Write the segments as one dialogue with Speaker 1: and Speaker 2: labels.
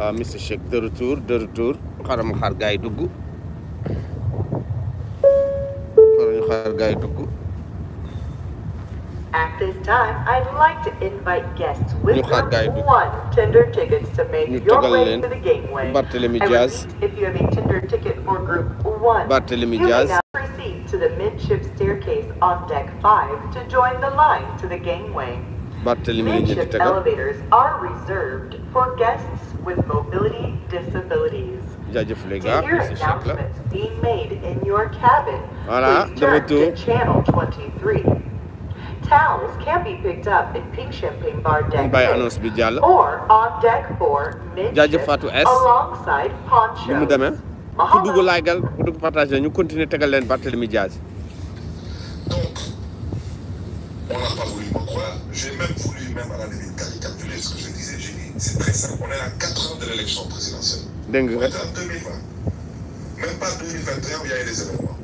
Speaker 1: Uh, Mister Shake de retour de retour xaaral ma xaar gars yi
Speaker 2: At this time, I'd like to invite guests with one tender tickets to make your way to the gateway. Barthélemy If you have a tender ticket for group one, Barthélemy Diaz. You may now proceed to the midship staircase on deck five to join the line to the gangway.
Speaker 1: Midship elevators
Speaker 2: are reserved for guests with mobility disabilities.
Speaker 1: Ya je voulais gars, c'est chaque là. Voilà, channel
Speaker 2: twenty-three. Towels can be picked up in pink champagne bar deck by or on deck 4 midship alongside ponchos. ku
Speaker 1: dugg ku dugg ñu continuer tégal leen Donc
Speaker 2: on pas voulu me croire, j'ai même voulu même C'est très simple. On est à 4 ans de l'élection présidentielle. Dingue. On est en 2020. Même pas 2021 où il y a eu des événements.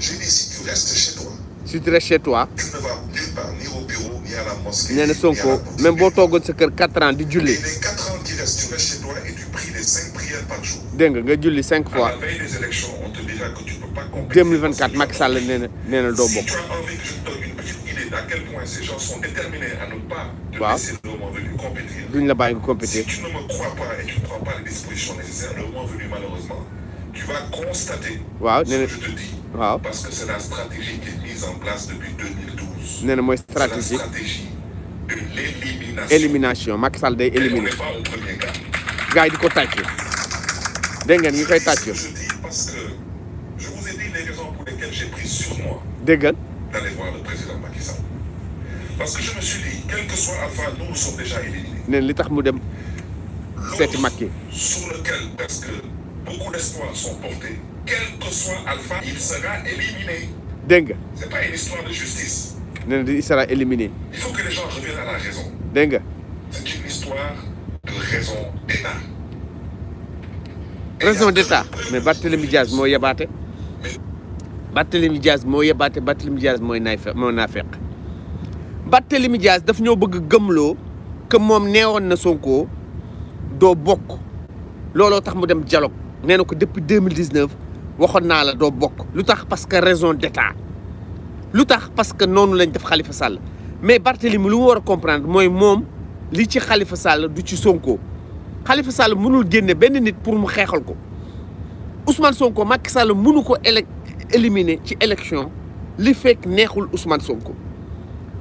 Speaker 2: Je dis, si tu restes chez toi,
Speaker 1: si tu restes chez toi. Tu ne
Speaker 2: vas nulle part, ni au
Speaker 1: bureau, ni à la mosquée. Ni Sonko, même si tu as 4 ans, tu julli. Les 4
Speaker 2: ans qui restent, tu restes chez toi et tu pries les 5 prières par
Speaker 1: jour. Dingue, tu julli 5 fois. À la veille
Speaker 2: des élections, on te dira
Speaker 1: que tu ne peux pas compter. 2024, Max Sall, Si tu as envie que je te
Speaker 2: donne une à quel point ces gens sont déterminés à ne pas
Speaker 1: te laisser le moment venu compétir. Si tu ne me
Speaker 2: crois pas et tu ne prends pas les dispositions nécessaires, le moment venu, malheureusement, tu vas constater
Speaker 1: wow. ce que je te dis. Parce
Speaker 2: que c'est la stratégie qui est mise en place depuis
Speaker 1: 2012. C'est la stratégie de l'élimination. Élimination. Macky Sall day éliminer. On n'est pas au premier cas. Je dis parce que
Speaker 2: je vous ai dit les raisons pour lesquelles j'ai pris sur
Speaker 1: moi. d'aller voir le président
Speaker 2: Macky Sall parce que je me suis dit quel que soit Alpha nous nous sommes déjà éliminés. nee na sur lequel parce que beaucoup d'espoirs sont portés. quel que soit Alpha il sera éliminé. Dengue, c'est pas une histoire de justice.
Speaker 1: il sera éliminé.
Speaker 2: il faut que les gens reviennent à la raison. Dengue. c'est une histoire de raison
Speaker 1: d'État. raison d'État mais Barthélémy Diaz moo yabaate. battle. Diaz moo yabaate Barthélémy Diaz mooy naay fe moo Barthélémy Dias dafa ñoo bëgg gëmloo que moom neewoon na Sonko doo bokk looloo tax mu dem dialogue nee na ko depuis deux mille dix neuf waxoon naa la doo bokk. lu tax parce que raison d'état lu tax parce que noonu lañ def xalifa sàll mais Barthélémy lu mu war a comprendre mooy moom li ci xalifa Sall du ci sonkoo xalifa Sall mënul génne benn nit pour mu xeexal ko Ousmane Sonko Macky Sall mënu ko élec éliminer ci élection li fekk neexul Ousmane Sonko.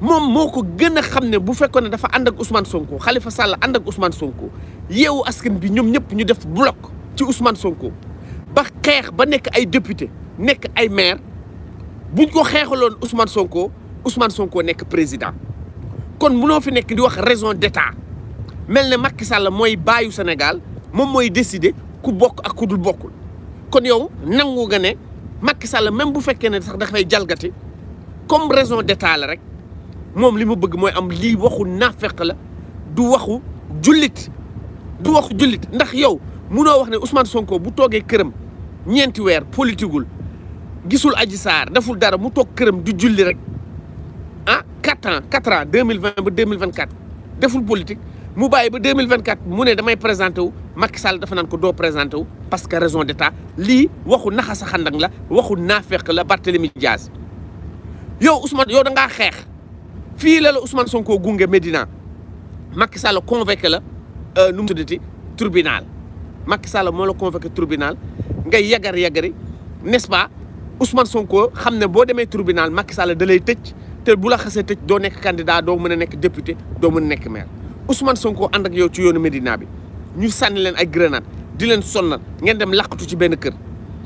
Speaker 1: mom moko gëna xamné bu fekkone dafa and ak Ousmane Sonko Khalifa Sall and ak Ousmane Sonko yeewu askan bi ñom ñëpp ñu def bloc ci Ousmane Sonko ba xex ba nek ay député nek ay maire buñ ko xexalon Ousmane Sonko Ousmane Sonko nek président kon munoo fi nekk di wax raison d'état mel Macky Sall moy baayu Sénégal mom moy décider ku bok ak ku dul kon yow nangu gané Macky Sall même bu fekkene ne sax dafay jalgati comme raison d'état la rek. moom li mu bëgg mooy am lii waxu naafeq la du waxu jullit du waxu jullit ndax yow munoo wax ne Ousmane Sonko bu toogee këram ñeenti weer politigul gisul Adji saar deful dara mu toog këram du julli rek ah quatre ans quatre ans deux mille vingt ba deux mille vingt quatre deful politique mu bàyyi ba deux mille vingt quatre mu ne damay présenté wu Macky Sall dafa naan ko doo présenté wu parce que raison de d'état lii waxu naxa sa xandang la waxu naafeq la Barthélémy Diaz yow Ousmane yow da ngaa xeex. fii la la Ousmane Sonko gunge Medina Macky Sall convoqué la euh, nu mu tuddati tribunal Macky Sall moo la convoqué tribunal ngay yagar yagari n'est-ce pas Ousmane Sonko xam ne boo demee tribunal Macky Sall da lay tëj te bu la xasee tëj doo nekk candidat doo mën a nekk député doo mën a nekk maire Ousmane Sonko ànd ak yow ci yoonu Medina bi ñu sànni leen ay grenade di leen sonnal ngeen dem laqatu ci benn kër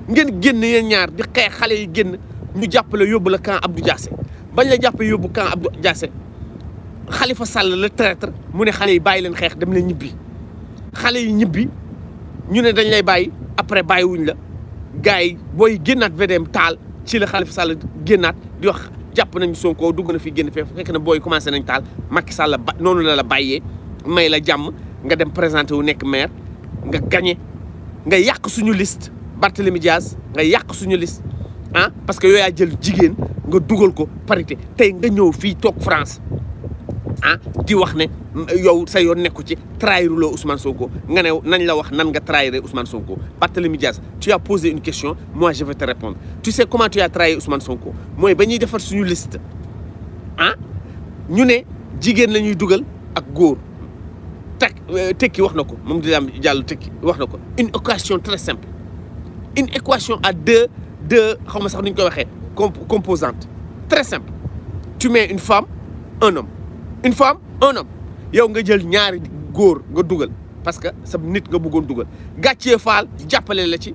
Speaker 1: ngeen génn yeen ñaar di xeex xale yi génn ñu jàppale yóbbu la camp Abdou Diassé bañ la japp yóbbu kan Abdou jassé Khalifa Sall le traître mune xalé yi bàyyi leen xex dem leen ñibbi xalé yi ñibbi ñu ne dañ lay bàyyi après wuñ la gaay boy gennat vedem tal ci le Khalifa Sall gennat di wax japp nañu Sonko dug na fi genn fef fekk na boy commencé nañ tal Macky Sall ba la la bayé may la jam nga dem présenter wu nek maire nga gagner nga yak suñu liste Barthélemy Diaz nga yak suñu liste. Hein? parce que yow yaa jël jigen nga dougal ko parité tay nga ñew fi tok France hein? di wax ne yow sa nekku ci Ousmane Sonko nga ne nañ la wax nan nga trahiré Ousmane Sonko tu as posé une question moi je vais te répondre tu sais comment tu as trahi Ousmane Sonko moy bañuy ñuy suñu liste Hein ñu ne ak tak euh, tekki wax di am tekki une équation très simple une équation à deux de xaw sax composante très simple tu mets une femme un homme une femme un homme yow nga jël ñaari góor nga dugal parce que sa nit nga bëggoon dugal Gàccee Faal jàppale la ci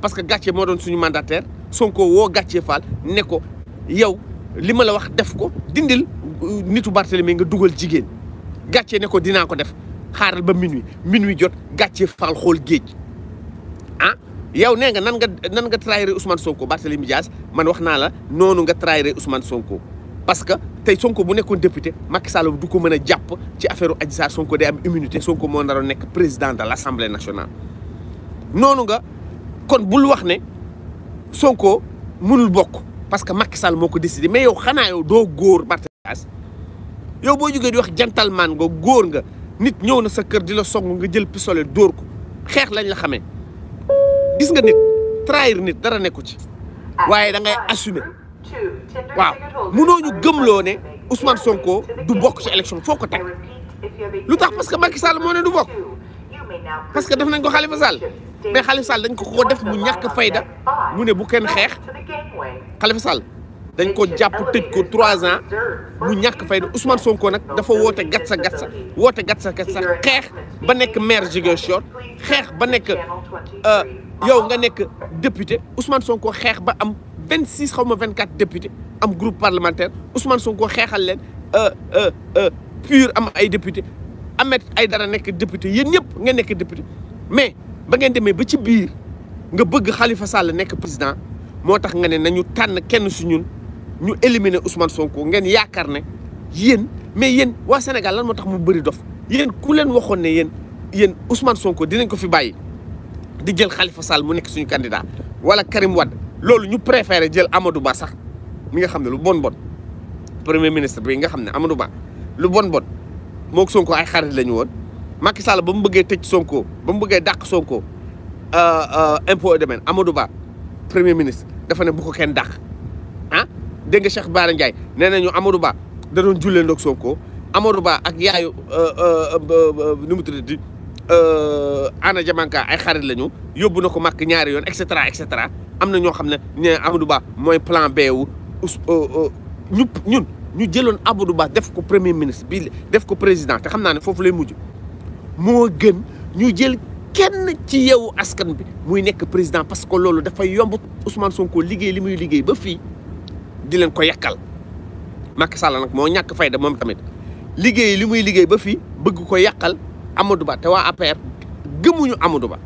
Speaker 1: parce que gatché moo doon suñu mandataire Sonko wo gatché Faal ne ko yow lima la wax def ko dindil euh, nitu Barthélemy nga dugal jigen gatché ne ko ko def xaaral ba minuit minuit jot gatché fal xol geej hein ah? yow nee nga nan nga nan nga trahiré Ousmane Sonko Barthélémy Dias man wax naa la noonu nga trahiré Ousmane Sonko parce que tey Sonko bu nekkoon député Macky Sall du ko mën a jàpp ci affaire Adji Sarr Sonko day am immunité Sonko moo naroon nekk président de l' assemblée nationale. noonu nga kon bul wax ne Sonko mënul bokk parce que Macky Sall moo ko décidé mais yow xanaa yow doo góor Barthélémy Dias yow boo jógee di wax gentleman nga góor nga nit ñëw na sa kër di la song nga jël pistolet dóor ko xeex lañ la xamee. gis nga nit trahir nit dara nekku ci waaye da ngay assumer waaw munoo ñu gëmloo ne Ousmane Sonko du bokk ci élection foo ko teg lu tax parce que Macky Sall moo ne du bokk
Speaker 2: parce que def nañ ko Khalifa
Speaker 1: Sall mais Khalifa Sall dañ ko ko def mu ñàkk fayda mu ne bu kenn xeex Khalifa Sall dañ ko jàpp tëj ko trois ans mu ñàkk fayda Ousmane sonkoo nag dafa woote gatsa gatsa woote gatsa gatsa xeex ba nekk maire Ziguinchor xeex ba nekk. Euh, yow nga nekk député Ousmane Sonko xeex ba am 26 six 24 ma député am groupe parlementaire Ousmane Sonko euh euh euh pur am ay député Ahmed Aïdara nekk député yéen ñëpp nga nekk député mais ba ngeen demee ba ci biir nga bëgg Khalifa Sall nekk président moo tax nga ne nañu tànn kenn su ñun ñu éliminer Ousmane Sonko ngeen yaakaar ne yéen mais yéen waa Sénégal lan moo tax mu bëri dof yéen ku leen waxoon ne yéen yéen Ousmane Sonko dinañ ko fi bàyyi di jël Khalifa Sall mu nek suñu candidat wala Karim wad, loolu ñu préférer jël Amadou Ba sax mi nga xamné lu bon bon premier ministre bi nga xamné Amadou Ba lu bon bon moog Sonko ay xarit lañu won Macky Sall ba mu bëggé tecc Sonko ba mu bëggé dakk Sonko euh, euh, impôt et domaine Amadou Ba premier ministre dafa né bu ko kenn dakk ah de nga Cheikh Bara ndjay nee nañu Amadou Ba da doon jullee ndok Sonko Amadou Ba ak yaayu euh, euh numu tuddati Euh, Anna Diamanka ay xarit lañu yóbbu na ko màkk ñaari yoon et cetera et cetera am na ñoo xam ne ñu ne du baax mooy plan B wu euh, euh, ñu ñun ñu jëloon Amadou Ba def ko premier ministre bii def ko président te xam naa ne foofu lay mujj moo gën ñu jël kenn ci yeewu askan bi muy nekk président parce que loolu dafay yomb Ousmane Sonko liggéey li muy liggéey ba fii di leen ko yàkkal Macky Sall nag moo ñàkk fayda moom tamit liggéey li muy liggéey ba fii bëgg ko yàqal Amadou Ba te waa APR gëmuñu Amadou Ba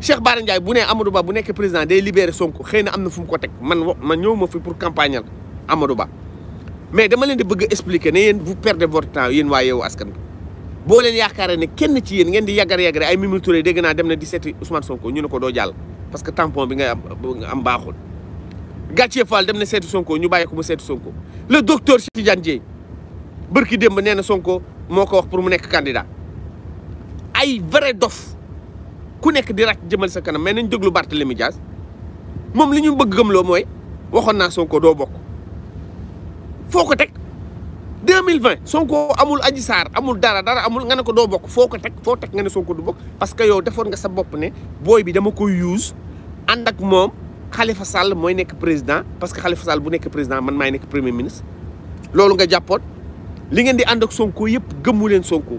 Speaker 1: Cheikh Bara Ndiaye bu ne Amadou Ba bu nekk président day libéré Sonko xëy na am na fu mu ko teg man man ñëw ma fi pour campagnal Amadou Ba mais dama leen di bëgg expliquer ne yéen vous perdez votre temps yéen waaye yeewu askan bi boo leen yaakaaree ne kenn ci yéen ngeen di yàggar-yàggare ay Mimi Touré dégg naa dem na di seeti Ousmane Sonko ñu ne ko doo jàll parce que tampon bi ngay am am baaxul Gàccee Fall dem na seeti Sonko ñu bàyyi ko mu seeti Sonko le docteur Cheikh Tidiane Dièye bërki démb nee na Sonko moo ko wax pour mu nekk candidat ay vrai dof ku nekk di rak jëmal sa kanam mais nañ déglu Barthélemy Dias moom li ñu bëgg gëmloo mooy waxoon naa Sonko doo bokk foo ko teg 2020 Sonko amul Adji Sarr amul dara dara amul nga ne ko doo bokk foo ko teg foo teg nga ne Sonko du bokk parce que yow defoon nga sa bopp ne booy bi dama koy use ànd ak moom Khalifa Sall mooy nekk président parce que Khalifa Sall bu nekk président man maay nekk premier ministre loolu nga jàppoon li ngeen di ànd ak Sonko yëpp gëmmu leen Sonko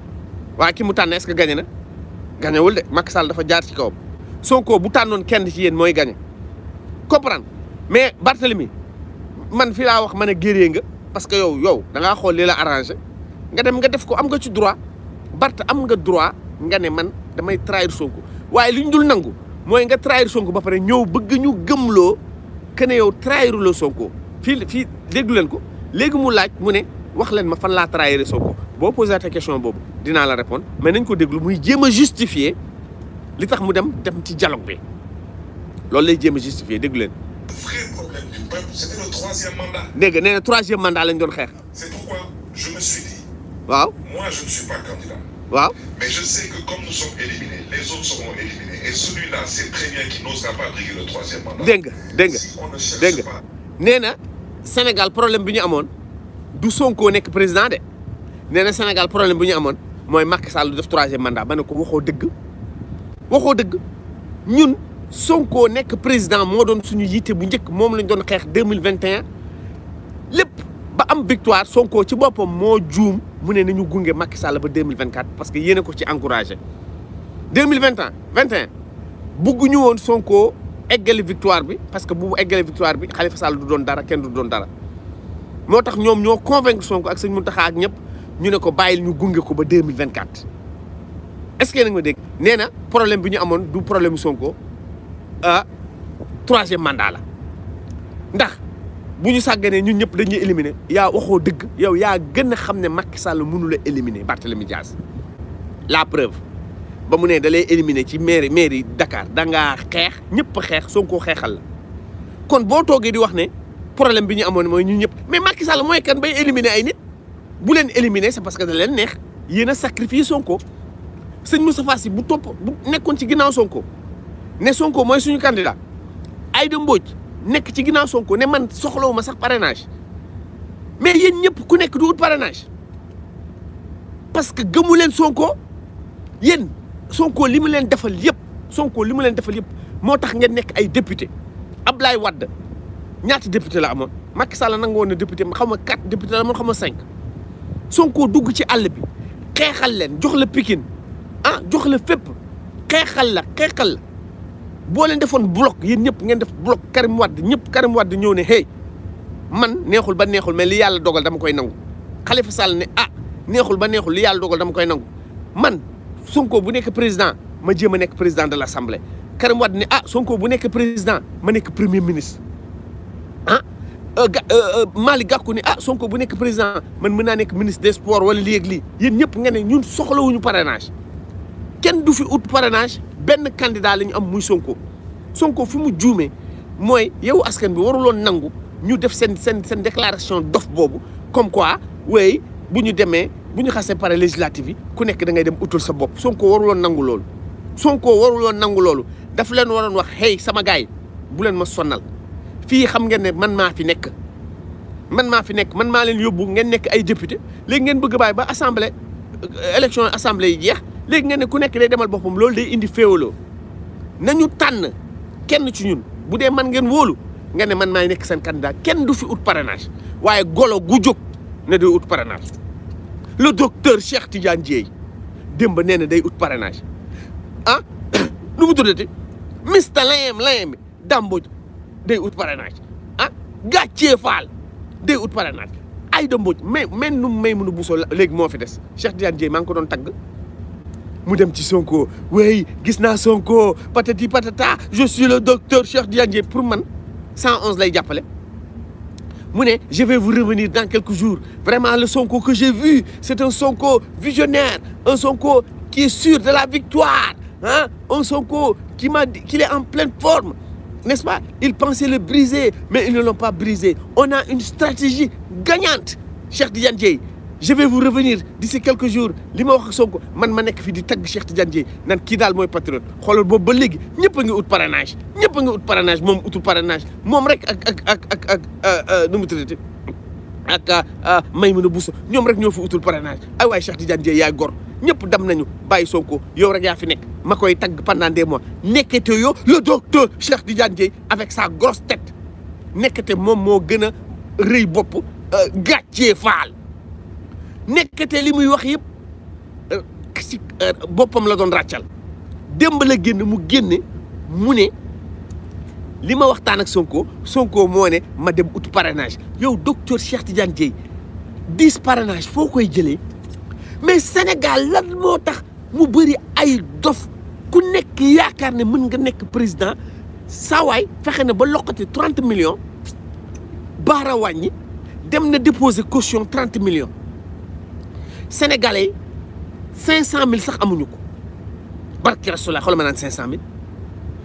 Speaker 1: waaye ki mu tànn est-ce que na gagnewul de Macky Sall dafa jaar ci kawam Sonko bu tànnoon kenn ci yéen mooy gagné comprendre mais Barthélemy man fii laa wax ma ne guerrier nga parce que yow yow da ngaa xool li la arrangé nga dem nga def ko am nga ci droit Barth am nga droit nga ne man damay trahir Sonko waaye li ñu dul nangu mooy nga trahir Sonko ba pare ñëw bëgg ñu gëmloo que ne yow trahiruloo Sonko fii fii déglu leen ko léegi mu laaj mu ne. wax leen ma fan laa trahiré Sonko boo posé ta question boobu dinaa la répondre mais nañ ko déglu muy jéem a justifier li tax mu dem dem ci dialogue bi loolu lay jéem a justifier déglu leen.
Speaker 2: vrai problème du peuple c'était le 3 troisième mandat.
Speaker 1: dégg nga nee na troisième mandat lañ doon xeex.
Speaker 2: c'est pourquoi je me suis dit. waaw moi je ne suis pas candidat. waaw mais je sais que comme nous sommes éliminés les autres seront éliminés et celui-là c'est très bien qu'il n'osera pas briguer le 3 troisième mandat.
Speaker 1: dégg nga dégg nga dégg nga nee na Sénégal problème bi ñu amoon du Sonko nekk président de nee na Sénégal problème président Sall du mandat ne ko waxoo Sonko président moo doon suñu Président.. bu njëkk moom lañ doon 2021, am victoire Sonko ci boppam président mu Sall ba 2024, parce que yéne ko encouragé 2021.. victoire parce que bu victoire Khalifa Sall du motax ñom ñoom ñoo convaincre Sonko ak sëñ Mountakha ak ñep ñu ne ko bayil ñu gungé ko ba 2024 est-ce que yéen a ngi ma dégg. nee problème bi ñu amone du problème Sonko ah troisième mandat la ndax buñu ñu ñun ñep dañuy éliminer ya waxo deug yow ya gën xamné xam ne Macky Sall mënula éliminer Barthélemy Diaz la preuve ba mu né da lay éliminer ci mairie mairie Dakar da nga xex ñep xex Sonko xexal kon bo togué di wax né problème bi ñu amone moy ñu ñëpp mais Macky Sall moy kan bay éliminer ay nit bu len éliminer c'est parce que da len neex yena sacrifier Sonko seigne Moustapha Sy bu top bu nekkon ci ginnaaw Sonko né Sonko moy suñu candidat ay de Mbodj nekk ci ginnaaw Sonko né man soxlawuma sax parrainage mais yeen ñëpp ku nekk du wut parrainage parce que gëmu len Sonko yeen Sonko limu len defal yépp Sonko limu len defal yépp motax ngeen nekk ay député Ablaye Wade ñaati député la amoon Macky Sall nangu woon na député xaw ma quatre député la amoon xaw ma cinq Sonko dugg ci àll bi xeexal leen jox la Pikine ah jox la fépp xeexal la xeexal la boo leen defoon bloc yéen ñëpp ngeen def bloc Karim Wade ñëpp Karim Wade ñëw ne hey man neexul ba neexul mais li yàlla dogal dama koy nangu Khalifa Sall ne ah neexul ba neexul li yàlla dogal dama koy nangu man Sonko bu nekk président ma jéem a nekk président de l'Assemblée Karim Wade ne ah Sonko bu nekk ma nekk premier ministre. Euh, euh, euh, Mali Gakouni, ah Sonko, bonen ki prezant, men menane ki minis d'espoir wali liye gli. Yen nyep, nyenen, yon soklou yon paraynage. Ken doufi out paraynage, benne kandida leni ammou Sonko. Sonko, fimo djoume, mwen, yon ou asken bi, wou roulon nangou, nyou def sen, sen, sen deklarasyon dof bobou, kom kwa, wey, bonen ki deme, bonen ki separe lejilativi, konen ki dene yon outol sa bobou. Sonko, wou roulon nangou loulou. Sonko, wou roulon nangou loulou. Daf len wou roulon fii xam ngeen ne man maa fi nekk man maa fi nekk man maa leen yóbbu ngeen nekk ay député léegi ngeen bëgg baay ba assemblée euh, élection assemblée yi jeex léegi ngeen ne ku nekk day demal boppam loolu day indi féewaloo ñu tànn kenn ci ñun bu dee man ngeen wóolu nga ne man maay nekk seen candidat kenn du fi ut parrainage waaye golo gu jóg ne day ut parrainage le docteur Cheikh Tidiane Dieye démb nee na day ut parrainage ah nu mu tuddati mista layem layem day ut parrainage ah gàccee faal day ut parrainage ay da mbóoj mais men nu may mën a busoo léegi fi des Cheikh Tidiane Dièye maa ngi ko doon tagg mu dem ci Sonko wey Gisna Sonko patati patata je suis le docteur Cheikh Tidiane pour man 111 lay jàppale je vais vous revenir dans quelques jours vraiment le Sonko que j'ai vu c'est un Sonko visionnaire un Sonko qui est sûr de la victoire Hein... un Sonko qui m'a dit est en pleine forme n'est-ce pas Ils pensaient le briser, mais ils ne l'ont pas brisé. On a une stratégie gagnante, Cheikh Diane Je vais vous revenir d'ici quelques jours. Ce que je man ma nek fi di Cheikh nan ki dal moy vous le ba ñepp nga parrainage ñepp parrainage mom parrainage rek ak ak ak ak euh, euh, ak ah, ah, Maimouna Bousso ñoom rek ñoo fi utul parrainage ay waay Cheikh Tidiane Dièye yaay gor ñëpp dam nañu bàyyi Sonko yow rek yaa fi nekk ma koy tagg pendant des mois nekkete yow le docteur di Tidiane Dièye avec sa grosse tête nekkete moom moo gën a rëy bopp euh, gàccee faal nekkete li muy wax yëpp euh, euh, boppam la doon ràccal démb la génn mu génne mu ne li ma waxtaan ak Sonko Sonko moo ne ma dem ut parrainage yow docteur ti Tidiane Dieye dix parrainage foo koy jëlee mais Sénégal la moo tax mu bëri ay dof ku nekk yaakaar ne mën nga nekk président sawaay fexe na ba loqati trente million baara wàññi dem na déposer caution trente millions sénégalais cinq cent mille sax amuñu ko barke Rasulullah xoolal ma naan cinq cent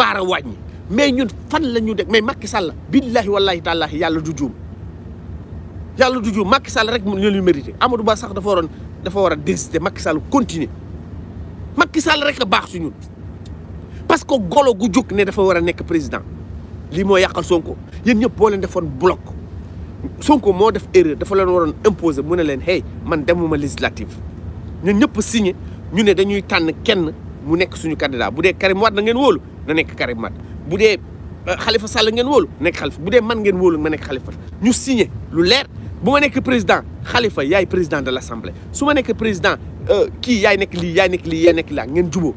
Speaker 1: baara wañ mais ñun fan la ñu def mais Macky Sall billahi wallahi ta'ala yalla du joom yalla du joom Macky Sall rek ñu lu mérité Amadou Ba sax dafa waron dafa wara a Macky Sall continuer Macky Sall rek baax ci ñun parce que golo gu juk ne dafa wara nek président li mo yakal Sonko yeen ñëpp bo leen defoon bloc Sonko mo def erreur dafa leen waron imposer mu ne leen hey man demuma législatif ñun ñëpp signé ñu ne dañuy tan kenn mu nek suñu candidat bu Karim Wade da ngeen wolu na nekk Karim Wade bu dee euh, Khalifa Sall ngeen wóolu nekk Khalifa bu dee man ngeen wóolu ma nekk Khalifa ñu signé lu leer bu ma nekk président Khalifa yaay président de l' assemblée su ma nekk président euh, kii yaay nekk lii yaay nekk lii yaay nekk laa ngeen juboo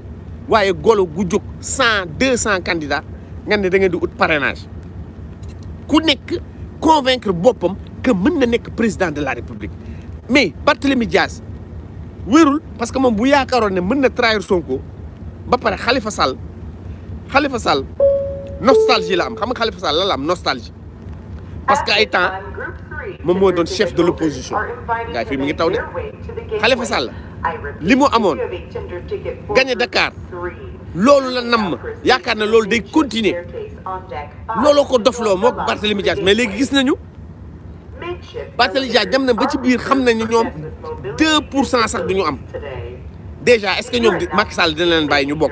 Speaker 1: waaye golo gu jóg cent deux cent candidats ngeen ne da ngeen di ut parrainage ku nekk convaincre boppam que mën na nekk président de la république mais Barthélemy Dias wérul parce que moom bu yaakaaroon ne mën na trahir Sonko ba pare Khalifa Sall. Khalifa Sall nostalgie la am xam nga Khalifa Sall la la nostalgie parce que ay temps moom moo chef de l'opposition. opposition
Speaker 2: gars fii mi ngi taw de Khalifa Sall li mu amoon gagné
Speaker 1: Dakar loolu la nam yaakaar na loolu day continuer looloo ko doflo mok Barthélemy Dias mais legui gis nañu Barthélemy Dias dem na ba ci bir xam nañu ñom 2 pour cent sax duñu am déjà est-ce que ñom Macky Sall dina leen bay ñu bok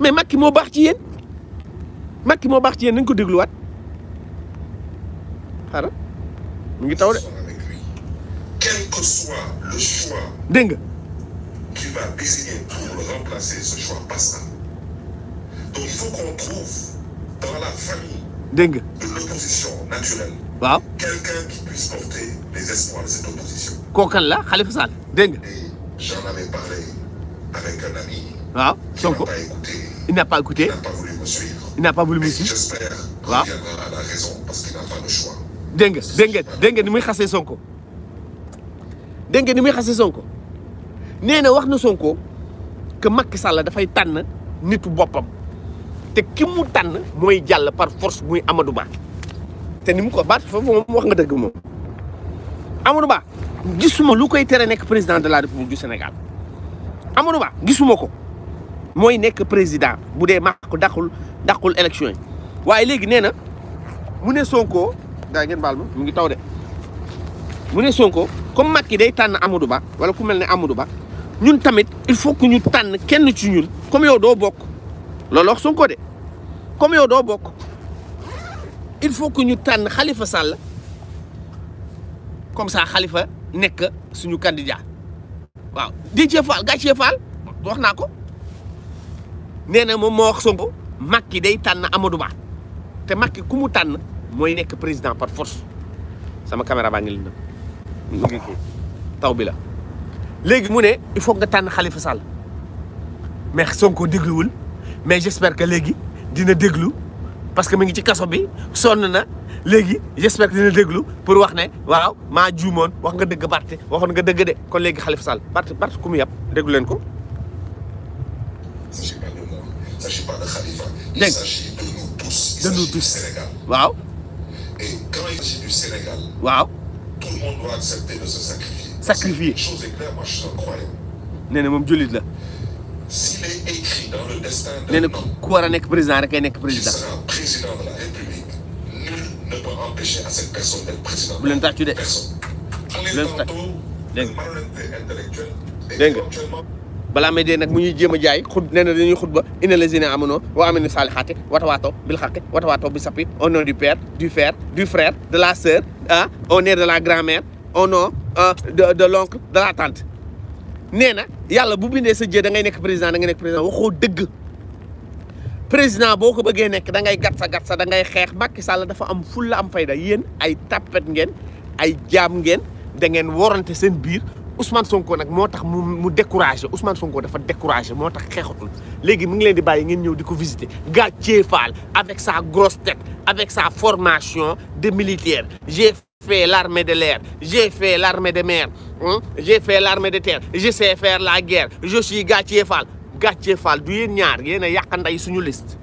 Speaker 1: mais Macky mo bax ci yéen Macky mo bax ci nañ ko wat ngi taw de. quel que soit le choix.
Speaker 2: qui va désigner pour le remplacer ce choix ça. donc il faut qu'on trouve dans la famille. de l'opposition naturelle. quelqu'un qui puisse porter les espoirs de cette opposition.
Speaker 1: kookan la Khalifa Sall et
Speaker 2: j'en avais parlé avec
Speaker 1: un ami. qui n'a pas écouté. Il n'a pas écouté. Il n'a pas voulu me suivre. Il n'a pas voulu me qu'il la raison parce qu'il n'a pas le choix. Dengue, dengue, dengue, ni sonko. Dengue ni sonko. sonko que Macky Sall dafay tan nitu bopam. Té ki moy jall par force Amadou Ba. Té ko bat fa le président de la République du Sénégal. Amadou moy nek président boudé dee Macky daqul daqul élection yi waaye léegi nee na Sonko daa ngeen baal mu ngi taw dé mu Sonko comme Macky day tan Amadou Ba wala ku mel Amadou Ba ñun tamit il faut que ñu tànn kenn ci ñun comme yow do bok loolu wax Sonko de comme yow do bok il faut que ñu tànn Khalifa Sall comme ça Khalifa nek suñu candidat waaw Déthié Fall Gathie Fall wax naa ko. nee na moom moo wax Sonko Macky day tànn Amadou Ba te Macky ku mu tànn mooy nekk président par force sama caméra baa ngi leen mu taw bi la. léegi mu ne il faut nga tànn Khalifa Sall mais Sonko dégluwul mais j'espère que léegi dina déglu parce que mu ngi ci kaso bi sonn na léegi j'espère que dina déglu pour wax ne waaw maa juumoon wax nga dëgg Barth waxoon nga dégg de kon léegi Khalifa Sall Barth Barth ku mu yàpp déglu leen ko.
Speaker 2: Il ne s'agit pas de Khalifa. Il s'agit de
Speaker 1: nous tous. Il de nous tous. Du Sénégal. Wow. Et
Speaker 2: quand il s'agit du Sénégal, wow. tout le monde doit accepter de se sacrifier. Sacrifier. Une chose est claire, moi je suis un croyant. Nee S'il est écrit dans le destin de l'homme
Speaker 1: Qui sera président de la République, nul ne peut empêcher à cette personne d'être président. Bu leen tàccu de. Personne. Bu leen tàccu. Dégg nga. Dégg nga. balaa may dee nag mu ñuy jéem a jaay xut nee na dañuy xutba inna lazina amono wa aminu saalixaati watawaato bil xaqi watawaato bi sappi au nom du père du frère du frère de la sœur ah au de la grand-mère au nom euh, de de l'oncle de la tante nee na yàlla bu bindee sa jë da ngay nekk président da ngay nekk président waxoo dëgg président boo ko bëggee nekk da ngay gat sa gat sa xeex Macky Sall dafa am fulla am fayda yéen ay tappet ngeen ay jaam ngeen da ngeen warante seen biir Ousmane Sonko nak Ousmane découragé mu visiter avec sa grosse tête avec sa formation de militaire j'ai fait l'armée de l'air j'ai fait l'armée de mer hein, j'ai fait l'armée de terre je sais faire la guerre je suis Fall Fall du ñaar a suñu liste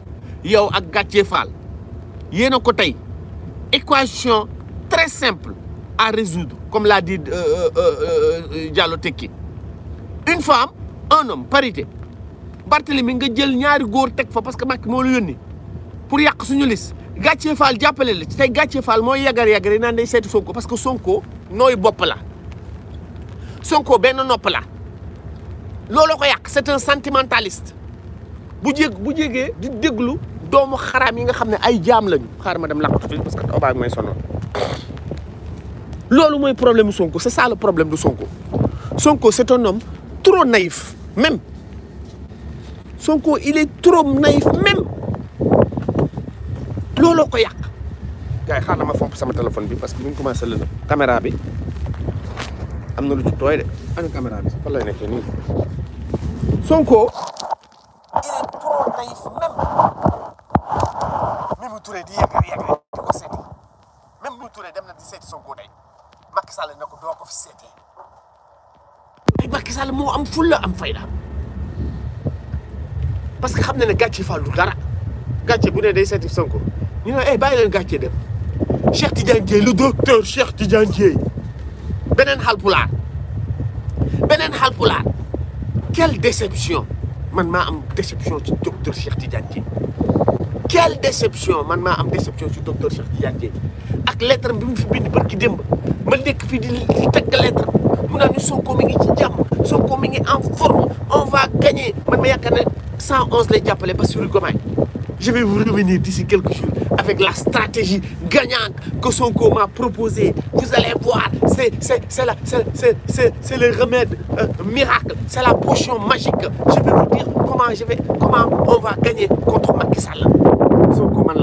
Speaker 1: équation très simple à résoudre, comme l'a dit euh euh, euh, euh, euh, Diallo Tekki. Une femme, un homme, parité. Barthélemy nga jël ñaari góor teg fa parce que Macky moo la yónni pour yàq suñu liste Gàccee Fall jàppale la tey Gàccee Fall a yagar yagar yi y day seeti Sonko parce que Sonko nooy bopp la Sonko ben nopp la looloo ko yàq c'est un sentimentaliste bu jég bu jégee di déglu doomu xaraam yi nga xam ne ay jaam lañu xaar ma dem parce que taw baa ngi may sonal c'est problème de Sonko c'est ça le problème de Sonko Sonko c'est un homme trop naïf même Sonko il est trop naïf même Lolo ko yàq. gars a je ma téléphone parce que nous, commencé caméra bi y a caméra Sonko il est trop naïf même di un même nous, tu dem na Sonko ماكسالا مكسال انك بوقف ماكسالا اي مكسال مو ام فلا ام فايلا بس خمنا نقاتشي فالو غرا قاتشي بنا دي سيتي سونكو نينا اي باي لن قاتشي دم شيخ تجانجي لو دكتور شيخ تجانجي بنن حال بولا بنن حال بولا كل ديسبسيون من ما ام ديسبسيون دكتور شيخ تجانجي quelle déception man maa am déception ci docteur Cheikh Tidiane ak lettre bi mu fi bind barki démb ma nekk fii di di tagg lettre mu naan ñu Sonko mi ngi ci jàmm Sonko mi ngi en forme on va gagner man ma yaakaar ne 111 lay jàppale ba Bassirou Diomaye je vais vous revenir d'ici quelques jours avec la stratégie gagnante que Sonko m'a proposée. Vous allez voir, c'est le remède euh, miracle, c'est la potion magique. Je vais vous dire comment, je vais, comment on va gagner contre Macky Sall. Sonko m'a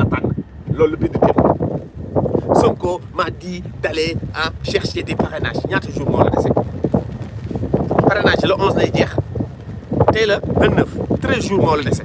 Speaker 1: Sonko m'a dit d'aller hein, chercher des parrainages. Il y a toujours mon Parrainage le 11 Niger. Dès le 29, 13 jours, mort le décès.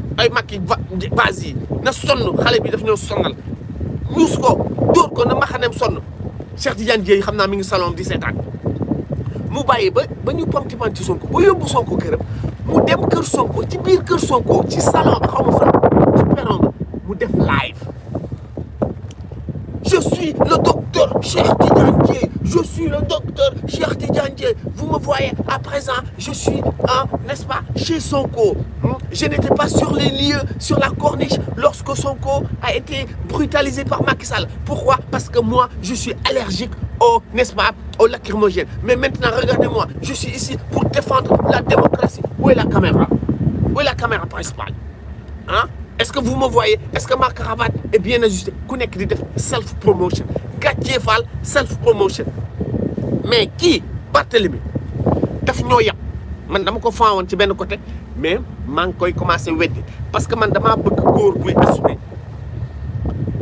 Speaker 1: ay mag yi base yi na sonn xale bi daf ñoo sonnal ñuus ko dóor ko na maxaneem sonn Cheikh Tidiane Dièye xam naa mi ngi salon di seetaan mu bàyyi ba ba ñu pamti pamti Sonko ba yóbbu Sonko këram mu dem kër Sonko ci biir kër Sonko ci salon ba xaw ma ci peron mu def live Je suis le docteur Cher Je suis le docteur Cher Vous me voyez à présent, je suis, un n'est-ce pas, chez Sonko. Hmm? Je n'étais pas sur les lieux, sur la corniche, lorsque Sonko a été brutalisé par Maxal. Pourquoi Parce que moi, je suis allergique au, n'est-ce pas, au lacrymogène. Mais maintenant, regardez-moi, je suis ici pour défendre la démocratie. Où est la caméra Où est la caméra principale Hein est-ce que vous me voyez est-ce que ma cravate est bien ajustée ku di def self promotion gàccee Fall, self promotion mais qui Barthélemy daf ñoo yàpp man dama ko faawoon ci ben côté mais maa koy commencer weddi parce que man dama bëgg goor buy assumer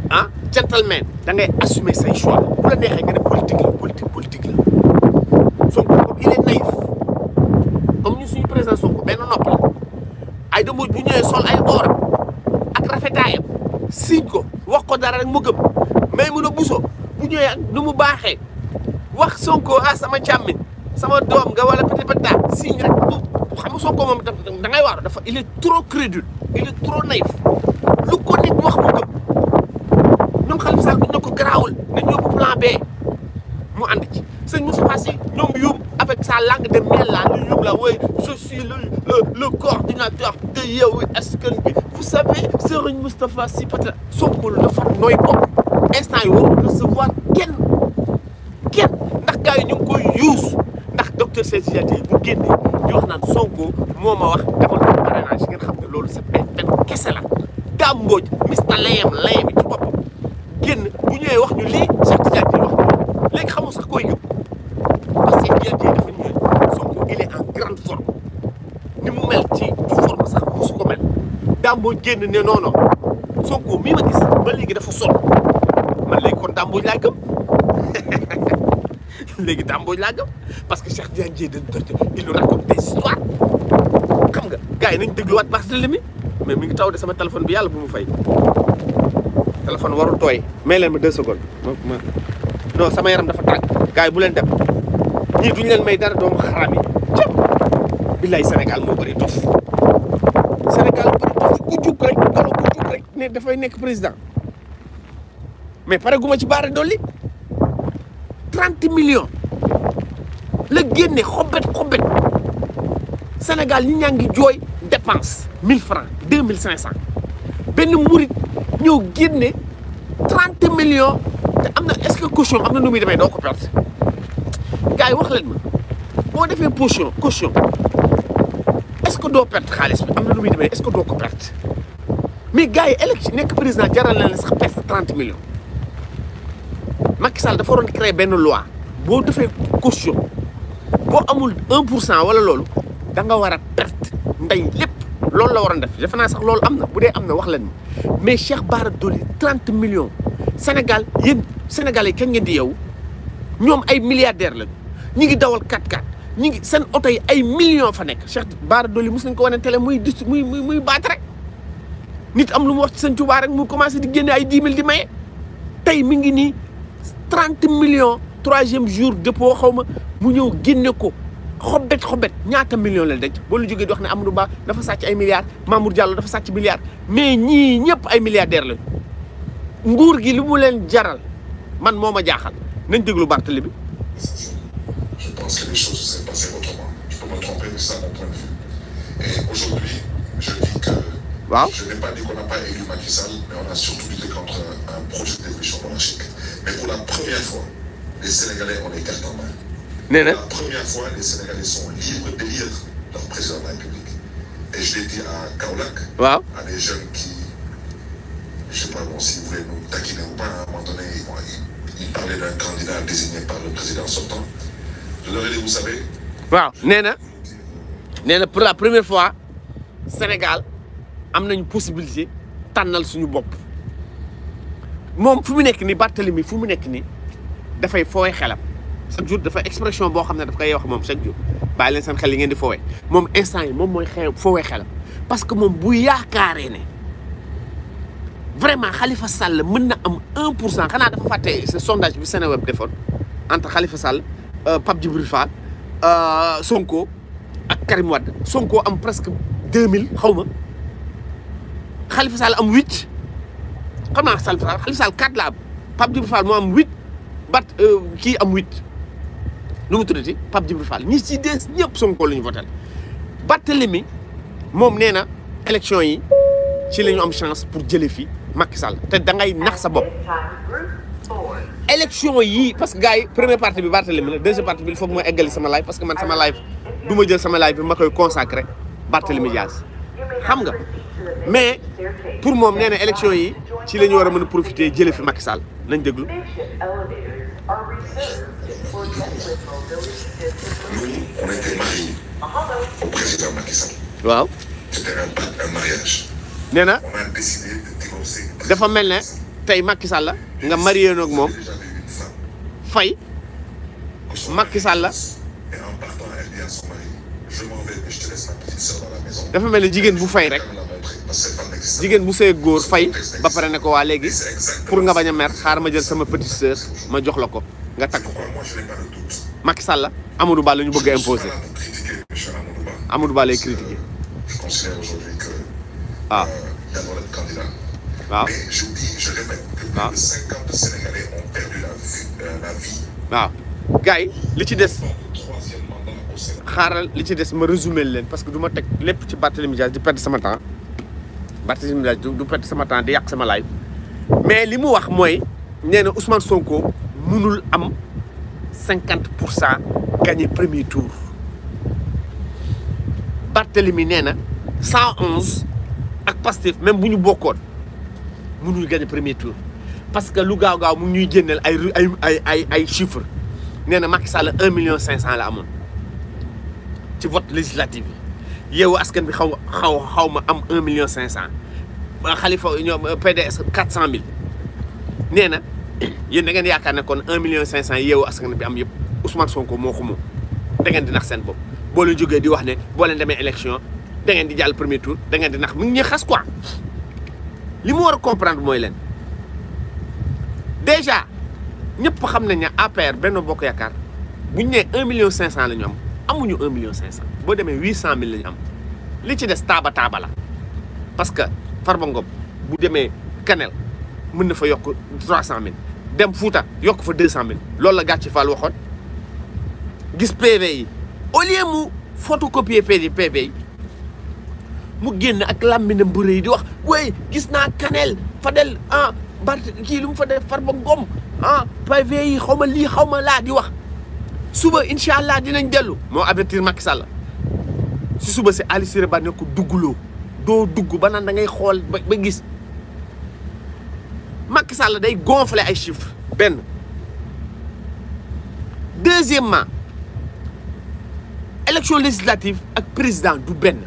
Speaker 1: ah gentleman da ngay assumer say choix bu la neexee nga politique politique politique la son ko il est naïf comme ñu suñu présents, ko ben nopp la ay dama bu ñëwé sol ay or siiñ ko wax ko dara rek mu gëm mais mun a buso bu ñëwee ak nu mu baaxee wax sonko a ah, sama càmmiñ sama doom nga wala petit pata siiñ rek bu xam nga sonko moom da ngay waaru dafa il est trop crédule lu ko nit wax mu gëm ñoom Khalifa Sall buñ ne ko garaawul nañ yóbbu plan mu ànd ci sëñ Moustapha Sy ñoom yuum avec sa langue de miel la lu yuum la wooy je suis le coordinateur de Yewwi Askan Moustapha Sy parce que Sonko la dafa nooy bopp instant yi recevoir kenn kenn ndax gars ñu ngi koy yuus ndax docteur Cheikh bu génnee ñu wax naan Sonko moma wax demal ko parrainage ngeen xam ne loolu c'est ay fen kese la Dame Mbodj mista layam layam ci bop génn bu ñëwee wax ñu li Cheikh Diaté wax légui léegi sax koy yëpp parce que Cheikh Diaté dafa ñëw Sonko il est en grande forme ni mu mel ci forme sax mosu ko mel Dame Mbodj génn ne non non yooyu parce que Cheikh Diagne Dièye dañ torte il nous raconte des histoires xam nga gars yi parce que Barthélémy mais mi ngi taw de sama téléphone bi yàlla bu mu fay téléphone warul tooy mais leen ma deux secondes ma non sama yaram dafa tàng gars yi bu leen dem ñii duñ leen may dara doomu xaraam yi cëp billaay Sénégal moo tof dof Sénégal bëri dof ku jug rek kanu ku jug rek ne dafay nekk président mais pare gu ci baare dolli 30 millions génne xobet xobet Sénégal ñi ñaa ngi jooy dépense 1000 francs 2500 ben murit ñëw génne 30 millions té amna est-ce que caution amna na nu muy demee ko perdre gars yi wax leen ma bo défé caution caution est-ce que do perdre xaliss bi amna na nu muy est-ce que do ko perdre mais gars yi élection nek président jaral na sax perte 30 millions Macky Sall dafa waroon créer ben loi bo défé caution. amul 1% wala loolu da nga wara perte ndey lepp loolu la wara def def na sax loolu amna budé amna wax lañ mais Cheikh Bara doli 30 millions Sénégal yeen Sénégalais kenn ngeen di yow ñom ay milliardaire la ñi ngi dawal 4 4 ñi ngi sen auto ay millions fa nek Cheikh Bara doli mos nañ ko wone télé muy muy muy muy baat rek nit am lu mu wax ci sen Tuubaa rek mu commencé di génné ay 10000 di maye tay mi ngi ni 30 millions 3e jour depo xawma mu ñew génne ko. xobet xobet ñaata million la denc boo lu jógee di wax ne Amadou Ba dafa sàcc ay milliards Mamour Diallo dafa sàcc milliards mais ñii ñëpp ay milliardaires lañu nguur gi li mu leen jaral man moo ma jaaxal nañ déglu Barthélémy bi.
Speaker 2: waaw Pour la première fois les Sénégalais sont libres d'élire leur président de la République. Et je l'ai dit à Kaolak, à des jeunes qui je ne sais pas si vous voulez nous taquiner ou pas à un moment donné ils, parlaient d'un candidat désigné par le président sortant. je leur ai dit vous savez.
Speaker 1: pour la première fois Sénégal amené une possibilité tànnal suñu il faut chaque jour dafa expression bo xam ne daf koy wax mom chaque jour bàyyi leen seen xel yi ngeen di fowé mom instant yi moom xew fowé parce que mom bu yaakaaree né vraiment Khalifa Sall mën na am 1 xana cent dafa ce sondage bi Seneweb fait.. entre Khalifa Sall euh, Pape Djibril Fall euh, Sonko Et Karim Wad..! Sonko am presque 2000 xawma Khalifa Sall am 8 Khalifa Sall..? Khalifa Sall 4 la pap Pape Djibril Fall am 8 bat euh, ki am 8 nu mu tuddati Pape Djibril Fall Ni ci des ñëpp Sonko la ñu voté Barthélemy moom nena, élection yi ci la ñu am chance pour jëlee fi Macky Sall te da ngay nax sa élection y, parce que gars première partie bi Barthélemy deuxième partie bi il faut que ma eggali sama live parce que man sama live du ma jël sama live bi ma koy consacré Barthélemy Diaz xam nga
Speaker 2: mais pour moom
Speaker 1: nena, élection yi ci la ñu war profiter mën a profité fi Macky Sall nañ déglu. Nous, on était mariés au président Macky Sall. Wow. C'était un, mariage. Nena. On a décidé de divorcer. De faire mal, hein? T'es Macky Sall là? On a marié nos mômes. Fai. Macky Sall Et en
Speaker 2: partant, elle dit à son mari, je m'en vais, et je te laisse ma petite
Speaker 1: soeur dans la maison. De faire mal, les jigens vous faillent. jigéen bu see góor fay ba pare ne ko waa léegi pour nga bañ a mer xaar ma jël sama petite sœur ma jox la ko nga takk ko Macky Sall Amadou Ba la ñu bëgg a imposer Amadou Ba lay critiqué waaw ah. ah.
Speaker 2: waaw ah.
Speaker 1: waaw waaw yi li ci des xaaral li ci des ma résumé leen parce que du ma teg lépp ci Barthélémy Dias di perdre sama temps baptisme la du perdre sama temps de yak sama live mais limu wax moy néna Ousmane Sonko mënul am 50% gagné premier tour Barthélemy néna 111 ak pastif même buñu bokone mënul gagné premier tour parce que lu gaaw gaaw mu ñuy jënnel ay ay ay ay chiffres Macky Sall 1 500 la amone ci vote législatif yeewu askan bi xaw xaw xaw ma am un million cinq cent xalifa ñoom euh, PDS quatre cent mille nee na yéen da ngeen yaakaar ne kon un million cinq cent yeewu askan bi am yëpp Ousmane Sonko moo ko moom da ngeen di nax seen bopp boo leen jógee di wax ne boo leen demee élection da ngeen di jàll premier tour da ngeen di nax mu ngi ñuy xas quoi li mu war a comprendre mooy leen déjà ñëpp xam ne ne APR benn bokk yaakaar bu ñu nee un million cinq cent la ñu am amuñu un million cinq boo demee huit cent mille lañu am li ci des taaba taaba la parce que Farba Ngom bu demee Kanel mën na fa yokk trois cent mille dem Fuuta yokk fa deux cent mille loolu la gàcci Fall waxoon gis PV yi au mu photocopier PV yi mu génn ak làmminam bu rëy di wax wey gis naa fa Fadel ah Bart kii lu fa def Farba Ngom ah PV yi xaw ma lii xaw ma laa di wax suba incha allah dinañ dellu moo avertir Macky Sall si vous c'est ali de ko ba da ngay ba gis Macky day gonfler ay chiffres deuxièmement élection législative ak président du Ben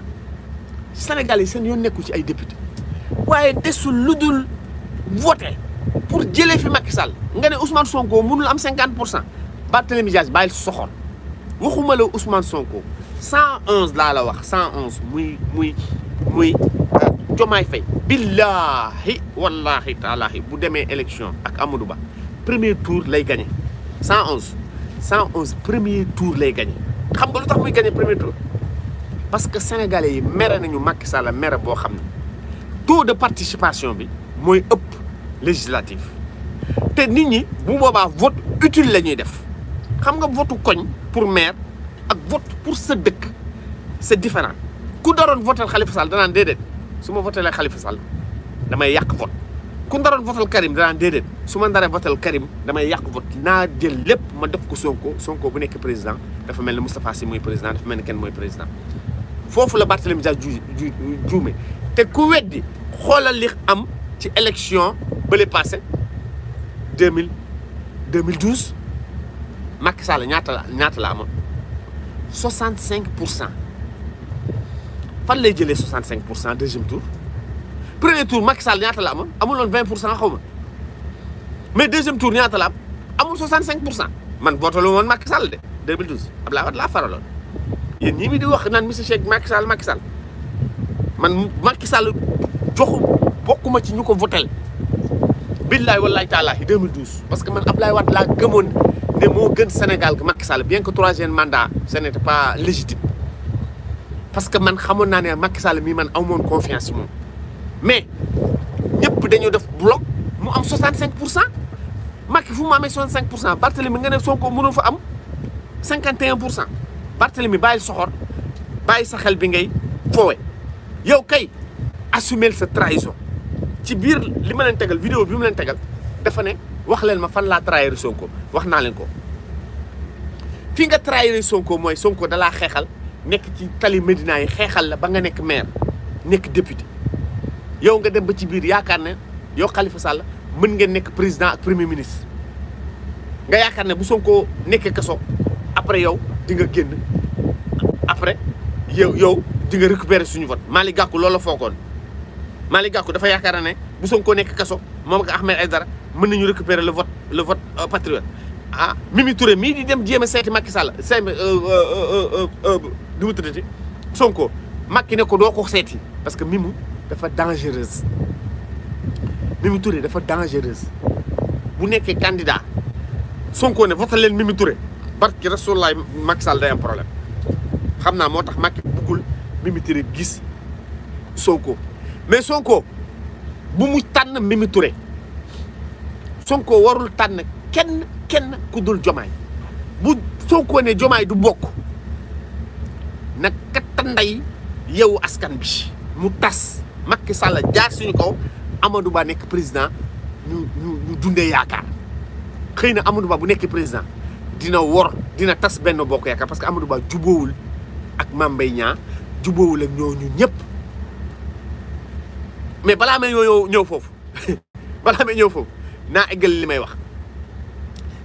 Speaker 1: Sénégalais, ci ay député vous voter pour Macky Sall Ousmane Sonko mënul am 50%. Barthélémy vous waxuma le Ousmane Sonko 111 la la wax 111 muy muy muy ah, Diomaye fay billahi wallahi ta'ala bu demee élection ak Amadou Ba premier tour lay gagner 111 111 premier tour lay gagné xam nga lutax muy gagner premier tour parce que sénégalais yi mère nañu Macky Sall mere bo xam taux de participation bi mooy ëpp législatif té nit ñi bu boba vote utile lañuy def xam nga vote koñ pour maire ak vote pour sa dëkk c'est différent ku daroon votel Khalifa Sall danaan déedéet su ma votelee Khalifa Sall damay yàq vote ku daroon votel Karim danaan déedéet su ma ndaree votel Karim damay yàq vote naa jël lépp ma def ko Sonko Sonko bu nekk président dafa mel ni Moustapha Sy mooy président dafa mel ni kenn mooy président foofu la Barthélemy Dias ju juume te ku weddi xoolal li am ci élection bële passé deux mille deux mille douze Macky Sall ñaata la ñaata la amoon 65 pour fan lay jëlee 65 deuxième tour premier tour Macky Sall ñata la am? amul woon 20 xawma. mais deuxième tour ñata la am amul 65 pour cent man bootalu woon Macky Sall dé 2012 Abdoulaye Wade la faraloon Yeen ñii mi di wax nan monsieur Cheikh Macky Sall Macky Sall man Macky Sall joxu bokuma ci ñuko ko votel billaay wallaay taalaay 2012 parce que man Abdoulaye Wade la gëmoon de moo gën Sénégal que Macky Sall bien que troisième mandat ce n'était pas légitime parce que man xamoon naa Macky Sall mi man mon confiance ci mais ñëpp dañu def bloc mu am 65 Macky fu m'a amee 65 pour cent Barthélemy nga ne Sonko mënul fa am 51 pour cent Barthélemy bàyyi soxor bàyyi sa xel bi ngay fowé yow kay assumer sa trahison ci bir li ma len tégal vidéo bi mu len tégal dafa né wax leen ma fan laa trahir Sonko wax naa leen ko fi nga trahir Sonko mooy Sonko dalaa xeexal nekk ci tali medina yi xeexal la ba nga nekk maire nekk député yow nga dem ba ci biir yaakaar ne yow Khalifa Sall mën ngeen nekk président ak premier ministre nga yaakaar ne bu Sonko nekkee kaso après yow di nga génn après yow yow di nga récupérer suñu vote malika Gakou loolu la foogoon dafa yaakaar ne bu Sonko nekk kaso moom ak Ahmed Aïdara mën nañu récupérer le vote le vote euh, patriote ah Mimi Touré mi di dem djema a euh... Macky Sall euh... euh, euh, euh mu tuddati Sonko Macky ne ko doo ko parce que Mimi dafa dangereuse Mimi Touré dafa dangereuse bu nekké candidat Sonko ne votal leen Mimi Touré barki Rasulaay Macky Sall day un problème xamna motax moo tax Macky buggul Mimi Touré gis Sonko mais Sonko bu mu tànn Mimi Touré Sonko warul tànn kenn kenn ku dul jomaay bu Sonko ne jomaay du bokk nag kattanday yow askan bi mu tas Macky Sall jaar suñu kaw Amadou Ba nekk président ñu ñu dundee yaakaar xëy na Amadou Ba bu nekk président dina wor dina tas benn bokk yaakaar parce que Amadou Ba jubóowul ak Mame Mbaye Niang jubóowul ak ñooñu ñëpp mais balaa may ñëw foofu balaa may ñëw foofu. naa eggal li may wax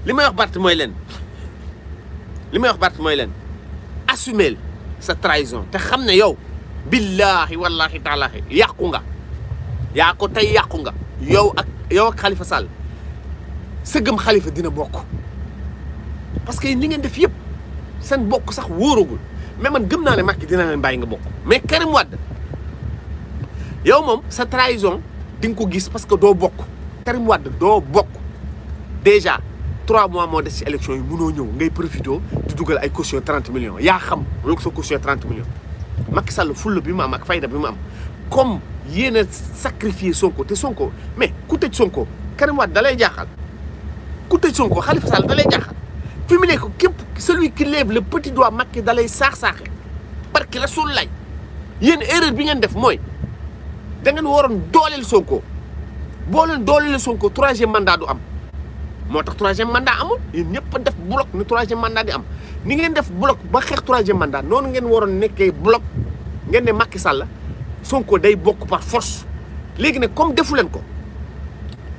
Speaker 1: li may wax Bart mooy leen li may wax Bart mooy leen assumeel sa trahison te xam ne yow billaahi wallaahi taalaahi yàqu nga yaa ko tey yàqu nga yow ak yow ak Khalifa Sall sëggam Khalifa dina bokk parce que li ngeen def yëpp seen bokk sax wóoragul mais man gëm naa ne Macky dina leen bàyyi nga bokk mais Karim Wade yow moom sa trahison di nga ko gis parce que doo bokk Karim Wade do bokk déjà 3 mois moo des ci élection yi mënoo ñëw ngay profité di dugal ay caution 30 millions ya xam lu ko sa caution 30 millions Macky Sall fulla bi mu am ak fayda bi mu am comme yéen sacrifier sacrifié Sonko te Sonko mais ku tëj Sonko Karim Wade dalay jaxal jaaxal ku tëj Sonko Khalifa Sall dalay jaxal jaaxal fi mu ne ko képp celui qui lève le petit doigt Macky dalay lay saax-saaxe barki la suul lay yéen erreur bi ngeen def moy da ngeen waroon dooleel Sonko boo leen dooleel Sonko troisième mandat du am moo tax troisième mandat amul yéen ñëpp def bloc ne troisième mandat di am ni ngeen def bloc ba xeex troisième mandat noonu ngeen waroon nekkee bloc ngeen ne Macky Sall Sonko day bokk par force léegi nag comme defu leen ko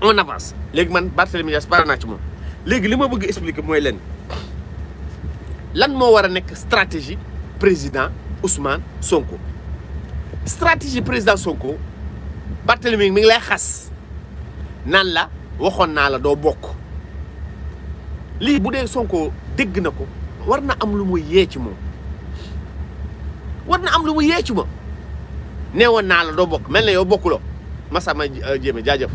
Speaker 1: on avance léegi man Barthélémy Dias bara naa ci moom léegi li ma bëgg expliquer mooy leen lan moo war a nekk stratégie président Ousmane Sonko stratégie président Sonko Barthélémy mi ngi lay xas. naan la waxoon naa la doo bokk lii bu dee Sonko dégg na ko war na am lu mu yee moom war na am lu mu yee ci moom woon naa la doo bokk mel na yow bokkuloo Massama eh, Jéeme jaajaf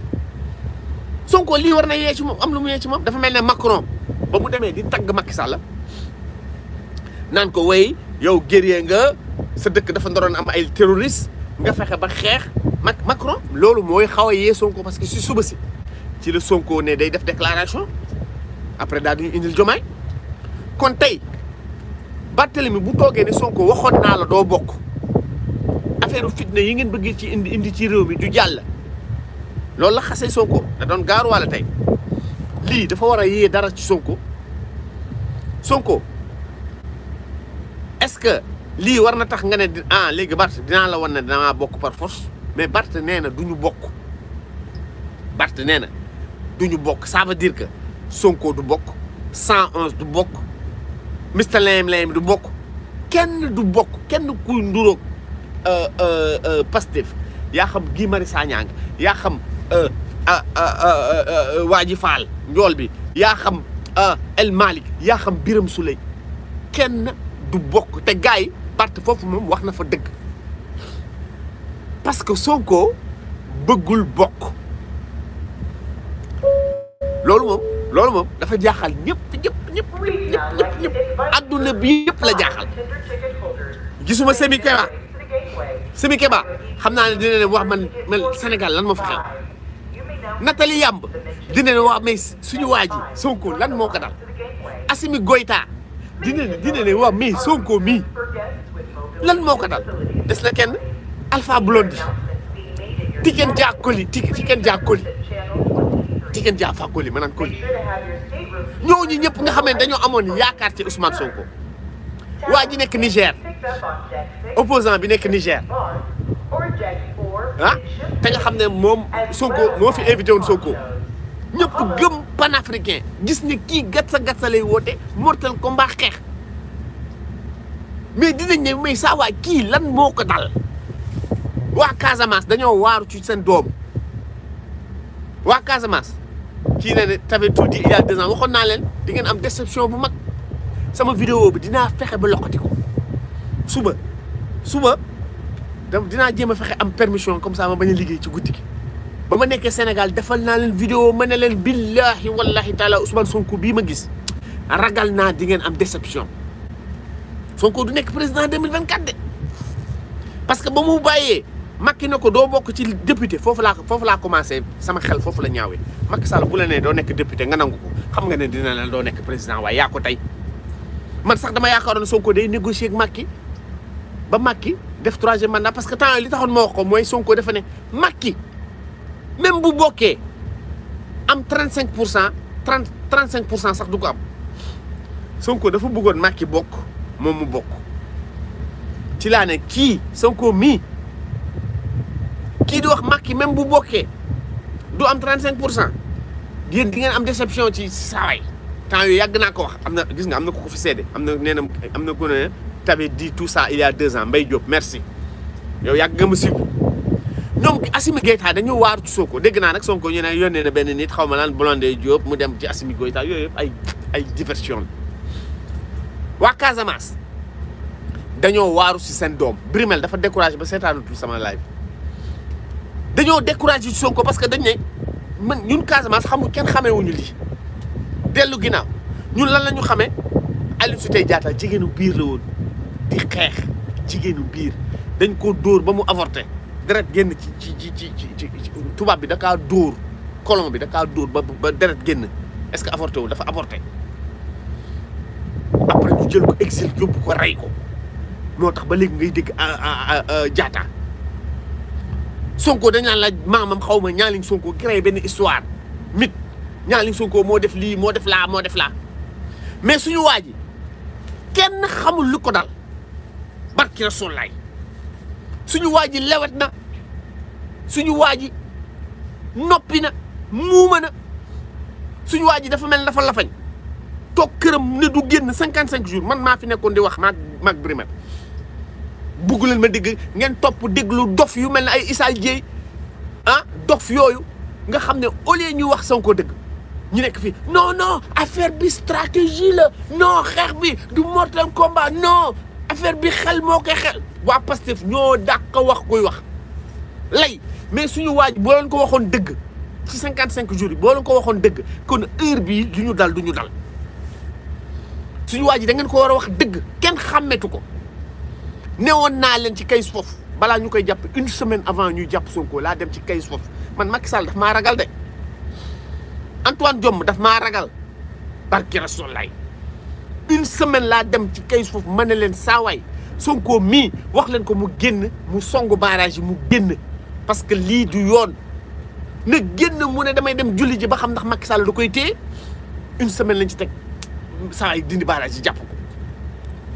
Speaker 1: Sonko lii war na yee ci moom am lu mu yee ci moom dafa mel ne Macron ba mu demee di tagg makki Sall naan ko way yow guerrier nga sa dëkk dafa ndoroon am ay terroriste nga fexe ba xeex Mac Macron loolu mooy xaw a yee Sonko parce que si suba si ci la Sonko ne day def déclaration après daal di ñu indil jomaay kon tey Barthélemy bu toogee ne Sonko waxoon naa la doo bokk affaire fitna yi ngeen bëggee ci indi indi ci réew mi du jàll loolu la xasee Sonko da doon gaaruwaale tey lii dafa war a yee dara ci Sonko Sonko est-ce que lii war na tax nga ne ah léegi Barth dinaa la wan ne damaa bokk par force. mais Barth nee na du ñu bokk Barth nee na du ñu bokk ça veut dire que Sonko du bokk 111 du bokk Mr Layem Layem du bokk kenn du bokk kenn kuy nduróog euh, euh, euh, Pastef yaa xam Guy Marius Sagna yaa xam Waaji Faal njool bi yaa xam El Malick yaa xam Biram Souley kenn du bokk te gars yi Barth foofu moom wax na fa dëgg parce que Sonko bëggul bokk loolu moom loolu moom dafa jaaxal ñëpp ñëpp ñëpp ñëpp ñëpp ñëpp adduna bi yëpp la jaaxal gisuma Semi Keba xam naa ne dina ne wax man man lan moo fa xew Nathalie dina ne wax mais suñu waa ji Sonko lan moo ko dal Assimi Goïta dina ne dina ne wax mais Sonko mii lan moo ko dal des na kenn Alpha Blondy Tiken Jah Koli Tiken Jah Koli Tiken Jah Fa Koli maanaam Koli ñooñu ñëpp nga xam ne dañoo amoon yaakaar ci Ousmane Sonko waa ji nekk Niger opposant bi nekk Niger ah te nga xam ne moom Sonko moo fi invité woon Sonko ñëpp gëm panafricain gis ni kii gatsa gatsa lay woote mortal combat xeex mais dinañ ne may saa waay kii lan moo ko dal. Wakazamas, Casamance dañoo ci ne ne vu tout il y a deux ans as vu que di am déception vidéo suba suba am permission comme ça ma my a to ci guddi gi. je suis Sénégal defal video, une vidéo que tu billahi wallahi taala Ousmane Sonko que ragal n'a di am déception Sonko du président 2024 parce que bon vous Makino ne ko doo bokk ci député fofu la fofu la commencé sama xel fofu la ñaawé Macky Sall bu la né do nek député nga nangu ko xam nga né dina la do nek président way ya ko tay man sax dama yaakaaroon Sonko day négocier ak Macky ba Macky def 3e mandat parce que temps li taxone moko moy Sonko dafa né Macky même bu am 35 30 35 sax du ko am Sonko dafa bëggone Macky bok moom mu ci la né ki Sonko mi qui di wax Macky même bu bokkee du am 35 pour cent yéen di ngeen am déception ci sawaay temps yooyu yag na ko wax amna na gis nga amna na ko fi seede amna néna amna ko né tabé dit tout ça il y a 2 ans Mbaye Diop merci yow yag nga ma siiw ñoom Assimi Goïta dañu war ci soko dégg na nak Sonko ñu né yónnee na benn nit xawma ma blondé Blondin Diop mu dem ci Assimi Goïta yoy ay ay diversion wa waa dañu dañoo ci sen dom Brimel dafa décourager ba sétane tout sama live dañoo découragé ci ko parce que dañ ne man ñun Casamance xamul kenn xameewuñu lii dellu ginnaaw ñun lan la ñu xamee Aline Sitoé Diatta jigéenu biir la woon di xeex jigéenu biir dañ ko dóor ba mu avorté deret génn ci ci ci ci tubaab bi daka dóor colon bi dakaa dóor ba ba deret génn est-ce que avorté wu dafa avorté après ñu jël ko exil yóbbu ko rey ko moo tax ba léegi ngay dégg euh, euh, euh, Diatta sonko dañ nyala la mamam xawma ñaaling sonko créé ben histoire mit ñaaling sonko mo def li mo def la mo def la mais suñu waji kenn xamul lu ko dal barki rasulallah suñu waji na suñu waji ji na muuma na suñu waji dafa mel dafa lafañ tok këram ne du génn 55 jours man ma fi nekkon di wax mak mak brimet bugg leen ma dégg ngeen topp déglu dof yu mel ne ay Issa Dieye ah dof yooyu nga xam ne au lieu ñu wax Sonko dëgg ñu nekk fii non non affaire bi stratégie la non xeex bi du mortal combat non affaire bi xel moo koy xel waa Pastef ñoo dàq wax koy wax lay mais suñu waaj boo leen ko waxoon dëgg ci cinquante cinq jours yi boo leen ko waxoon dëgg kon heure bii du ñu dal du ñu dal suñu waaj yi da ngeen ko war a wax dëgg kenn xàmmetu ko newoon naa leen ci kayis foofu ñu koy une semaine avant ñuy jàpp Sonko laa dem ci kayis foofu man Macky Sall daf ma ragal de Antoine Diom daf ma ragal barki Rasulaay une semaine là dem ci kayis foofu ma ne leen Sonko mi wax leen ko mu génn mu songu barrage mu génn parce que li du yone ne génn mu ne damay dem julli ji ba xam ndax Macky Sall du koy té une semaine lañ ci teg saawaay dindi barrage yi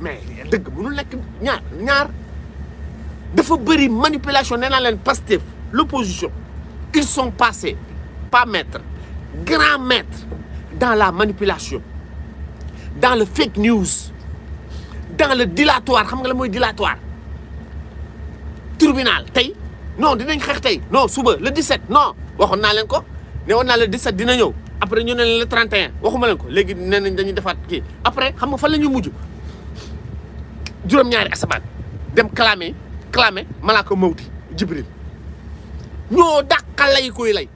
Speaker 1: mais dëgg mënul lekk ñaar ñaar dafa bëri manipulation nee naa leen Pastef l'opposition ils sont passés pas maître grand maître dans la manipulation dans le fake news dans le dilatoire xam nga la mooy dilatoire tribunal tey non dinañ xeex tey non suba le 17 non waxoon naa leen ko ne woon naa le 17 dina ñëw après ñu ne le 31 waxuma leen ko léegi nee nañ dañuy defaat kii après xam nga fan la ñuy mujj juróom-ñaari asamaan dem clamé clamé malaaka mawti jibril ñoo dàqa lay koy lay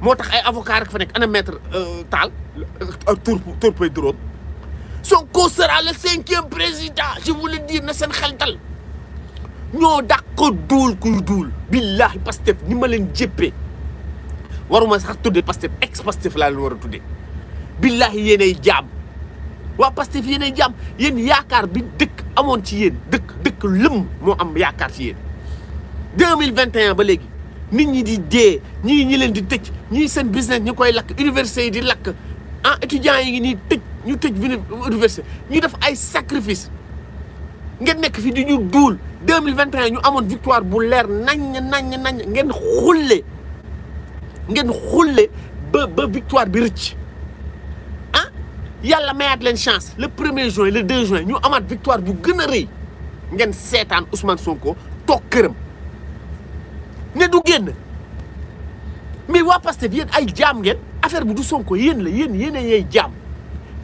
Speaker 1: moo tax ay avocat rek fa nekk ana maître euh, Tall euh, tour tourpay drone Sonko sera le cinquième président je vous le na seen xel dal ñoo dàqa duul kuy duul billaahi Pastef ni ma leen jéppee waruma sax tuddee Pastef ex Pastef laa leen war a tuddee billaahi yéenay jaam waa Pastef yéenay jaam yéen yaakaar bi dëkk amoon ci yéen dëkk dëkk lëm moo am yaakaar ci yéen deux mille vingt et ba léegi nit ñi di dee ñii ñi leen di tëj ñii seen business ñu koy lakk université yi di lakk ah étudiants yi ngi nii tëj ñu tëj université ñu def ay sacrifice ngeen nekk fi di ñu duul deux mille vingt et ñu amoon victoire bu leer nañ naññ naññ ngeen xulle ngeen xulle ba ba victoire bi rëcc a la len chance le 1er juin le 2 juin ñu une victoire bu gëna a ngeen de Ousmane Sonko tok kërëm ne du génn mais ay ngeen affaire bu du Sonko yeen la yeen yéen ay jam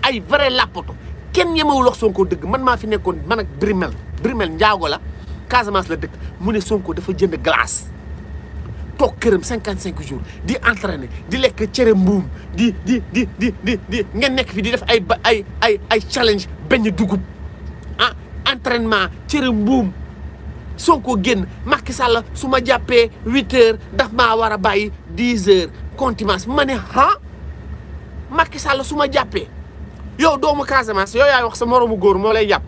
Speaker 1: ay vrai lapoto kenn ñemewul wax Sonko dëgg man ma fi de man ak Brimel Brimel la Casamance la dëkk mu Sonko dafa jënd glace. tok këram cinquante jours di entraîner di lek cere mboum di di di di di di ngeen nek fi di def ay ay ay ay challenge benn dugub ah entraînement cere mboum Sonko guen Macky Sall suma jappé 8h daf ma wara a 10h heures mané ha Macky Sall suma jappé jàppee yow doomu Casamance yow yaay wax sa moromu goor mo lay jàpp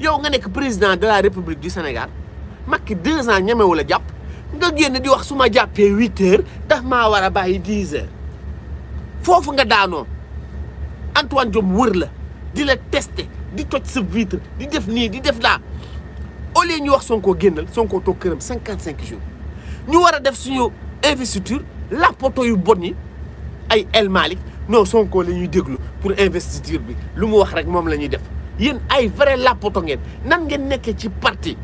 Speaker 1: yow nga nek président de la république du Sénégal Macky 2 ans ñamé wala japp y a di wax ma 8h, heures a Antoine Diom di la tester di toj ce vitre di def ça, di def la au lieu wax Sonko génnal Sonko son 55 jours ñu wara def suñu investiture la poto yu a yi ay El Malik non Sonko pour investiture bi lu wax rek mom la def yeen ay vrai parti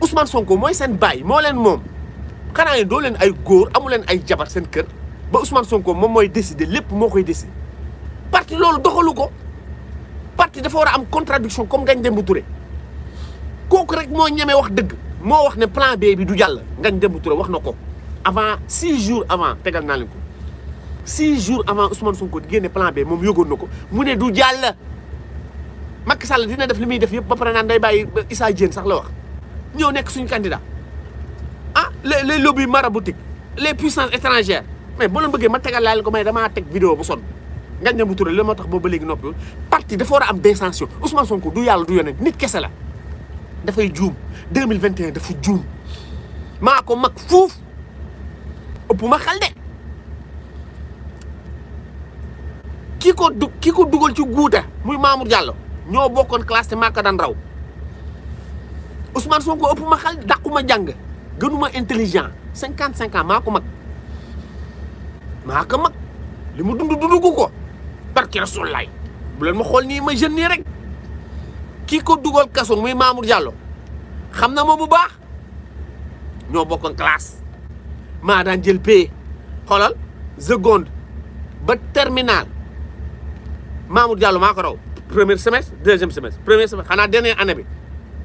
Speaker 1: Ousmane Sonko xanaa yéen doo leen ay góor amu leen ay jabar seen kër ba Ousmane Sonko moom mooy décider lépp moo koy décider parti loolu doxalu ko parti dafa war a am contradiction comme Ngagne Demba Touré kooku rek moo ñemee wax dëgg moo wax ne plan B bi du jàll Ngagne Demba Touré wax na ko avant six jours avant tegal naa leen ko six jours avant Ousmane Sonko di génne plan B moom yógoon na ko mu ne du jàll Macky Sall dina def li muy def yëpp ba pare naan day bàyyi Issa Diène sax la wax ñëw nekk suñu candidat les ah, les lobbies maraboutiques les puissances étrangères mais bon leen bëggee ma tegal la leen ko may damaa teg vidéo bu sonn nga ñëw bu turé la moo tax boobu ba léegi noppi parti dafa war a am dissension Ousmane Sonko du yàlla du yonent nit kese la dafay juum 2021 dafa juum maa ko mag fuuf ëpp ma xel kiko kiko ko du ki ko dugal ci guuta muy Mamour Diallo ñoo bokkoon classe te maa ko raw Ousmane Sonko ëpp ma xel dàqu ma jàng gënuma intelligent 55 ans mako mak, mag maa ko mag li mu dund dundugu ko barke rasulallah bu len ma xol ni ma jeune ni rek kiko dugal kaso muy Mamour Diallo xamna mo ma bu baax ño bokon classe ma daan jël p xolal seconde ba terminal Mamour Diallo mako raw premier semestre deuxième semestre premier semestre xana dernier année bi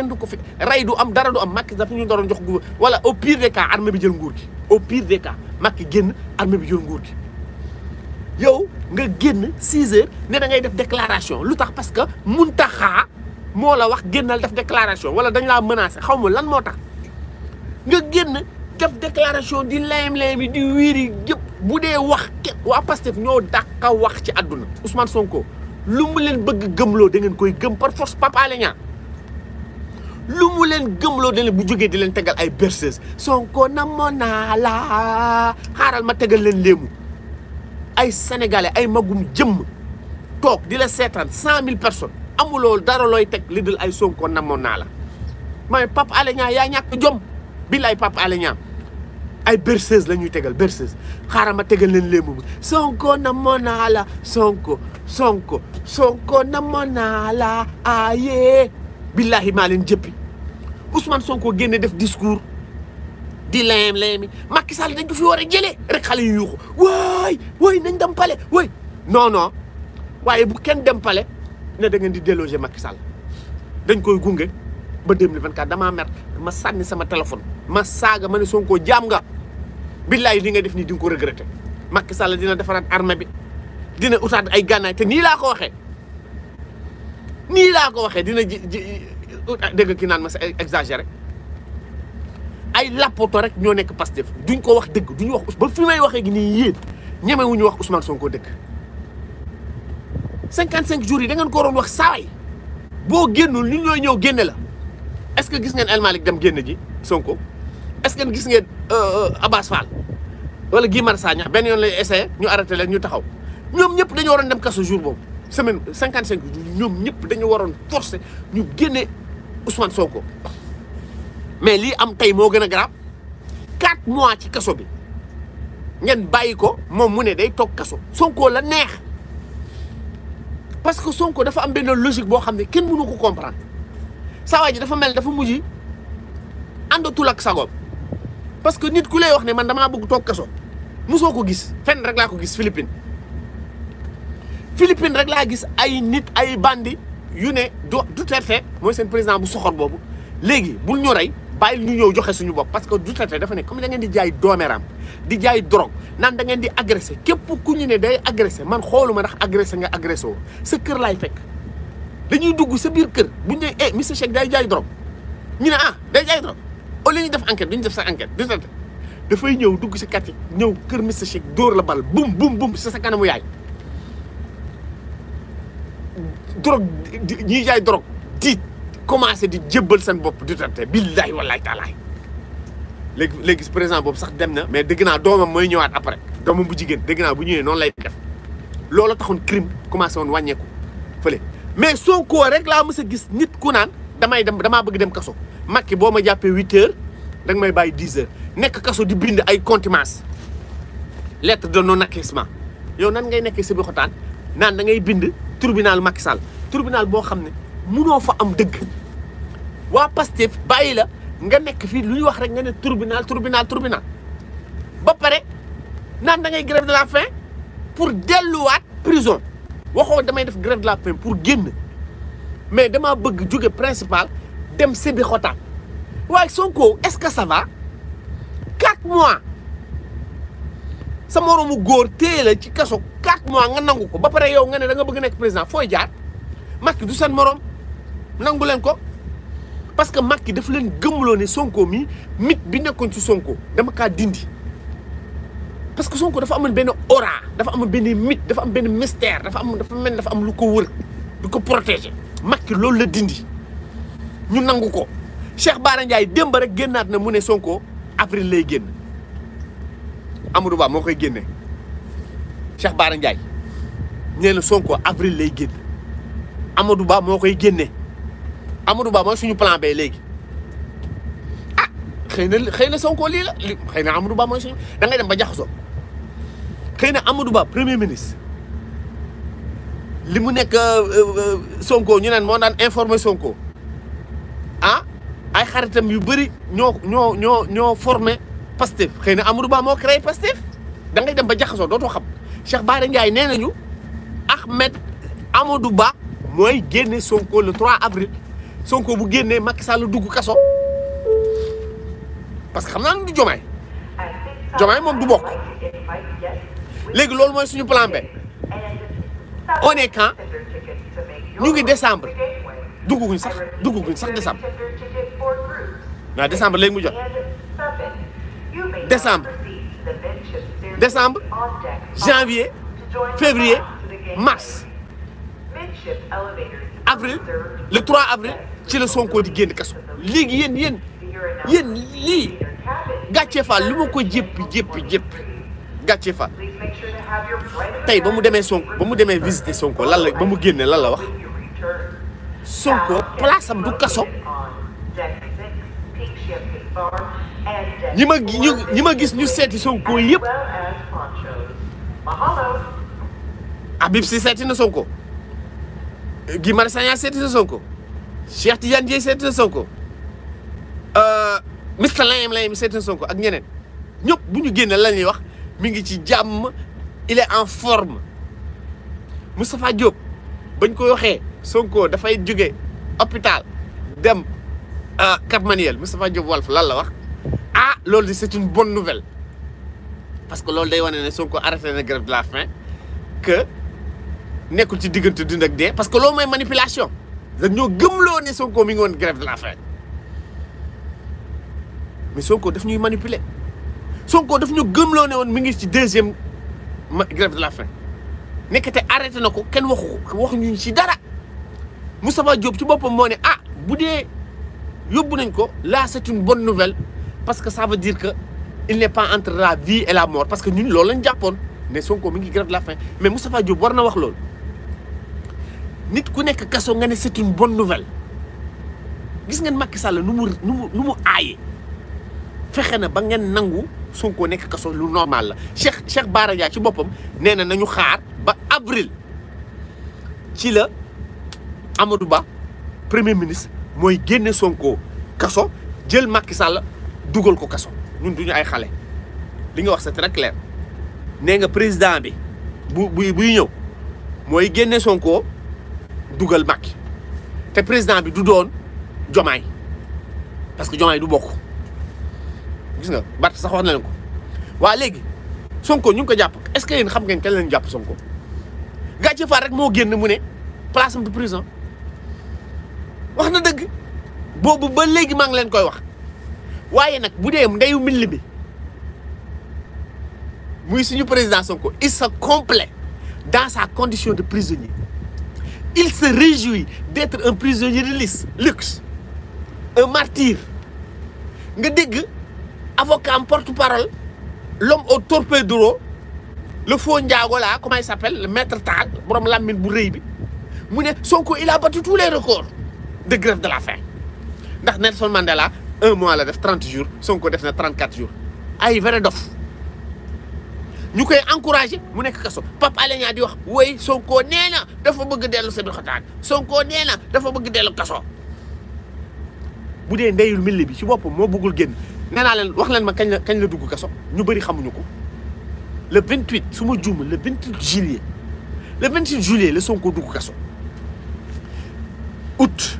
Speaker 1: kenn du ko fi ray du am dara du am Macky daf ñu doon jox gu wala au pire des cas armée bi jël nguur gi au pire des cas Macky genn armée bi jël nguur gi yow nga genn 6 heures ne da ngay def déclaration lu parce que muntaha mo la wax gennal def déclaration wala dañ la menacer xawmu lan mo tax nga genn def déclaration di layam-layam di wiri gep budé wax wa Pastef ñoo dàqa wax ci aduna Ousmane Sonko lu mu leen bëgg gëmlo da ngeen koy gëm par force papa Alé lu mu leen gëmloo da bu di len tegal ay berceuse Sonko namonala naa la xaaral ma tegal len lemu ay sénégalais ay magum jëm tok di la seetaan cent mille personnes amuloo dara looy teg li dul ay Sonko namoon naa la may pap Alé ya ñak jom billahi pap Alé ay berceuse la tegal berceuse xaaral ma tegal songko léemu songko Sonko namoon naa la Sonko Sonko Sonko namoon la billahi Ousmane Sonko génne def discours di layam layami Macky Sall dañ ko fi war a jëlee rek xale yu waay waay nañ dem pale waay non waaye bu kenn dem pale ne da ngeen di déloger Macky Sall dañ koy gunge ba 2024 damaa mer ma sànni sama téléphone ma saaga ma ne Sonko jaam nga billaay li nga def nii di nga ko regretter Macky Sall dina defaraat armée bi dina utaat ay gànnaay te nii laa ko waxee nii ko waxee dina dégg ki naan ma c'est exagéré ay lapoto rek ñoo nekk Pastef duñ ko wax dëgg duñ wax ba fi may waxee gi nii yéen ñemewuñu wax Ousmane Sonko dëgg. 55 jours yi da ngeen ko waroon wax saway boo génnul ñun ñooy ñëw génne la est ce que gis ngeen El Malick dem génne ji Sonko est ce que gis ngeen euh, euh, Abbas Fall wala Guy Marsagna Sagna benn yoon lay essayé ñu arrêté leen ñu taxaw ñoom ñëpp dañoo waroon dem kasso jour boobu. semaine 55 jours ñoom ñëpp dañu waroon forcer ñu génne Ousmane Sonko mais lii am tey moo gën a garab quatre mois ci kaso bi ngeen bàyyi ko moom mu ne day toog kaso Sonko la neex parce que Sonko dafa am benn logique boo xam ne kenn mënu ko comprendre saa ji dafa mel dafa mujj àndatul ak sagoom parce que nit ku lay wax ne man damaa bëgg toog kaso musoo ko gis fenn rek laa ko gis Philippines Philippines rek laa gis ay nit ay bandi yu ne Duterte mooy seen président bu soxor boobu léegi bul ñu rey bàyyil ñu ñëw joxe suñu bopp parce que Duterte dafa ne comme da ngeen di jaay dooméram di jaay drogue naan da ngeen di agressé képp ku ñu ne day agressé man xooluma ndax agressé nga agressé woo sa kër laay fekk dañuy dugg sa biir kër bu ñu nee eh monsieur day jaay drogue ñu ne ah day jaay drogue au lieu ñu def enquête duñu def sa enquête Duterte dafay ñëw dugg si quartier ñëw kër monsieur Cheikh dóor la bal bum bum kanamu yaay. drogue ñiy jaay drogue tiit commencé di jébbal seen bopp Duterte billahi wallahi taalaay léegi léegi président boobu sax dem na mais dégg naa doomam mooy ñëwaat après doomam bu jigéen dégg naa bu ñëwee noonu lay def loolu taxoon crime commencé woon wàññeeku fële mais Sonko rek laa mës a gis nit ku naan damay dem damaa bëgg dem kaso Macky boo ma jàppee huit heures danga may bàyyi dix heures nekk kaso di bind ay contumace lettre de non acquiescement yow nan ngay nekkee si bi xotaan naan da ngay bind tribunal Macky Sall boo xam ne munoo fa am dëgg waa Pastef bàyyi la nga nekk fii lu ñu wax rek nga ne tribunal tribunal tribunal ba pare naan da ngay grève de la faim pour delluwaat prison waxoo damay def grève de la faim pour génn mais dama bëgg jóge principal dem Sébikotane waaye Sonko est-ce que ça va sa moroomu góor téye la ci kaso 4 mois nga nangu ko ba pare yow nga ne danga bëgg nekk président fooy jaar Macky du seen morom nangu leen ko parce que Macky daf leen gëmloo ne Sonko mi mit bi nekkoon ci Sonko dama kaa dindi parce que Sonko dafa amoon benn aura dafa amoon benn mythe dafa am benn mystère dafa am dafa mel dafa am lu ko wër du ko protéger Macky loolu la dindi ñu nangu ko Cheikh Bara Ndiaye démb rek génnaat na mu ne Sonko avril lay génn. Amadou moo koy génne Cheikh Bara Ndiaye nee Sonko avril lay génn Amadou Ba moo koy génne Amadou Ba suñu plan B léegi ah xëy na xëy na Sonko lii la li xëy na Amadou Ba suñu da ngay dem ba jaxasoo xëy na Amadou premier ministre li mu nekk euh, euh, Sonko ñu naan moo daan informer Sonko ah ay xaritam yu bëri ñoo ñoo ñoo ñoo formé. pastif xeyna Amadou Ba mo créé pastif da ngay dem ba jaxaso doto xam Cheikh Bara Ndiaye nenañu Ahmed Amadou Ba moy guenné Sonko le 3 avril Sonko bu guenné Macky Sall duggu kaso parce que xamna ñu ne jomay mom du bok légui lool moy suñu plan B on est quand ñu ngi décembre guñ sax guñ sax décembre na décembre légui mu jot. décembre décembre janvier février mars avril le 3 avril c'est le Sonko di Il kaso léegi yéen yen, yen, lii fa lu Il ko jéppi jéppi jéppi Il fa Tay, bon, mu Il Sonko ba mu visiter Sonko la la place ñi ma ma gis ñu seeti Sonko yëpp Habib si seeti na Sonko Guy Marius Sagna seeti na Sonko Cheikh Tidiane Dièye seeti na Sonko euh, Mr Layem Layem seeti na Sonko ak ñeneen ñëpp bu ñu génne lañuy wax mi ngi ci jàmm il en forme Moustapha Diop bañ ko waxee Sonko dafay jóge hôpital dem. Ah, Cap Maniel, Moustapha Diop Wolf, lan la wax ah lolou di c'est une bonne nouvelle parce que lolou day wone ne Sonko arrêté na grève de la faim que nekul ci diggante dund ak dee parce que loolu mooy manipulation gëm lo ne Sonko mi ngone woon grève de la faim mais Sonko daf ñuy manipuler Sonko daf ñu lo ne won mi ngi ci deuxième grève de la faim nekkate arrêté nako ken kenn wax ñu ci dara Moustapha Diop ci bopam mo ne ah boudé yóbbu ko là c'est une bonne nouvelle parce que ça veut dire que il n'est pas entre la vie et la mort parce que ñun loolu lañ Japon mais Sonko mi ngi grève de la faim mais Moustapha Diop war na wax lool nit ku nekk kaso nga ne c'est une bonne nouvelle gis ngeen Macky Sall nu mu nu mu nu mu na ba ngeen nangu Sonko nekk kaso lu normal la Cheikh Cheikh Bara ci boppam nee nañu xaar ba avril ci la Amadou Ba premier ministre mooy génne Sonko kaso jël Macky Sall dugal ko kaso ñun duñu ay xale li nga wax c'est très clair nee nga président bi bu buy buy ñëw mooy génne Sonko dugal makki te président bi du doon Jomaay parce que Jomaay du bokk gis nga Bart sax wax na leen ko waa léegi Sonko ñu ngi ko jàpp est-ce que yéen xam ngeen kañ leen jàpp Sonko gàcce fa rek moo génn mu ne place am de prison wax na dëgg boobu ba léegi maa ngi leen koy wax waaye nag bu dee ndeyu mil bi muy suñu président Sonko il se complaît dans sa condition de prisonnier il se réjouit d'être un prisonnier de luxe un martyr nga dégg avocat en porte-parole l'homme au torpédro... le faux ndiagola comment il s'appelle le maître Tad... borom bu rëy bi mu Sonko il a battu tous les records de grève de la faim ndax Nelson Mandela un mois la def 30 jours Sonko def na 34 jours ay vrai dof ñu koy encouragé mu nek kasso. Pape Alé di wax woy Sonko nee dafa bëgg déllu sa xotaan Sonko nee dafa bëgg déllu kasso." bu ndeyul mille bi ci boppam mo bëggul genn. nee len wax len ma kañ la kañ la dugg kasso. ñu bari xamuñu ko le 28 suma ma le 28 juillet le 28 juillet le Sonko dugg kasso. août.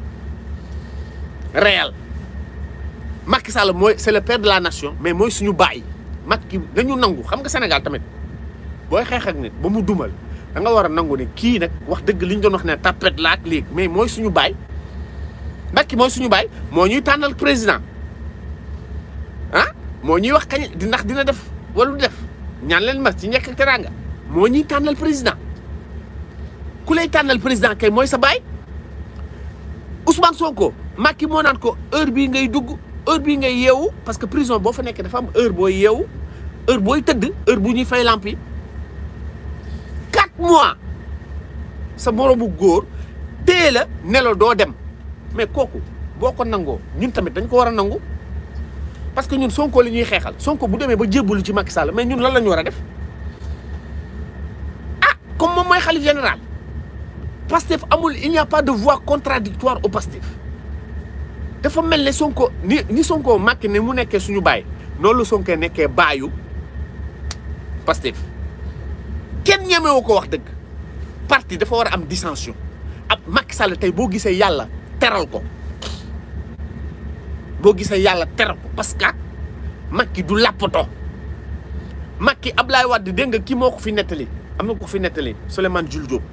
Speaker 1: réel Macky Sall mooy c' le père de la nation mais mooy suñu bàyyi Macky dañu nangu xam nga Sénégal tamit booy xeex ak nit ba mu dumal da nga war nangu ne kii nag wax dëgg li doon wax ne tapet la ak léegi mais mooy suñu bàyyi Macky mooy suñu bàyyi moo ñuy président ah moo ñuy wax kañ di ndax dina def wala du def ñaan leen ma ci njëkk ak teraanga ñuy tànnal président ku lay président kay sa bàyyi Ousmane Sonko. Macky moo naan ko heure bi ngay dugg heure bi ngay yeewu parce que prison bo fa nek dafa am heure boy yeewu heure boy teud heure bu ñuy fay lampi 4 mois sa moromu góor téye la ne dem mais koku boko nango, ñun tamit dañ ko wara nangu parce que ñun Sonko li ñuy xéxal Sonko bu démé ba jébbalu ci Macky Sall mais ñun lan lañu wara def ah comme moi mooy xalif général Pastef amul il n'y a pas de voix contradictoire au Pastef dafa mel ne Sonko ni ni Sonko makki ne mu nekkee suñu baay noonu la sonkee nekkee baayu Pastef kenn ñemewu ko wax dëgg parti dafa war a am dissension ab Macky Sall tey boo gisee yàlla teral ko boo gisee yàlla teral ko parce que Macky du làppato Macky Ablaye Wade dégg nga kii moo ko fi nettali am na ko fi nettali Souleymane Jules Diop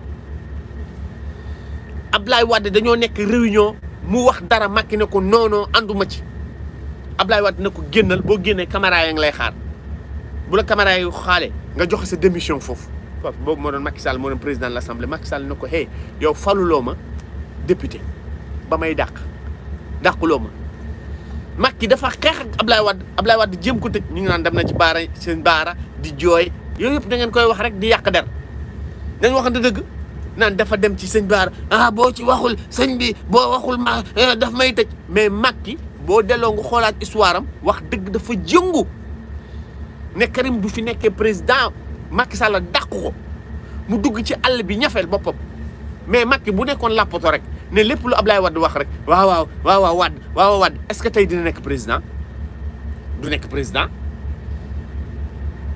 Speaker 1: lay wàdd dañoo nekk réunion mu wax dara Macky ne ko non non ànduma ci Ablaye Wade ne ko génnal boo génnee caméra yaa ngi lay xaar bu la caméra xaale nga joxe sa démission foofu foofu boobu moo doon Macky Sall moo doon président de l'Assemblée Macky Sall ne ko hey yow faluloo ma député ba may dàq dàquloo ma Macky dafa xeex ak Ablaye Wade Ablaye Wade jéem ko tëj ñu ngi naan dem na ci baara seen baara di jooy yooyu yëpp da ngeen koy wax rek di yàq der dañ waxante dëgg naan dafa dem ci sëñ Baara ah boo ci waxul sëñ bi boo waxul ma eh, daf may tëj mais Macky boo delloo nga xoolaat histoire am wax dëgg dafa jëngu ne Karim du fi nekkee président makki Sall dàq ko mu dugg ci àll bi ñafeel boppam mais makki bu nekkoon làppato rek ne lépp lu Ablaye Wade wax rek waaw waaw waaw waaw Wade waaw Wade est-ce que tey dina nekk président du nekk président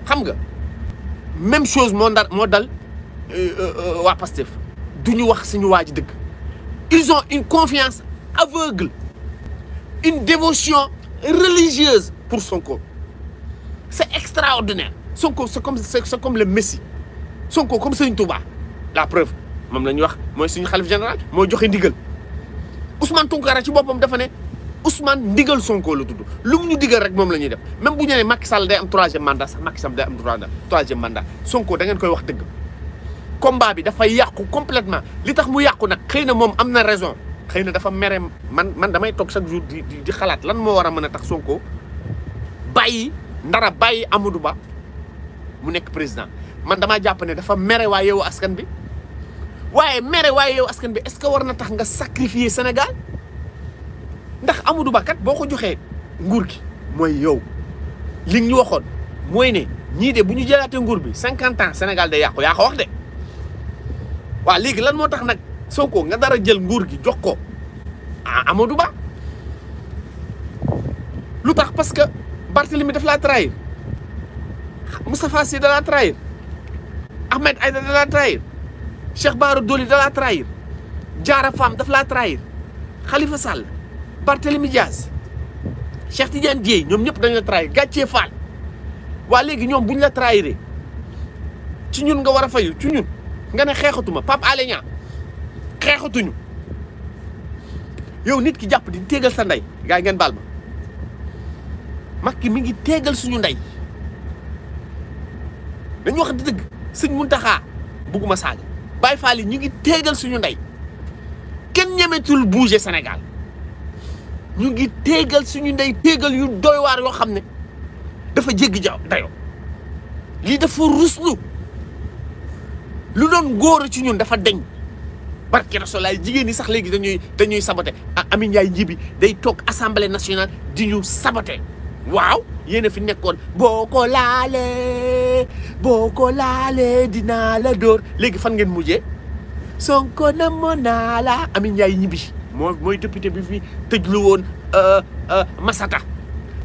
Speaker 1: xam nga même chose moo ndar moo dal. Euh, euh, wa Pastef du wax suñu waa ji ils ont une confiance aveugle une dévotion religieuse pour Sonko c'est extraordinaire Sonko c'est comme c'est comme le Messie Sonko comme Serigne Touba la preuve moom la ñuy wax mooy suñu xalif général mooy joxe ndigal Ousmane Tounkara ci boppam dafa Ousmane ndigal Sonko le tudd lu mu ñu digal rek mom lañuy def même bu ñu nee Macky Sall day am 3e mandat sax Macky Sall day am 3e mandat Sonko da ngeen koy wax deug. combat bi dafa yakku complètement li tax mu yakku nak xeyna na amna raison xeyna dafa méré man man damay tok chaque jour di di xalaat lan mo wara a tax Sonko bayyi ndara bayyi Amadou Ba mu nek président man dama japp ne dafa méré waa yow askan bi waye mere waa yow askan bi est-ce que warna tax nga sacrifier Sénégal ndax Amadou Ba kat boko ko joxee nguur gi moy yow li ñu moy ne ñi de buñu jëlaté jëlaatee nguur bi 50 ans Sénégal day wax de wa legui lan motax nak soko nga dara jël nguur gi jox ko ah, Amadou Ba lu parce que Barthélemy daf la trahir mustapha si da la trahir Ahmed Aïdara da la trahir Cheikh barou doli da la trahir jara Fam daf la trahir Khalifa Sall Barthélemy Dias Cheikh Tidiane die ñom ñep dañ la trahir gatché fall wa legui ñom buñ la trahiré ci ñun nga wara fayu ci ñun. nga ne xeexatuma Pape Alé Niang xeexatuñu yow nit ki jàpp di téegal sa ndey gaa yi ngeen baal ma Macky mi ngi téegal suñu ndey dañu wax dëgg sëñ Muntaxa bugguma saaga Baye Fall ñu ngi téegal suñu ndey kenn ñemetul bouger senegal ñu ngi téegal suñu ndey téegal yu doy waar yoo xam ne dafa jéggi jaw dayoo lii dafa ruslu lu doon góor a ci ñun dafa deñ barke rasulaay jigéen ñi sax léegi dañuy dañuy sabote Amin Ndiaye njibi day toog assemblée nationale di ñu sabote waaw yéen a fi nekkoon boo ko laalee boo ko laalee dinaa la dóor léegi fan ngeen mujjee Sonko na mo la Amin Ndiaye ñibbi moo mooy député bi fi tëjlu woon euh, euh, Masata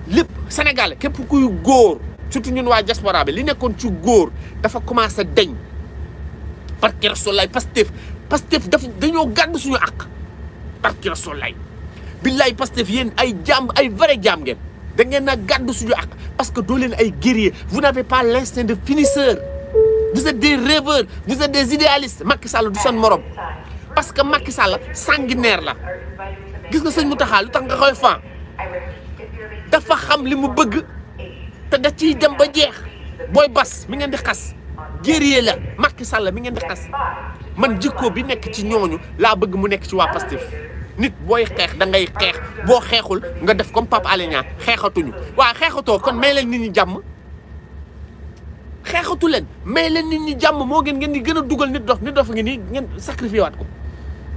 Speaker 1: lépp Sénégal képp kuy góor surtout ñun waa diaspora bi li nekkoon ci góor dafa commencé deñ barki rasulaay Pastef Pastef daf dañoo gàddu suñu àq barki rasulaay billaay Pastef yéen ay jaam ay vrai jaam ngeen da ngeen naa gàddu suñu àq parce que doo leen ay guerrier vous n'avez pas l'instinct de finisseur vous êtes des rêveurs vous êtes des idéalistes Macky Sall du seen morom parce que Macky Sall sanguinaire la gis nga sëñ Mountakha lu tax nga koy fan dafa xam li mu bëgg te da ciy dem ba jeex booy bas mi ngeen di xas guerrier la Macky Sall mi ngeen di xas man jikko bi nek ci ñooñu la bëgg mu nek ci wa pastif nit boy xex da ngay xex bo xexul nga def comme pap alenia xexatuñu wa xexato kon may leen nit ñi jamm xexatu leen may leen nit ñi jamm mo gën ngeen di gëna duggal nit dox nit dof ngi ni ngeen sacrifier wat ko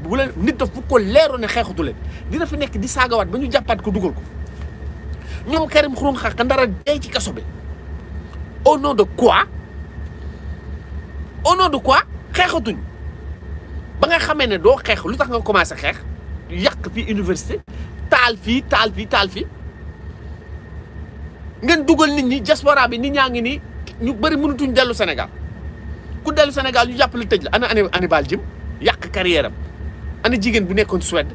Speaker 1: bu leen nit dof bu ko leeru ne xexatu leen dina fi nek di saga wat, ñu ko duggal ko ñom Karim khurum Xax dara day ci kasso bi au nom de quoi au nom de quoi xexatuñ ba nga xamé né do xex lutax nga commencé xex yak fi université tal fi tal fi tal fi ngeen duggal nit ñi diaspora bi nit ñangi ni ñu bëri mënatuñ delu Sénégal ku delu Sénégal ñu lu tejj la ana Hannibal Djim yàq carrière am ana jigen bu nekkon Suède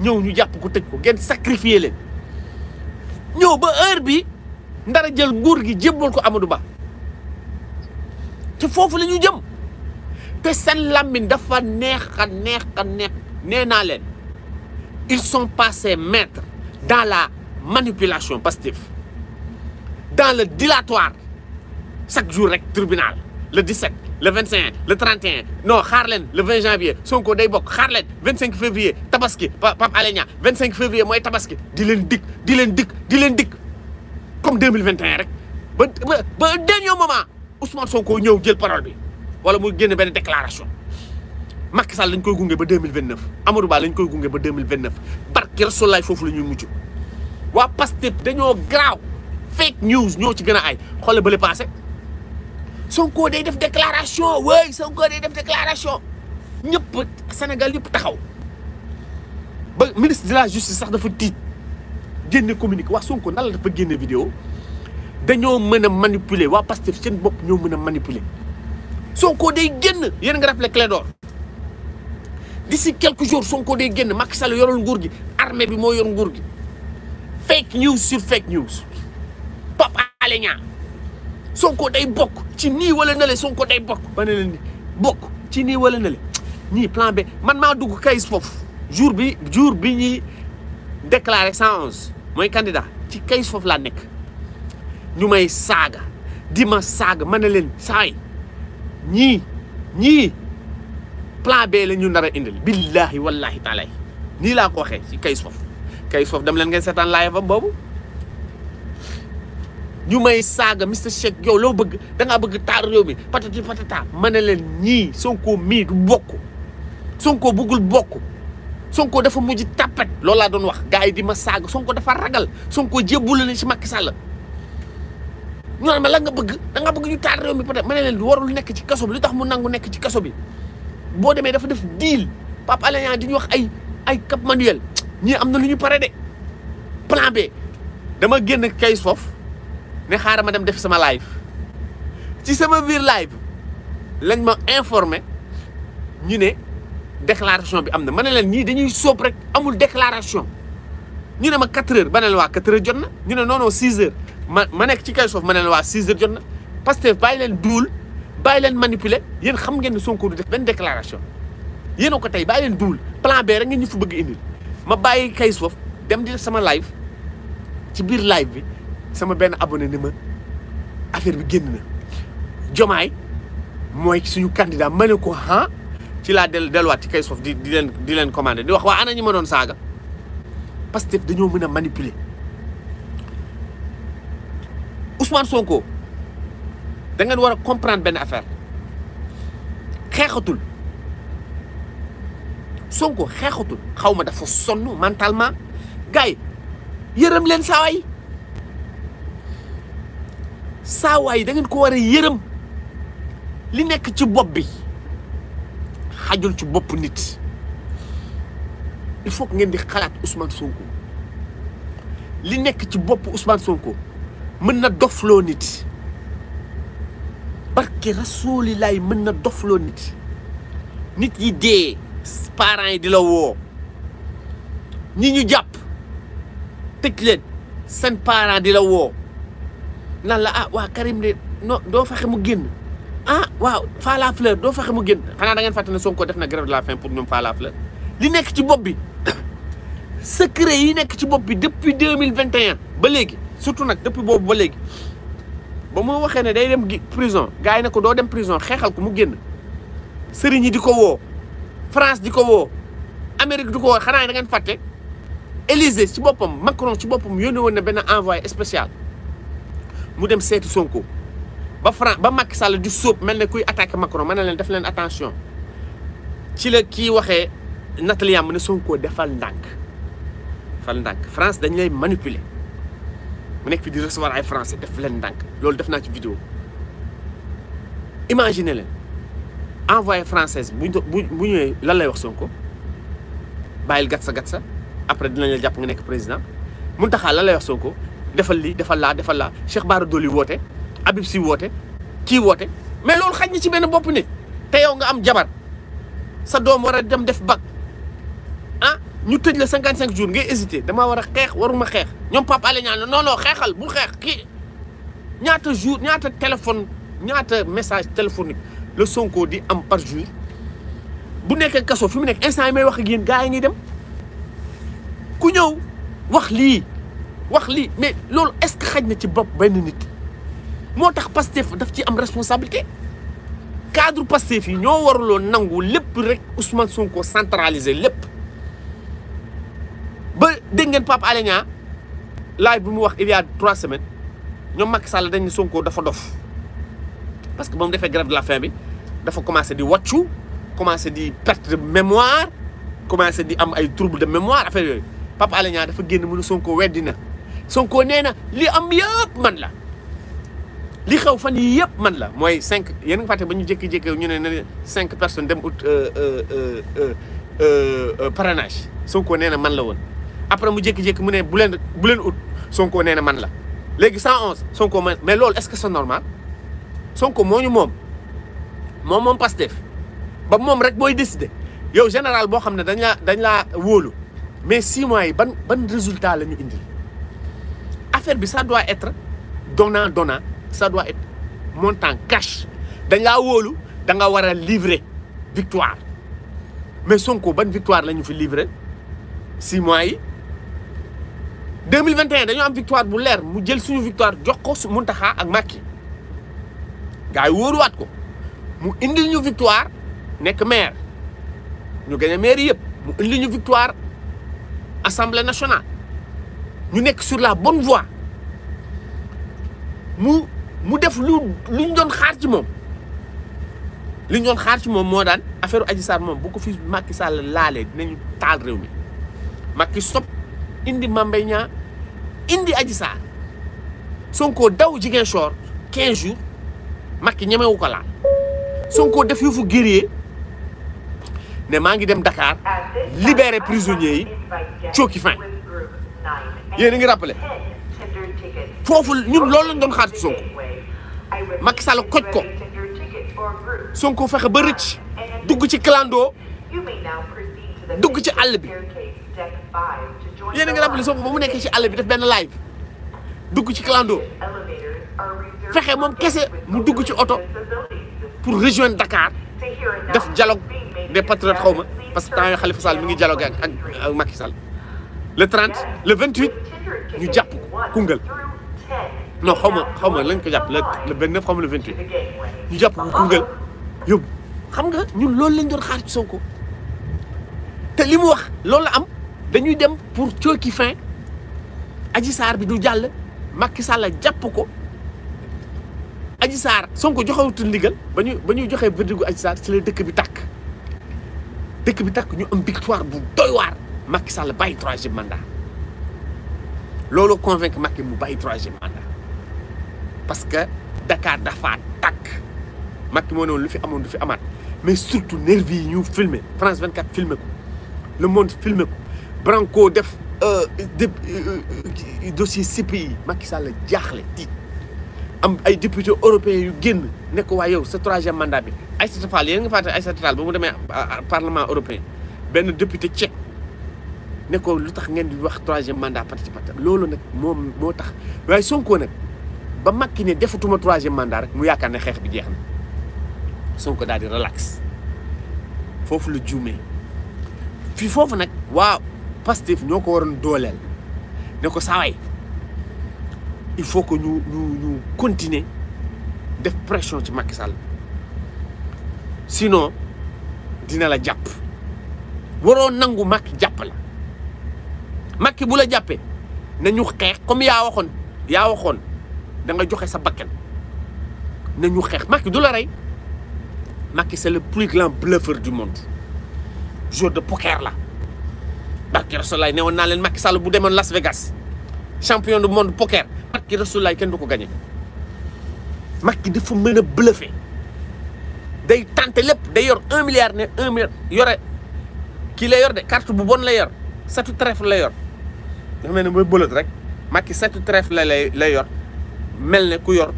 Speaker 1: ñew ñu japp ko tejj ko ngeen sacrifier leen ñew ba heure bi ndara jël nguur gi ko Amadou Ba Il fofu que vous jëm té sen lamine dafa neex neex neex néna len ils sont passés maîtres dans la manipulation pastif... dans le dilatoire chaque jour rek tribunal le 17 le 25 le 31 non xaar le 20 janvier Sonko day bok xaar 25 février tabaski Pape Alenia... 25 février moy tabaski di len dilendik. di len di comme 2021 rek ba ba dernier moment. Ousmane Sonko ñëw jël parole bi wala mu génne benn déclaration Macky Sall lañ koy gunge ba deux mille vingt neuf Amadou Ba lañ koy gunge ba deux mille vingt neuf barki Rasulaay foofu la ñuy mujj waa Pastef dañoo garaaw fake news ñoo ci gën a ay xoolal ba le passé Sonko day def déclaration wéy Sonko day def déclaration ñëpp Sénégal yëpp taxaw ba ministre de la justice sax dafa tiit génne communiqué wax Sonko nan la dafa génne vidéo dañoo sont manipuler Ils seen bop ñoo Ils Sonko day nga d'or. d'ici quelques jours son day génn Macky Sall nguur armée fake news sur fake news Pop Alenia. Son Sonko day sont ci ni wala nale Sonko day manipulés. Ils plan B man ma dugg kayis Ils jour bi jour bi 111 candidat ci ñu may saaga di ma saaga ma ne leen saay ñii ñii plan B la ñu nar a indil billaahi wallaahi taala nii laa ko waxee ci kay sof kay sof dem leen ngeen seetaan laay fa boobu ñu may saaga Mister Shake yow loo bëgg da bëgg taar réew mi patati patata ma ne leen ñii Sonko mii du bokk Sonko bëggul bokk Sonko dafa mujj tàppet loolu laa doon wax gars yi di ma saaga Sonko dafa ragal Sonko jébbul na si Macky Sall ñu ma la nga bëgg da nga bëgg ñu taal réew mi peut-être mané ne leen warul nekk ci kasso bi lu tax mu nangu nekk ci kasso bi boo demee dafa def deal Papa Alé ya di ñu wax ay ay Cap Manuel ñii am na lu ñu pare de plan B dama génn kay foofu ne xaaral ma dem def sama live ci sama biir live lañ ma informé ñu ne déclaration bi am na ma ne leen ñii dañuy sóob rek amul déclaration ñu ne ma 4 heures ba ne la waa 4 heures jot na ñu ne non non 6 heures. ma ma nekk ci kaw suuf ma ne la waa 6 heures jot na Pastef bàyyi leen duul bàyyi leen manipuler yéen xam ngeen ne Sonko du def benn déclaration yéen a ko tey bàyyi leen duul plan B rek ngeen ñu fa bëgg indil ma bàyyi kaw suuf dem di def sama live ci biir live bi sama benn abone ni ma affaire bi génn na jomaay mooy suñu candidat ma ne ko ah ci laa del delluwaat ci kaw suuf di leen di leen commandé di wax waa ana ñi ma doon saaga Pastef dañoo mën a manipuler. Ousmane Sonko da ngeen war a comprendre benn affaire xeexatul Sonko xeexatul xaw ma dafa sonn mentalement gars yërëm leen saawaay saawaay da ngeen ko war a yërëm li nekk ci bopp bi xajul ci bopp nit il faut ngeen di xalaat Ousmane Sonko li nekk ci bopp Ousmane Sonko. mën na dofloo nit barke solilaay mën na dofloo nit nit yi dee parents yi di la woo ñi ñu jàpp tëj leen seen parents di la woo nan la ah waa Karim de non doo faxe mu génn ah waaw Falla Fleur doo faxe mu génn xanaa da ngeen fàtte ne Sonko def na grève de la faim pour ñoom Falla Fleur li nekk ci bopp bi secret yi nekk ci bopp bi depuis deux mille vingt et ba léegi. surtout nak depuis bobu ba léegi ba day dem prison gaay yi do dem prison xéxal ko mu génn sëriñ yi di ko France diko ko Amérique diko ko xana xanaa da faté. fàtte Élysée ci bopam Macron ci bopam yónnee won na ben envoyé spécial mu dem seeti Sonko ba Fran ba Macky Sall di sóob mel kuy attaquer Macron ma ne def leen attention ci le ki waxé Nathalie Yamb ne Sonko defal ndak fal France dañ lay manipuler mu fi di recevoir ay français def len dank lolou def na ci vidéo imaginez len envoyé française bu bu ñëwee lan lay wax Sonko bayil gatsa gatsa après dinañ la japp nga nek président muntaxa lan lay wax Sonko defal li defal la defal la Cheikh Bara Dolly woote Habib Sy woote kii woote mais lolou xagn na ci ben bopp nit te yow nga am jabar sa doom wara dem def bac ñu tëj la cinquante cinq jours ngay hésité damaa war a xeex waruma xeex ñoom Pape Alé Niang non xeexal bu xeex ki ñaata jour ñaata téléphone ñaata message téléphonique la Sonko di am par bu nekkee kaso fi mu nekk instant yi may wax ak yéen gars yi ngi dem ku ñëw wax lii wax lii mais loolu est-ce que xaj na ci bopp benn nit moo tax Pastef daf ci am responsabilité cadre Pastef fii ñoo waruloon nangu lépp rek Ousmane Sonko centraliser lépp dégg ngeen Pape Alé Niang live bi mu wax il y a trois semaines ñoom Macky Sall dañ ne Sonko dafa dof parce que ba mu defee grève de la faim bi dafa commencé di wàccu commencé di perte de mémoire commencé di am ay trouble de mémoire affaire yooyu Pape Alé Niang dafa génn mu ne Sonko weddi na Sonko nee na li am yëpp man la li xew fan yii yëpp man la mooy cinq yenn a ngi fàtte ba ñu jékki-jékki ñu ne na cinq personnes dem ut euh, euh, euh, parrainage Sonko nee na man la woon. après mu jékki-jékki mu ne buleen leen bu leen ut Sonko nee na man la léegi 111 Sonko mais loolu est-ce que c'est normal Sonko moo ñu moom moom moom Pastef ba moom rek booy décider yow général boo xam ne dañ laa dañ laa wóolu mais six yi ban ban résultat la ñu indil affaire bi ça doit être donnant donnant ça doit être montant cash dañ laa wóolu da nga war a livrer victoire mais Sonko ban victoire la ñu fi livrer six yi. 2021 dañu am victoire bu leer mu jël suñu victoire jox ko su Muntaxa ak Macky gaay yi wóoruwaat ko mu indil ñu victoire nekk maire ñu gagné maire yëpp mu indil ñu victoire assemblée nationale ñu nekk sur la bonne voie mu mu def lu lu ñu doon xaar ci moom li ñu doon xaar ci moom moo daan affaire Adji Sarr moom bu ko fi Macky Sall laalee dinañu taal réew mi Macky sopp indi Mame Mbaye Niang indi aji Sarr Sonko daw Ziguinchor 15 jours Macky ñemewu ko laal Sonko def yu fu guerrier ne maa ngi dem Dakar libérer prisonniers yi cooki fin yéen a ngi rappelé foofu ñun loolu lañ doon xaar ci Sonko Macky Sall ko Sonko fexe ba rëcc dugg ci clando dugg ci àll bi. yéen a ngi rappelé Sonko ba mu nekkee ci àll bi def benn live dugg ci clando fexe moom kese mu dugg ci oto pour rejoindre Dakar def dialogue de patriotes xaw ma parce que temps yii Khalifa Sall mi ngi dialogue ak ak Macky Sall le 30 le 28 ñu jàpp Koungheul non xaw ma xaw ma lañ ko jàpp le le 29 xaw ma le 28 ñu jàpp ko Koungheul xam nga ñun loolu lañ doon xaar ci Sonko te li mu wax loolu la am. dañuy dem pour cooki fin aji sar bi du jall Macky Sall jàpp ko aji sar Sonko joxewutul ndigal bañu bañu joxe ñu joxee verdigu Adji Sarr ci le deuk bi tak deuk bi tak ñu am victoire bu doy waar Macky Sall bàyyi troisième mandat loolu convaincu Macky mu 3e mandat parce que Dakar dafa tak Macky moo ne lu fi amone du fi amaat mais surtout nervi yi ñu filmé France 24 filmé ko Le Monde filmé ko Branco def euh, euh, euh, dossier CPI Macky Sall Il y am ay députés européens yu génn ne ko wa yow troisième mandat bi Aïssata Fall nga faté Aïssata Fall parlement européen ben député tchèque ne ko di troisième mandat participatif lolu nak mom motax tax Sonko nak ba Macky ne defatuma troisième mandat mu yakane Ils bi Sonko dal di relax fofu lu djoumé puis fofu nak waaw pastif ñoo ko waroon dooleel ne il faut que nous ñu ñu continuer pression ci Macky sinon dina la jàpp waroo nangu Macky jàpp la Macky bu Nous avons nañu xeex comme yaa waxoon yaa waxoon da nga sa nañu Macky Macky c'est le plus grand bluffeur du monde joueur de poker là..! barki rasulaay ne woon naa leen Macky Sall bu demoon Las Vegas champion du monde poker barki rasulaay kenn du ko gagné Macky dafa mën a bluffé day tenter lépp day yor un milliard ne un milliard yore kii lay yor de carte bu bon la yor setu trèfle la yor dafa mel ne mooy bëlët rek Macky setu trèfle la lay lay yor mel ne ku yor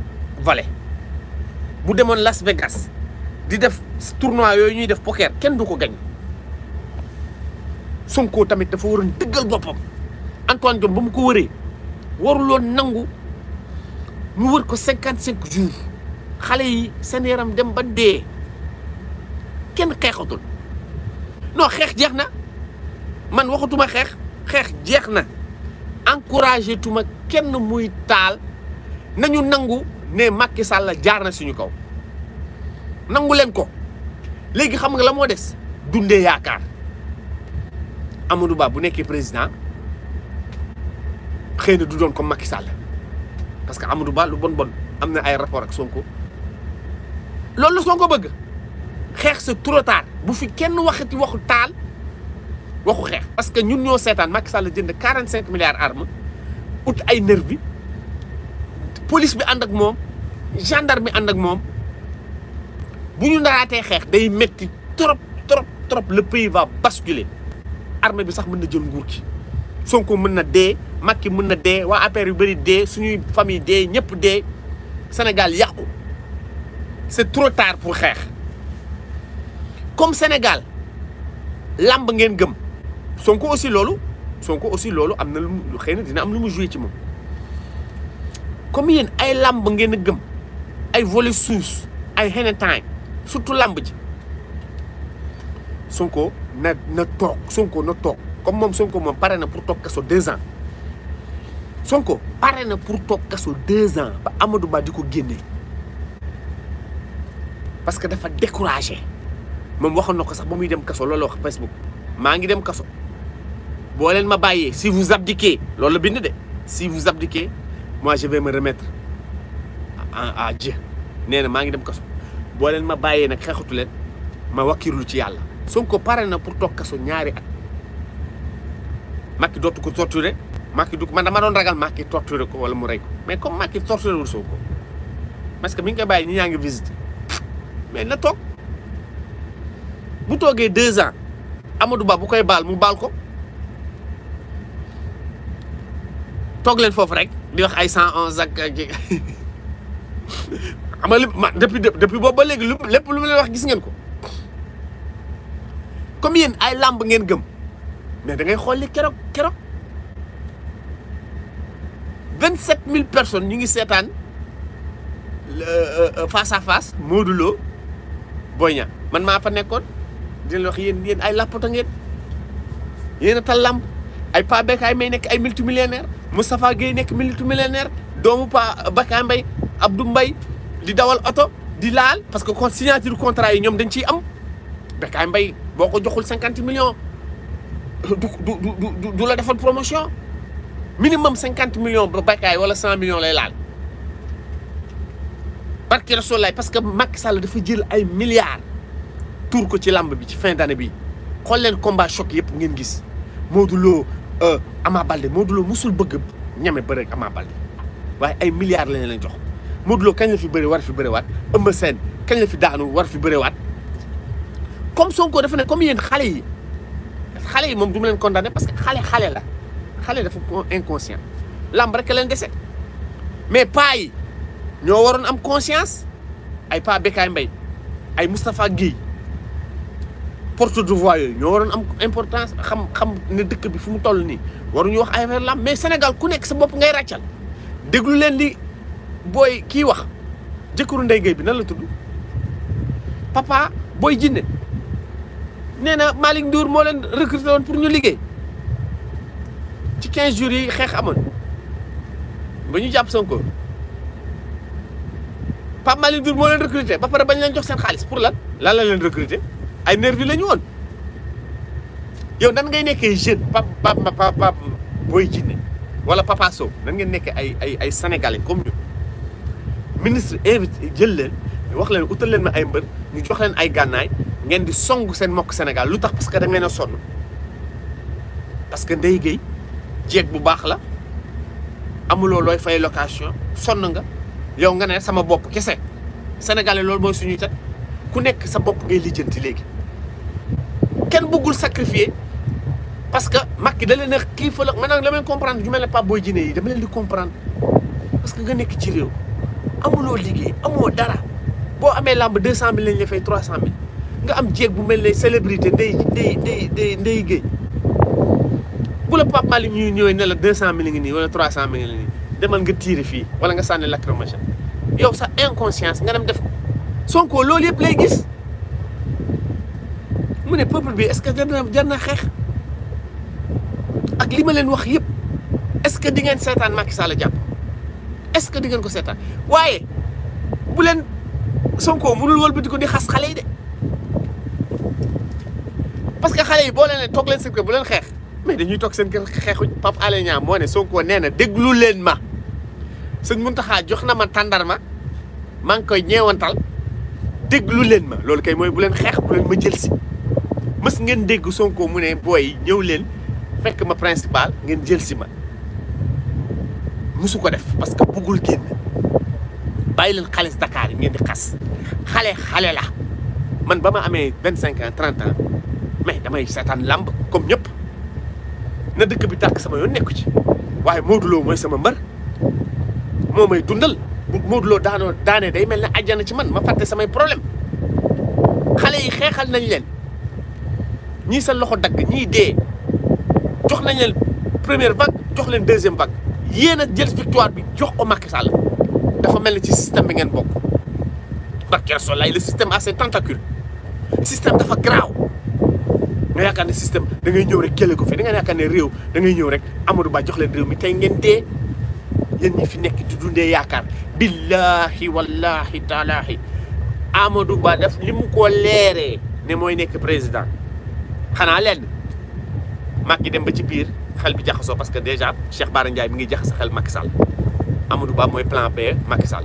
Speaker 1: vale bu demoon Las Vegas di def tournoi yooyu ñuy def poker kenn du ko gagné Sonko tamit dafa waroon dëggal boppam Antoine Diome ba mu ko waree waruloon nangu mu wër ko cinquante cinq xale yi seen yaram dem ba dee kenn xeexatul non xeex jeex na man waxatuma xeex xeex jeex na encouragé tuma kenn muy taal nañu nangu ne Macky sàll jaar na suñu kaw nangu leen ko léegi xam nga la moo des dundee yaakaar Amadou Ba bu nekkee président xëy na du comme Macky Sall parce que Amadou Ba lu bon bon am na ay rapport ak Sonko loolu la Sonko bëgg xeex c'est trop tard bu fi kenn waxati waxu Tal, waxu xeex. parce que ñun ñoo seetaan Macky Sall jënd 45 milliards armes ut ay nervi police bi ànd ak moom gendarme bi ànd ak Si bu ñu naraatee xeex day metti trop trop trop le pays va basculer armée bi sax mën jël nguur Sonko mën dé makki Macky dé wa dee yu bari dé suñuy famille dé ñëpp dé Sénégal yàqu c'est trop tard pour xex comme Sénégal lamb ngeen gëm Sonko aussi lolu Sonko aussi lolu amna lu xeyna dina am lu mu jouer ci moom comme yéen ay lamb ngeen gëm ay volet sous ay xeneen surtout lamb ji Sonko na na toog Sonko ne tok. comme moom Sonko moom pare pour tok kaso deux ans Sonko parrain pour tok kaso deux ans ba Amadou Ba di ko parce que dafa découragé moom waxoon na ko sax ba muy dem kaso loolu wax Facebook maa ngi dem kaso ma bàyyee si vous abdiquez lolo la si vous abdiquez moi je vais me remettre à Dieu nee na maa ngi dem kaso boo ma bàyyee nag xeexatu leen ma wakkirlu ci yàlla Sonko pare na pour tokka so ñaari at makki dotu ko torturé makki du ko man dama don ragal makki torturé ko wala mu ray ko mais comme makki torturé wul soko parce que mi ngi bay ni ñi ñaa mais na tok bu toogee 2 ans Amadou Ba bu koy bal mu bal ko tok len foofu rek di wax ay 111 ak ama depuis depuis boobu legui lepp lu ma leen wax gis ngeen ko comme yeen ay lamb ngeen gëm mais da ngay xool li keroog keroog vingt personnes ñu ngi seetaan euh, euh, face à face modulo boyña man ma fa nekkoon di leen wax yeen yéen ay làppata ngeen yeen a lamb ay Pa ay may nek ay multimillionnaire mustapha Guèye nek multimillionnaire doomu Pa Bécaye mbay Abdou mbay di dawal auto di laal parce que kon signature contrat yi ñom dañ ci am Bécaye mbay boko joxul 50 millions du du du du la defal promotion minimum 50 millions ba Bakay wala 100 millions lay laal barki Rasulaay parce que Macky Sall dafa jël ay milliards tour ko ci lamb bi ci fin d'année bi xool len combat choc yep ngeen gis Modou Lo euh, Ama balde Modou Lo musul beug ñame bëre ak Ama balde waaye ay milliards lañ leen jox Modou Lo kañ la fi beure war fi wat Eumeu Sène kañ la fi daanu war fi wat comme ko def ne comme yeen xalé yi xalé yi moom du leen condamné parce que xalé xalé la xalé dafa inconscient lamb rek leen dese mais pa yi ño waron am conscience ay pa bekay mbay ay mustapha gueye porte de voix ño waron am importance xam xam ne dekk bi fu mu toll nii waruñu wax ay ver lamb mais Sénégal ku nekk sa bop ngay ràccal déglu leen li boy ki wax jëkkëru ndey Guèye bi nan la tuddu papa boy jinne nee na Malick Ndour moo leen recruté woon pour ñu liggéey ci 15 jours yi xeex amoon ba ñu jàpp Sonko Pape Malick Ndour moo leen recruté ba pare bañ leen jox seen xaalis pour lan lan leen recruté ay nervi la ñu woon yow nan ngay nekkee jeune pap pap pap booy jinne wala Papa Sow nan ngeen nekkee ay ay ay sénégalais comme ñu ministre invité jël leen wax leen utal leen ma ay mbër ñu jox leen ay gànnaay. ngeen di song seen mbokk Sénégal lu tax parce que da ngeen a sonn parce que Ndeye Gueye jeeg bu baax la amuloo looy fay location sonn nga yow nga ne sama bopp kese sénégalais loolu mooy suñuy teg ku nekk sa bopp ngay lijjanti léegi kenn bëggul sacrifier parce que Macky da leen a kii fa la maintenant la may comprendre ju mel ne Pape Boy Djiné yi dama leen di comprendre parce que nga nekk ci réew amuloo liggéey amoo dara boo amee làmb deux cent mille lañ la fay trois cent mille nga am djeg bu melni ne célébrité ndey ndey ndey ndey géej bu la Pape Malick ñuy ñëwee ne la 200 cent mille ngi nii wala 300 cent mille ngi nii demal nga tirer fi wala nga sànni lacrymogène yow sa inconscience nga dem def ko Sonko loolu yëpp lay gis mu ne peuple bi est-ce que jar na jar ak li ma leen wax yep est-ce que di ngeen setan Macky Sall japp est-ce que di ngeen ko setan waye bu leen Sonko mënul di ko di xass xalé yi de. parce que xale yi boo leen ne toog leen seen kër bu leen xeex mais dañuy toog seen kër xeexuñ Pape Alé Niang moo ne Sonko nee na déglu leen ma sëñ Mountakha jox na ma tàndarma maa ngi koy ñeewantal déglu leen ma loolu kay mooy bu leen xeex bu leen ma jël si mës ngeen dégg Sonko mu ne booy ñëw leen fekk ma principal ngeen jël si ma musu ko def parce que buggul génn bàyyi leen xaalis dakaar yi ngeen di xas xale xale la man ba ma amee vingt cinq ans trente ans mais damay seetaan làmb comme ñëpp na dëkk bi tàkk sama yoon nekku ci waaye Modou Lo mooy sama mbër moo may dundal bu Modou Lo daanoo daane day mel ne àjjana ci man ma fàtte samay problème xale yi xeexal nañ leen ñii sa loxo dagg ñii dee jox nañ leen première vague jox leen deuxième vague yéen a jël victoire bi jox ko Macky Sall dafa mel ni ci système bi ngeen bokk barkeel solaay le système a ses tentacules système dafa garaaw nga yaakaar ne système da ngay ñew rek kélé ko fi da nga yaakaar ne réew da ngay ñew rek Amadou Ba jox leen réew mi tay ngeen dé yeen ñi fi nekk di dundé yaakaar billahi wallahi taalaahi Amadou Ba daf lim ko léré né moy nekk président xana lenn makki dem ba ci biir xel bi jaxasoo parce que déjà Cheikh Bara ndjay mi ngi jaxas xel Macky Sall Amadou Ba moy plan B Macky Sall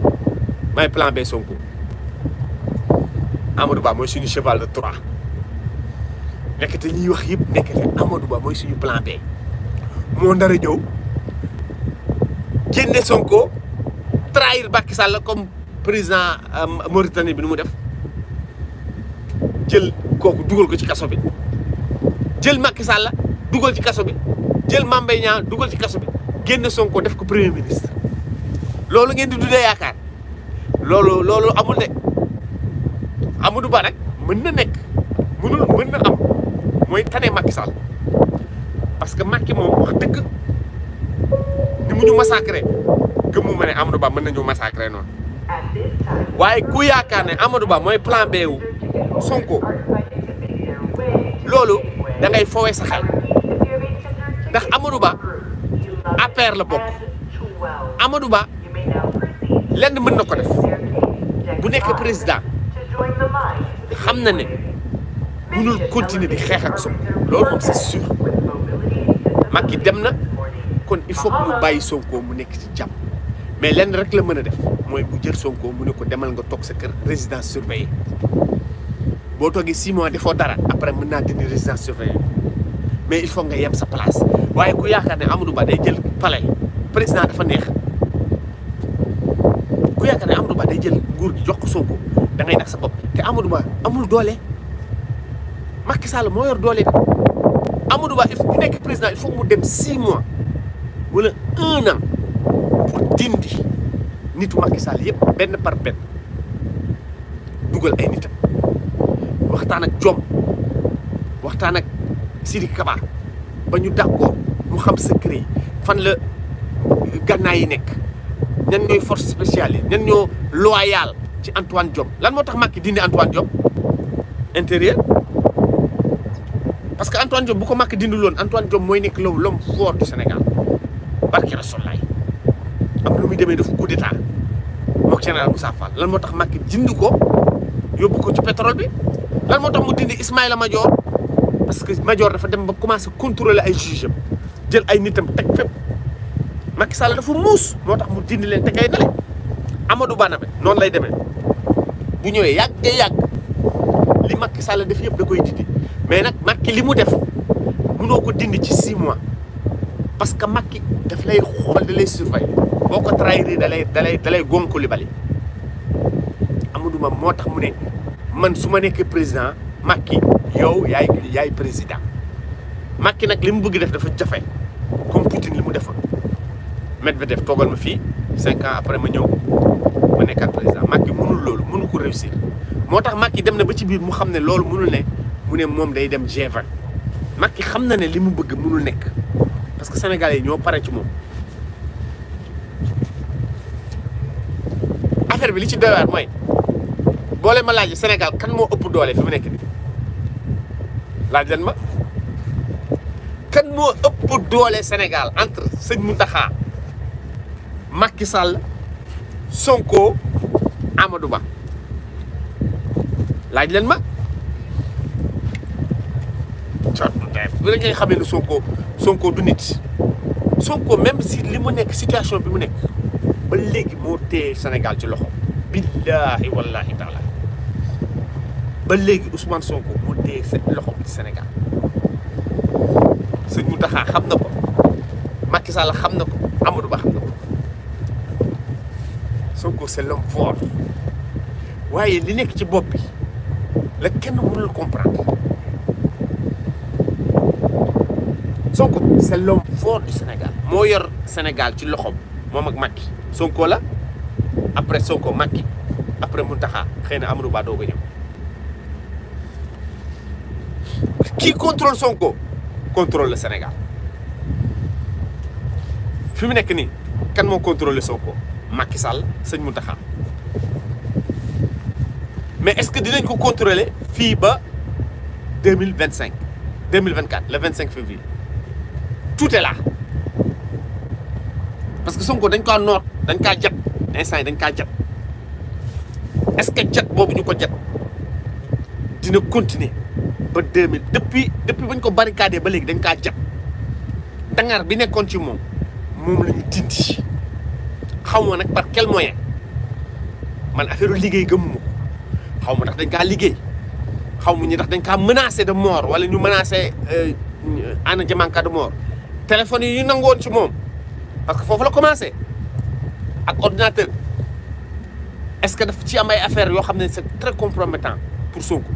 Speaker 1: mooy plan B Sonko Amadou Ba moy suñu cheval de trois nekkete ñuy wax yëpp nekkete Amadou Ba mooy suñu plan B moo ndara ñëw génne Sonko trahir Macky Sall comme président euh, Mauritanie bi nu mu def jël kooku dugal ko ci kaso bi jël Macky Sall dugal ci kaso bi jël Mame dugal ci kaso bi génne Sonko def ko premier ministre loolu ngeen di dundee yaakaar loolu loolu amul ne Amadou Ba nag mën na nekk mënul mën na am mooy tane Macky Sall parce que Macky moom wax dëgg ni mu ñu massacré gëmmu ma ne Amadou mën nañu massacré noonu waaye ku yaakaar ne Amadou Ba mooy plan B wu loolu da ngay foowee ndax Amadou Ba la bokk Amadou Ba lenn mën na ko def bu nekk président xam na ne. mënul continuer di xeex ak Sonko loolu moom c'est sûr Macky dem na kon il faut que mu bàyyi Sonko mu nekk ci jàmm mais lenn rek la mën a def mooy mu jël Sonko mu ne ko demal nga toog sa kër résidence surveillée boo toogee six mois defoo dara après mën naa résidence surveillée mais il faut nga yem sa place waaye ku yaakaar ne Amadou Ba day jël palais président dafa neex ku yaakaar ne Amadou Ba day jël nguur gi jox ko Sonko da ngay nax sa bopp te Amadou Ba amul doole. Macky Sall moo yor doole bi Amadou Ba nekk président il faut mu dem six wala un an pour dindi nitu Macky Sall yëpp benn par benn dugal ay nitam waxtaan ak Diome waxtaan ak Sidiki Kaba ba ñu d'accord mu xam secret fan la gànnaay yi nekk ñan ñooy force spéciale yi ñan ñoo loyal ci Antoine Diome lan moo tax makki dindi Antoine Diome intérieur parce que Antoine Diome bu ko mak dindul won Antoine Diome moy nek loolu l'homme fort du senegal barki Rasulaay am lu muy deme def coup d'état mok general Moussa Fall lan motax mak Macky ko yóbbu ko ci pétrole bi lan motax mu dindi Ismaïla Madior parce que Madior dafa dem ba commencer contrôler ay juge jël ay nitam tek fep Macky Sall dafa mous motax mu dindi len tekay dalé Amadou banabe non lay demee bu ñëwee yag yag li Macky Sall def yëpp da koy dindi mais nag Macky li mu def mënoo ko dind ci six mois parce que Macky daf lay xool da lay surveiller boo ko trahir da lay da lay da lay gonku li moo tax mu ne man su ma nekkee président Macky yow yaay yaay président Macky nag li mu bëgg def dafa jafe comme Poutine li mu defoon Medvedev toogal ma fii cinq ans après ma ñëw ma nekkaat président Macky mënul loolu mënu ko réussir moo tax Macky dem na ba ci biir mu xam ne loolu mënul ne bu ne moom day dem G20 Macky xam na ne li mu bëgg mënul nekk parce que sénégalais yi ñoo pare ci moom affaire bi li ci doy waar mooy boole ma laaj Sénégal kan moo ëpp doole fi mu nekk bi laaj leen ma kan moo ëpp doole Sénégal entre sëñ Mountakha Macky sàll Sonko Amadou Ba laaj leen ma même si li mu nekk situation bi mu nek ba legui mo té Sénégal ci loxo billahi wallahi taala ba legui Ousmane Sonko moo téye loxo ci Sénégal sëñ Mountakha xamna ko Macky Sall xamna ko Amadou Ba xamna ko Sonko c'est l'homme fort waye li nek ci bop bi la kenn mënul comprendre Sonko c'est l'homme fort du Sénégal moo yor Sénégal Tu le moom ak Macky Sonko après Sonko Macky après Mountakha xëy na Ba qui contrôle Sonko contrôle le Sénégal fi mu nekk nii kan contrôler Sonko Macky Sall c'est mais est-ce que nous ko contrôler FIBA 2025? 2024, le 25 février. tout est parce que Sonko dañ kaa noor dañ kaa jat instant yi dañ kaa jat est-ce que jat boobu ñu ko jat dina continuer ba 2000 depuis depuis bañ ko barricadé ba léegi dañ kaa jat dangar bi nekkoon ci moom moom la ñu xaw ma nag par quel moyen man affaire liggéey gëmmu ma xaw ma ndax dañ kaa liggéey xaw ma ñu ndax dañ kaa menacé de mort wala ñu menacé euh, Anna Diamanka de mort téléphone yi ñu nangoon ci moom parce que foofu la commencé ak ordinateur est-ce que daf ci am ay affaire yoo xam ne c'est très compromettant pour Sonko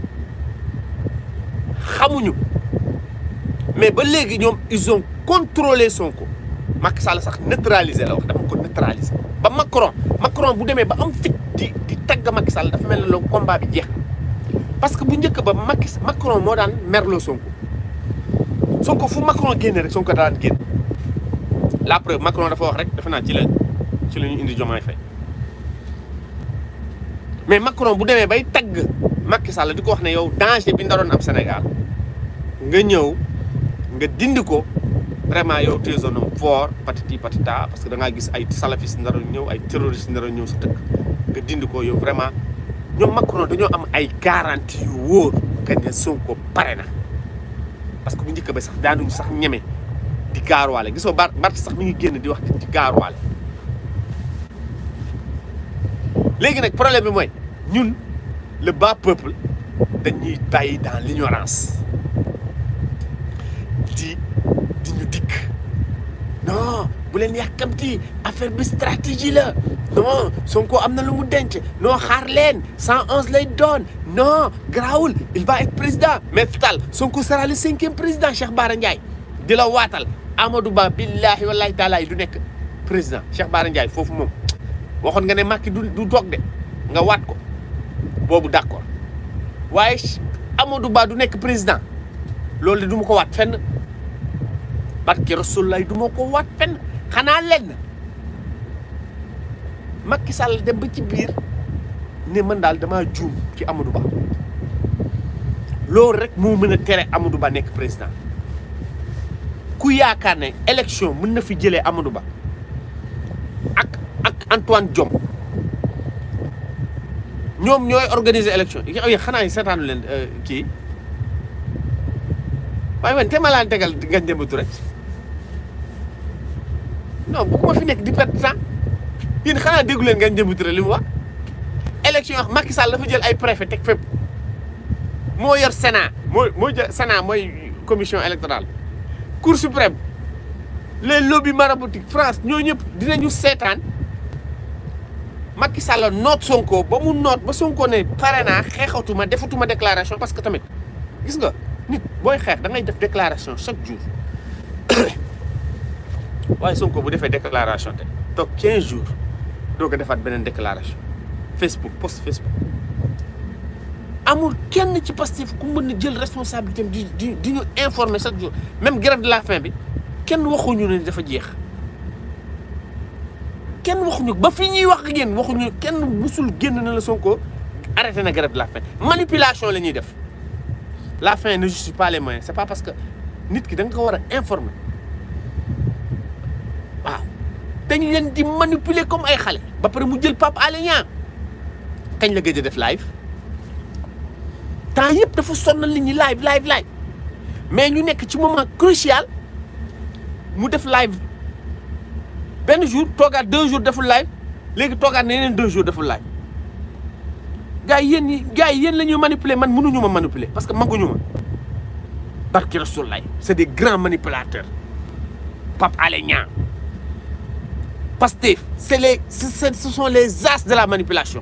Speaker 1: xamuñu mais ba léegi ñoom ils ont contrôlé Sonko Macky Sall sax neutralisé la wax dama ko neutralisé ba Macron Macron bu demee ba am fit di di tagg Macky Sall dafa mel ne loolu combat bi jeex parce que bu njëkk ba Macky Macron moo daan merlo Sonko Sonko fu Macron génnee rek Sonko daan génn la preuve Macron dafa wax rek defe naa ci la ci la ñu indi Diomaye Faye mais Macron bu demee bay tagg makki Sall di ko wax ne yow danger bi ndaroon am Sénégal nga ñëw nga dindi ko vraiment yow tu es un homme fort patati parce que da ngaa gis ay salafiste ndaroon ñëw ay terroriste ndaroon ñëw sa dëkk nga dind ko yow vraiment ñoom Macron dañoo am ay garantie yu wóor que ne Sonko pare na. parce que bu njëkk ba sax daanuñu sax ñeme di gaaruwaale gisoo Bart Bart sax mi ngi génn di wax di gaaruwaale léegi nag problème bi mooy ñun le bas peuple dañuy bàyyi dans l'ignorance di di ñu dikk non bu leen yàkkamti affaire bi stratégie la non Sonko am na lu mu denc non xaar leen 111 lay doon non garaawul il va être président maître Tall Sonko sera le cinquième président Cheikh Bara Ndiaye di la waatal Amadou Ba billahi wallahi taala du nekk président Cheikh Bara Ndiaye foofu moom waxoon nga ne Macky du du toog de nga waat ko boobu d'accord waaye Amadou Ba du nekk président loolu de du ma ko waat fenn barke Rasulullah du ma ko waat fenn xanaa lenn Macky sal dem ba ci biir. ne man daal damaa juum ci Amadou Ba loolu rek moo mën a tere Amadou Ba nekk président ku yaakaar ne élection mën na fi jëlee Amadou Ba ak ak Antoine Diome ñoom ñooy organiser élection yow xanaa yi seetaanu leen euh, kii waaye man téeméer laa tegal nga njëmbatu rek non bu ko ma fi nekk di perte temps yéen xanaa déggu leen nga njëmbatu rek li mu wax. élection yoo xam Macky Sall dafa jël ay préfet teg fépp moo yor Sénat moo mooy jël Sénat mooy commission électorale Cour suprême les lobbies maraboutiques France ñoo ñëpp dinañu seetaan Macky Sall noot Sonko ba mu noot ba sonkoo ne pare naa xeexatuma defatuma déclaration parce que tamit gis nga nit booy xeex da ngay def déclaration chaque jour waaye Sonko bu defee déclaration te toog 15 jours doo ko defaat beneen déclaration. Facebook post Facebook Amour, kenn ci qui ku mën a jël responsabilité di di di ñu informer chaque jour même grève de la faim bi kenn waxuñu ne dafa jeex kenn waxuñu ba fi ñuy wax génn waxuñu kenn musul génn na la Sonko Arrêtez na grève de la faim manipulation la ñuy def la faim ne justifie pas les moyens c'est pas parce que nit ki da nga ko war informer waaw dañ leen di manipuler comme ay xale ba pour mu jël Pape Alé kañ la gëj def live temps yëpp dafa sonnal nit ñi live live live mais ñu nekk ci moment crucial mu def live benn jour toogaat deux jours deful live léegi toogaat na deux jours deful live gars yi yéen ñi gars yi yéen la ñuy manipuler man mënuñu ma manipuler parce que maguñu ma barki Rasoulaay c'est des grands manipulateurs Pape Alé Parce que c'est les ce sont les as de la manipulation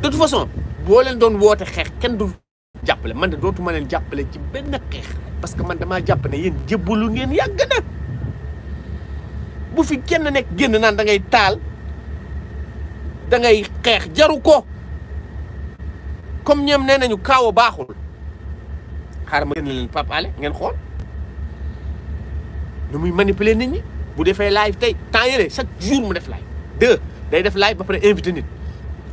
Speaker 1: de toute façon boo leen doon woote xeex kenn du jàppale man de dootuma leen jàppale ci benn xeex parce que man damaa jàpp ne yéen lu ngeen yàgg na bu fi kenn nekk génn naan da ngay taal da ngay xeex jaru ko comme ñoom nee nañu kaaw a baaxul xaaral ma génn leen papaale ngeen xool nu muy manipuler nit ñi bu defee laay tey temps yële chaque jour mu def live deux day def laay ba pare invité nit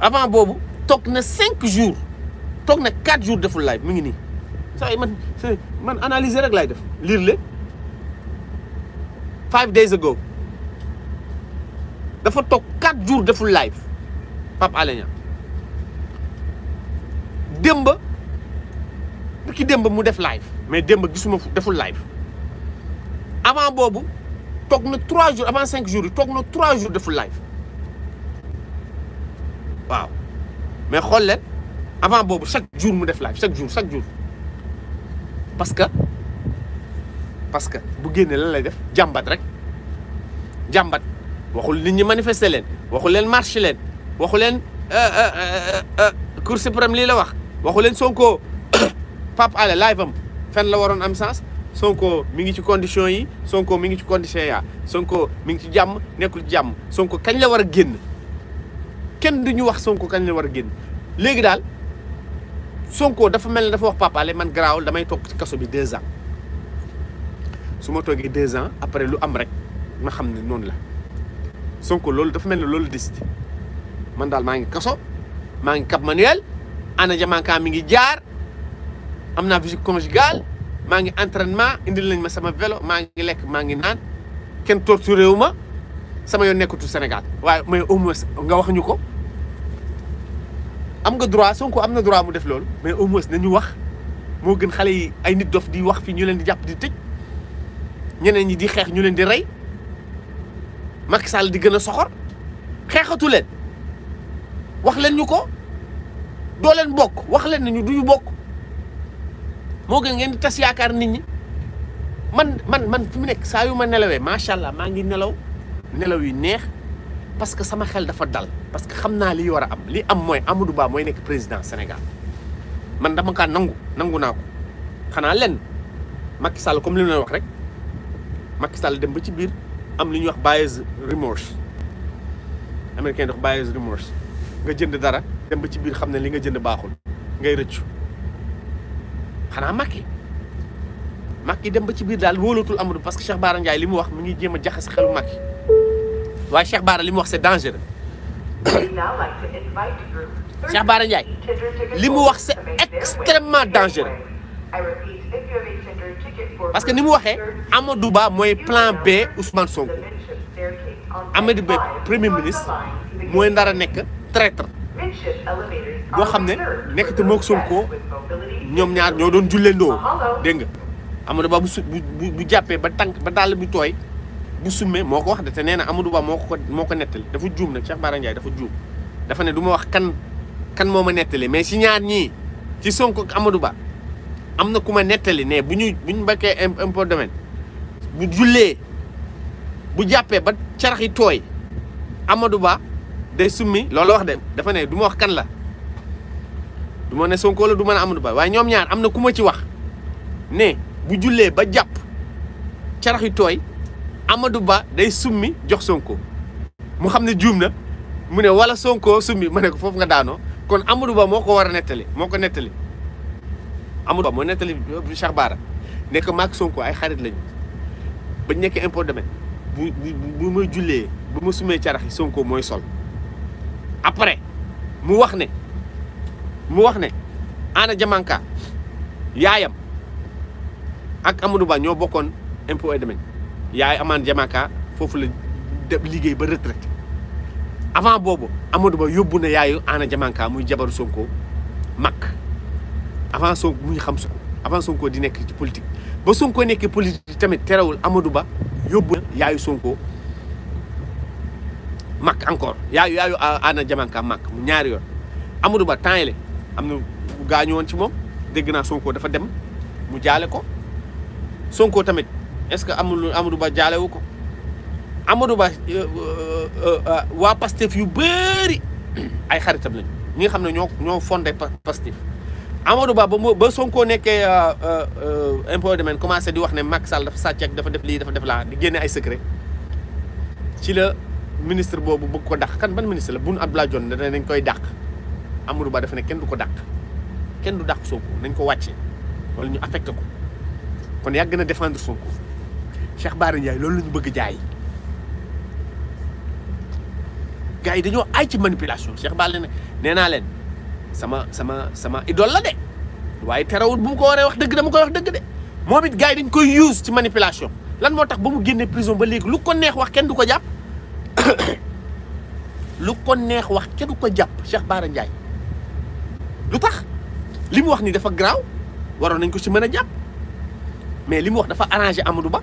Speaker 1: avant Il tok na 5 jours Il tok na 4 jours de live life. Je ni say man man analyser rek lay def lire le 5 days ago dafa tok 4 jours deful live pap alenya demba ki demba mu def live mais demba gisuma deful live avant bobu tok na 3 jours avant 5 jours tok na 3 jours full live waaw mais xool leen avant boobu chaque jour mu def live chaque jour chaque jour parce que parce que bu génnee lan lay def jàmbat rek jàmbat waxul nit ñi manifester leen waxu leen marché leen waxu leen euh, euh, euh, Cour suprême lii la wax waxu leen Sonko pap ale live am fenn la waroon am sens Sonko mi ngi ci condition yi Sonko mi ngi ci condition yaa Sonko mi ngi ci jàmm nekkul jàmm Sonko kañ la war a génn kenn du ñu wax Sonko kañ la war a génn léegi daal Sonko dafa mel ne dafa wax papaale man garaawul damay toog ci kaso bi deux ans su ma toogee deux ans après lu am rek ma xam ne noonu la Sonko loolu dafa mel ne loolu décidé man daal maa ngi kaso maa ngi Cap Manuel ana jamankaa mi ngi jaar am naa visite conjugale maa ngi entraînement indil nañ ma sama vélo maa ngi lekk maa ngi naan kenn torturé wu ma sama yoon nekkatu Sénégal waaye mais au moins nga wax ñu ko am nga droit Sonko am na droit mu def loolu mais au moins nañu wax moo gën xale yi ay nit dof di wax fii ñu leen di jàpp di tëj ñeneen ñi di xeex ñu leen di rey Macky Sall di gën a soxor xeexatu leen wax leen ñu ko doo leen bokk wax leen nañu duñu bokk moo gën ngeen di tas yaakaar nit ñi man man man fi mu nekk saa yu ma nelawee macha allah maa ngi nelaw. nelaw yu neex parce que sama xel dafa dal parce que xamna li wara am li am moy Amadou Ba moy nek président Sénégal man dama ka nangu nangu nako xana len Macky Sall comme limu wax rek Macky Sall dem ba ci bir am liñ wax bias remorse américain dox bias remorse nga jënd dara dem ba ci bir xamna li nga jënd baxul ngay reccu xana Macky Macky dem ba ci bir dal wóolatul Amadou parce que Cheikh limu wax mi ngi jema xelu Macky waaye Cheikh Bara li wax c'est dangereux Cheikh Bara Ndiaye
Speaker 2: li mu wax c'est
Speaker 1: extrêmement dangereux parce que ni mu waxee Amadou Ba mooy plan B Ousmane Sonko Amadou Ba premier ministre mooy ndara traître boo xam nek nekk te Sonko ñoom ñaar ñoo doon julleendoo dégg Amadou Ba bu su bu bu ba tànk ba dàll bi tooy. bu summee moko wax de te nee na Amadou Ba moko moko netal dafa juum nak Cheikh Bara dafa juum dafa ne duma wax kan kan moma ma mais ci ñaar ñi ci Sonko ak Amadou Ba amna na ku ma ne bu ñu bu ñu domaine bu julé bu jappé ba carax yi tooy Amadou Ba day summi lolo wax de dafa ne duma wax kan la duma ne Sonko la duma Amadou Ba way ñom ñaar amna na ci wax ne bu julé ba japp carax yi Amadou Ba day summi jox Sonko mu xamne ne juum na wala Sonko summi mané ko fofu nga daano kon Amadou Ba moko wara netali moko netali Amadou Ba netali nettali Cheikh Bara nek ko Sonko ay xarit lañu ba ñu nekk impôt domaine bu bu ma jullee bu ma summé ci raxi Sonko moy sol après mu wax né mu wax né ana jamanka yayam ak Amadou Ba ño bokone impôt yaay Aman Jamaka foofu la def liggéey ba retraité avant boobu Amadou Ba yóbbu na yaayu Anna Jamaka muy jabaru Sonko mag avant Sonko muy xam Sonko avant Sonko di nekk ci politique ba Sonko nekk politique tamit terewul Amadou Ba yóbbu na yaayu Sonko mag encore yaayu yaayu Anna Jamaka mag mu ñaari yoon Amadou Ba temps yële am na gaañu woon moom dégg naa Sonko dafa dem mu jaale ko Sonko tamit. est-ce que amul Amadou Ba jaalewu ko Amadou Ba euh, euh, euh, waa Pastef yu bëri ay xaritam lañu ñi nga xam ne ñoo ñoo fondé Pastef Amadou Ba ba ba Sonko nekkee impôt domaine commencé di wax ne Macky Sall dafa sàcc ak dafa def lii dafa def laa di génne ay secret ci la ministre boobu bëgg ko dàq kan ban ministre la ab Boun Abdallah Dionne dañ koy dàq Amadou Ba dafa ne kenn du ko dàq kenn du dàq Sonko dañ ko wàccee wala ñu affecté ko kon yàgg na défendre Sonko Cheikh Bara Ndiaye loolu lañu bëgg jaay gars yi dañoo ay ci manipulation Cheikh nee naa sama sama sama idole la de waaye terawul bu mu ko waree wax dëgg dama koy wax dëgg de moom it dañ koy use ci manipulation lan moo tax ba mu génnee prison ba léegi lu ko neex wax kenn du ko jàpp lu ko neex wax kenn du ko jàpp Cheikh Ndiaye lu tax li mu wax ni dafa graw waroon nañ ko ci mën a mais li wax dafa arrangé Amadou Ba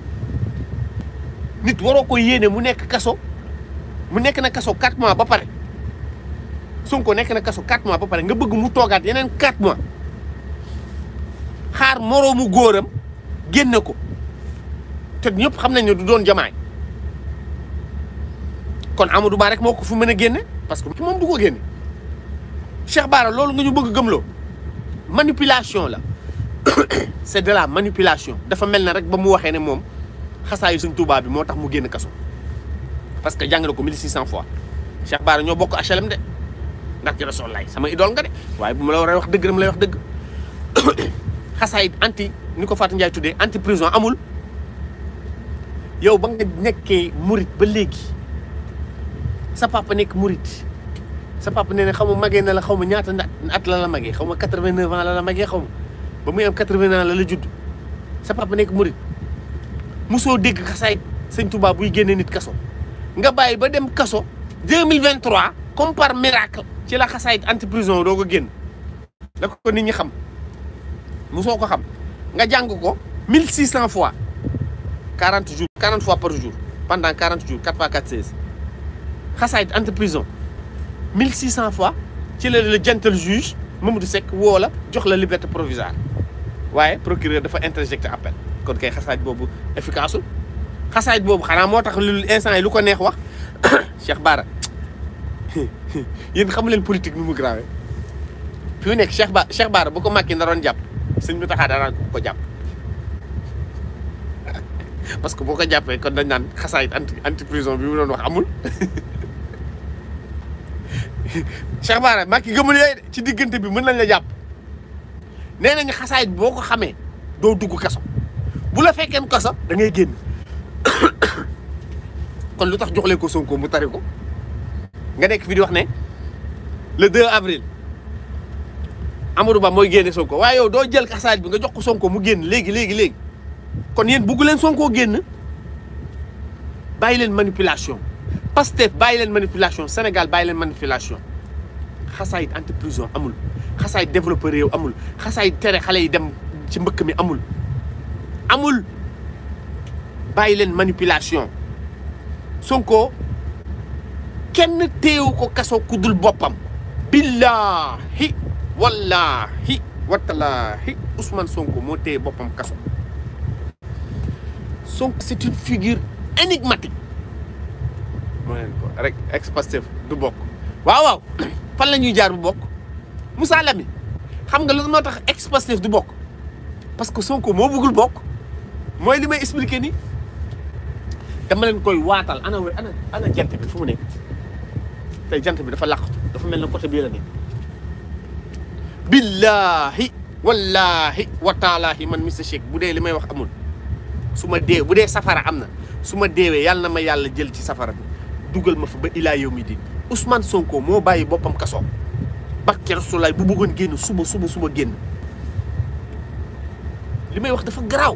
Speaker 1: nit waroo ko yéene mu nekk kaso mu nekk na kaso 4 mois ba pare ko nekk na kaso 4 mois ba pare nga bëgg mu toogaat yeneen 4 mois xaar moroomu góoram génne ko te ñëpp xam nañ ne du doon jamaay kon Amadou Ba rek moo ko fu mën a génne parce que moom du ko génne Cheikh Bara loolu nga ñu bëgg gëmloo manipulation la c'est de la manipulation dafa mel na rek ba mu waxee ne moom. xasaayu sëñ Touba bi moo tax mu génn kaso parce que jàng na ko cent fois Cheikh Bara ñoo bokk HLM de ndax ci rasool lay sama idool nga de waaye bu ma la war a wax dëgg dama lay wax dëgg xasaay anti ni ko Fatou Ndiaye tuddee anti prison amul yow ba nga nekkee murit ba léegi sa papa nekk murit sa papa nee xaw ma magee na la xaw ma ñaata at la la magee xaw ma 89 ans la la magee xaw ma ba muy am 80 ans la la judd sa papa nekk murit mosoo deg xasaay seigne Touba buy génne nit kasso nga baye ba dem kasso 2023 comme par miracle ci la xasaay anti-prison doo ko génn la ko nit ñi xam mosoo ko xam nga jang ko 1600 fois 40 jours 40 fois par jour pendant 40 jours 4 fois 4 16 xasaay anti-prison 1600 fois ci le, le gentle juge Mamadou sec, wo la jox la liberté provisoire waye procureur dafa interjecté appel. kon kay xasaaj boobu efficace ul boobu xanaa moo tax lu instant yi lu ko neex wax Cheikh Bara yéen xamu leen politique nu mu grave fi mu nekk Cheikh Ba Cheikh Bara boo ko Macky naroon jàpp sëñ bi taxaa daanaan ko jàpp parce que boo ko jàppee kon dañ naan xasaay anti anti prison bi mu doon amul Cheikh Bara Macky gëmul yooyu ci diggante bi mën nañ la jàpp nee nañ xasaay boo ko xamee doo dugg kaso bu la fekkee kaso da ngay génn kon lu tax jox leen ko Sonko mu tari ko nga nekk fi di wax ne le 2 avril Amadou Ba mooy génne Sonko waaye yow doo jël kasaaj bi nga jox ko Sonko mu génn léegi léegi léegi kon yéen bugg leen Sonko génn bàyyi leen manipulation Pastef bàyyi leen manipulation Sénégal bàyyi leen manipulation xasaayit entreprise amul xasaayit développeur réew amul xasaayit tere xale yi dem ci mbëkk mi amul. amul bàyyi leen manipulation Sonko kenn téewu ko kaso ku dul boppam billaahi wallaahi watalaahi Ousmane Sonko mo téye bopam kasso Sonko c'est une figure énigmatique moo leen ko rek ex-Pastef du bokk waaw waaw fan lañuy jaar bu bokk Moussa Lamy xam nga lan motax ex du bokk parce que Sonko mo bëggul bokk mooy li may expliqué ni dama leen koy waatal ana ana ana jant bi fu mu nekk tey jant bi dafa làqatu dafa mel ne côté bii la nekk billaahi wallaahi wataalaahi man Mister check bu dee li may wax amul su ma dee bu dee safara am na su ma deewee yàlla na ma yàlla jël ci safara bi dugal ma fa ba ilaa yow mi di Ousmane Sonko moo bàyyi boppam kaso Bakke Rasulaay bu bëggoon génn suba suba suba génn li may wax dafa garaaw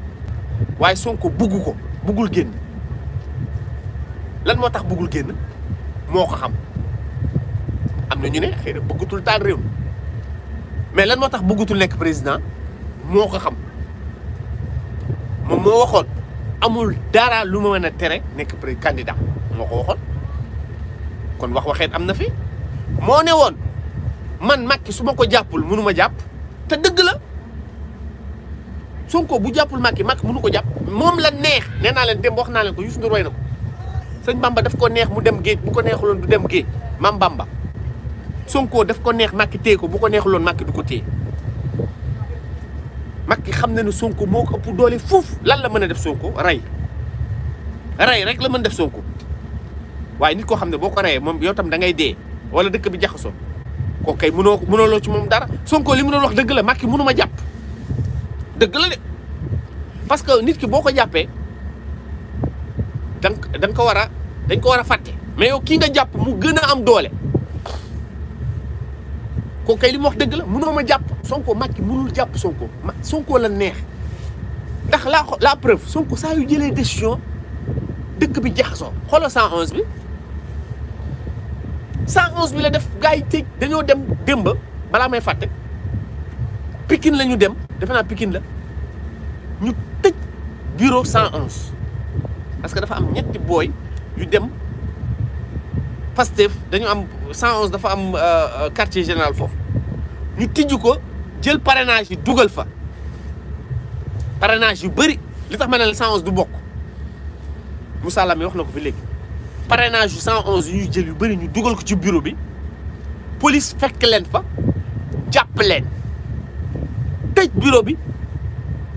Speaker 1: waaye Sonko bugg ko buggul génn lan moo tax buggul génn moo ko xam am na ñu ne xëy na taal réew mais lan moo tax bëggatul nekk président moo ko xam moom moo waxoon amul dara lu ma mën a tere nekk pré candidat moo ko waxoon kon wax waxeet am na fi moo ne woon man Macky su ma ko jàppul mënuma jàpp te dëgg la. Sonko bu jàppul Macky Macky mënu ko jàpp moom la neex nee naa leen dem wax naa leen ko Youssou Ndour way na ko sëñ Bamba daf ko neex mu dem géej bu ko neexuloon du dem géej maam Bamba Sonko daf ko neex Macky téye ko bu ko neexuloon Macky du ko téye Macky xam ne ne Sonko moo ko ëpp doole fuuf lan la mën a def Sonko rey rey rek la mën def Sonko waaye nit koo xam ne boo ko reyee moom yow tam dangay ngay dee wala dëkk bi jaxasoo ko kay mënoo mënoo loo ci moom dara Sonko li mu doon wax dëgg la Macky mënu ma jàpp. deug la de parce que nit ki boko jappé jàppee da ko wara a ko wara faté mais yow ki nga japp mu gëna am doolé ko kay li mu wax deug la mëno ma japp Sonko Macky mënul japp Sonko Sonko la neex ndax la la preuve Sonko sa yu jëlé décision dëkk bi jaxo xoolal 111 bi 111 bi la def gaay yi tëj dañoo dem demba bala may faté Pikine lañu dem nous avons Pikine la ñu bureau 111 parce que dafa am ñetti booy yu dem Pastef dañu am 111 dans am euh, euh, quartier général Nous avons tijj ko parrainage de Google. Le parrainage de bëri li tax ma 111 de bokk Moussa Lamé wax na ko parrainage de 111 yu ñu jël yu bëri ñu dugal bureau police fait leen fa jàpp leen. tëj bureau bi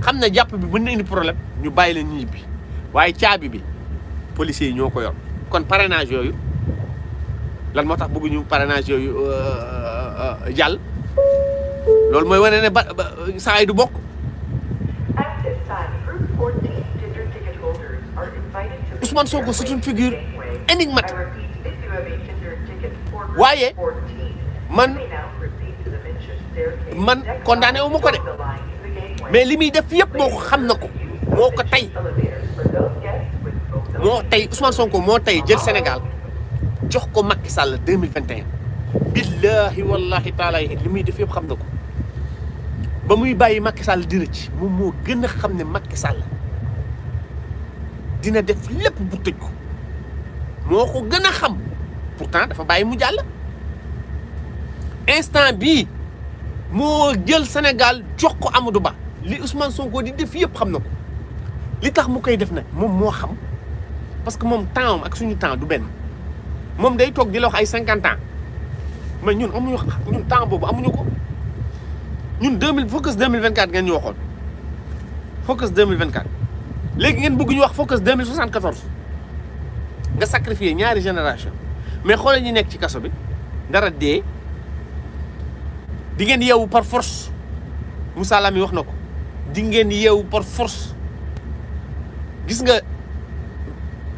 Speaker 1: xam na jàpp bi mën na indi problème ñu bàyyi leen ñibbi waaye caabi bi policiers yi ñoo ko yor kon parenage yooyu lan moo tax bëgguñu parrainage yooyu euh, euh, euh, jàll loolu mooy wane ne ba du bokk.
Speaker 2: Ousmane Sonko c'est
Speaker 1: une figure énigmatique waaye man. man condamné wu ma ko de mais limi def yépp moko ko xam na ko moo ko tey Ousmane Sonko mo tay jël Sénégal jox ko Macky Sall 2021 billahi wallahi taala limi def yépp xam na ko ba muy bayyi Macky Sall di recc mo mo gën xam Macky Sall dina def lépp bu tejj ko moko ko gën xam pourtant dafa bayyi mu jall instant bi moo jël Sénégal jox ko Amadou Ba li Ousmane Sonko di def yëpp xam na ko li tax mu koy def nag moom moo xam parce que moom temps ak suñu temps du benn moom day toog di la wax ay cinquante ans mais ñun amuñu ñun temps boobu amuñu ko ñun deux mille focus deux mille vingt quatre ngeen ñu waxoon focus deux mille vingt léegi ngeen bëgg ñu wax focus deux mille soixante quatorze nga sacrifier ñaari génération mais xoolal ñu nekk ci kaso bi dara dee. di ngeen yeewu par force Moussa Lamy wax na ko di ngeen yeewu par force gis nga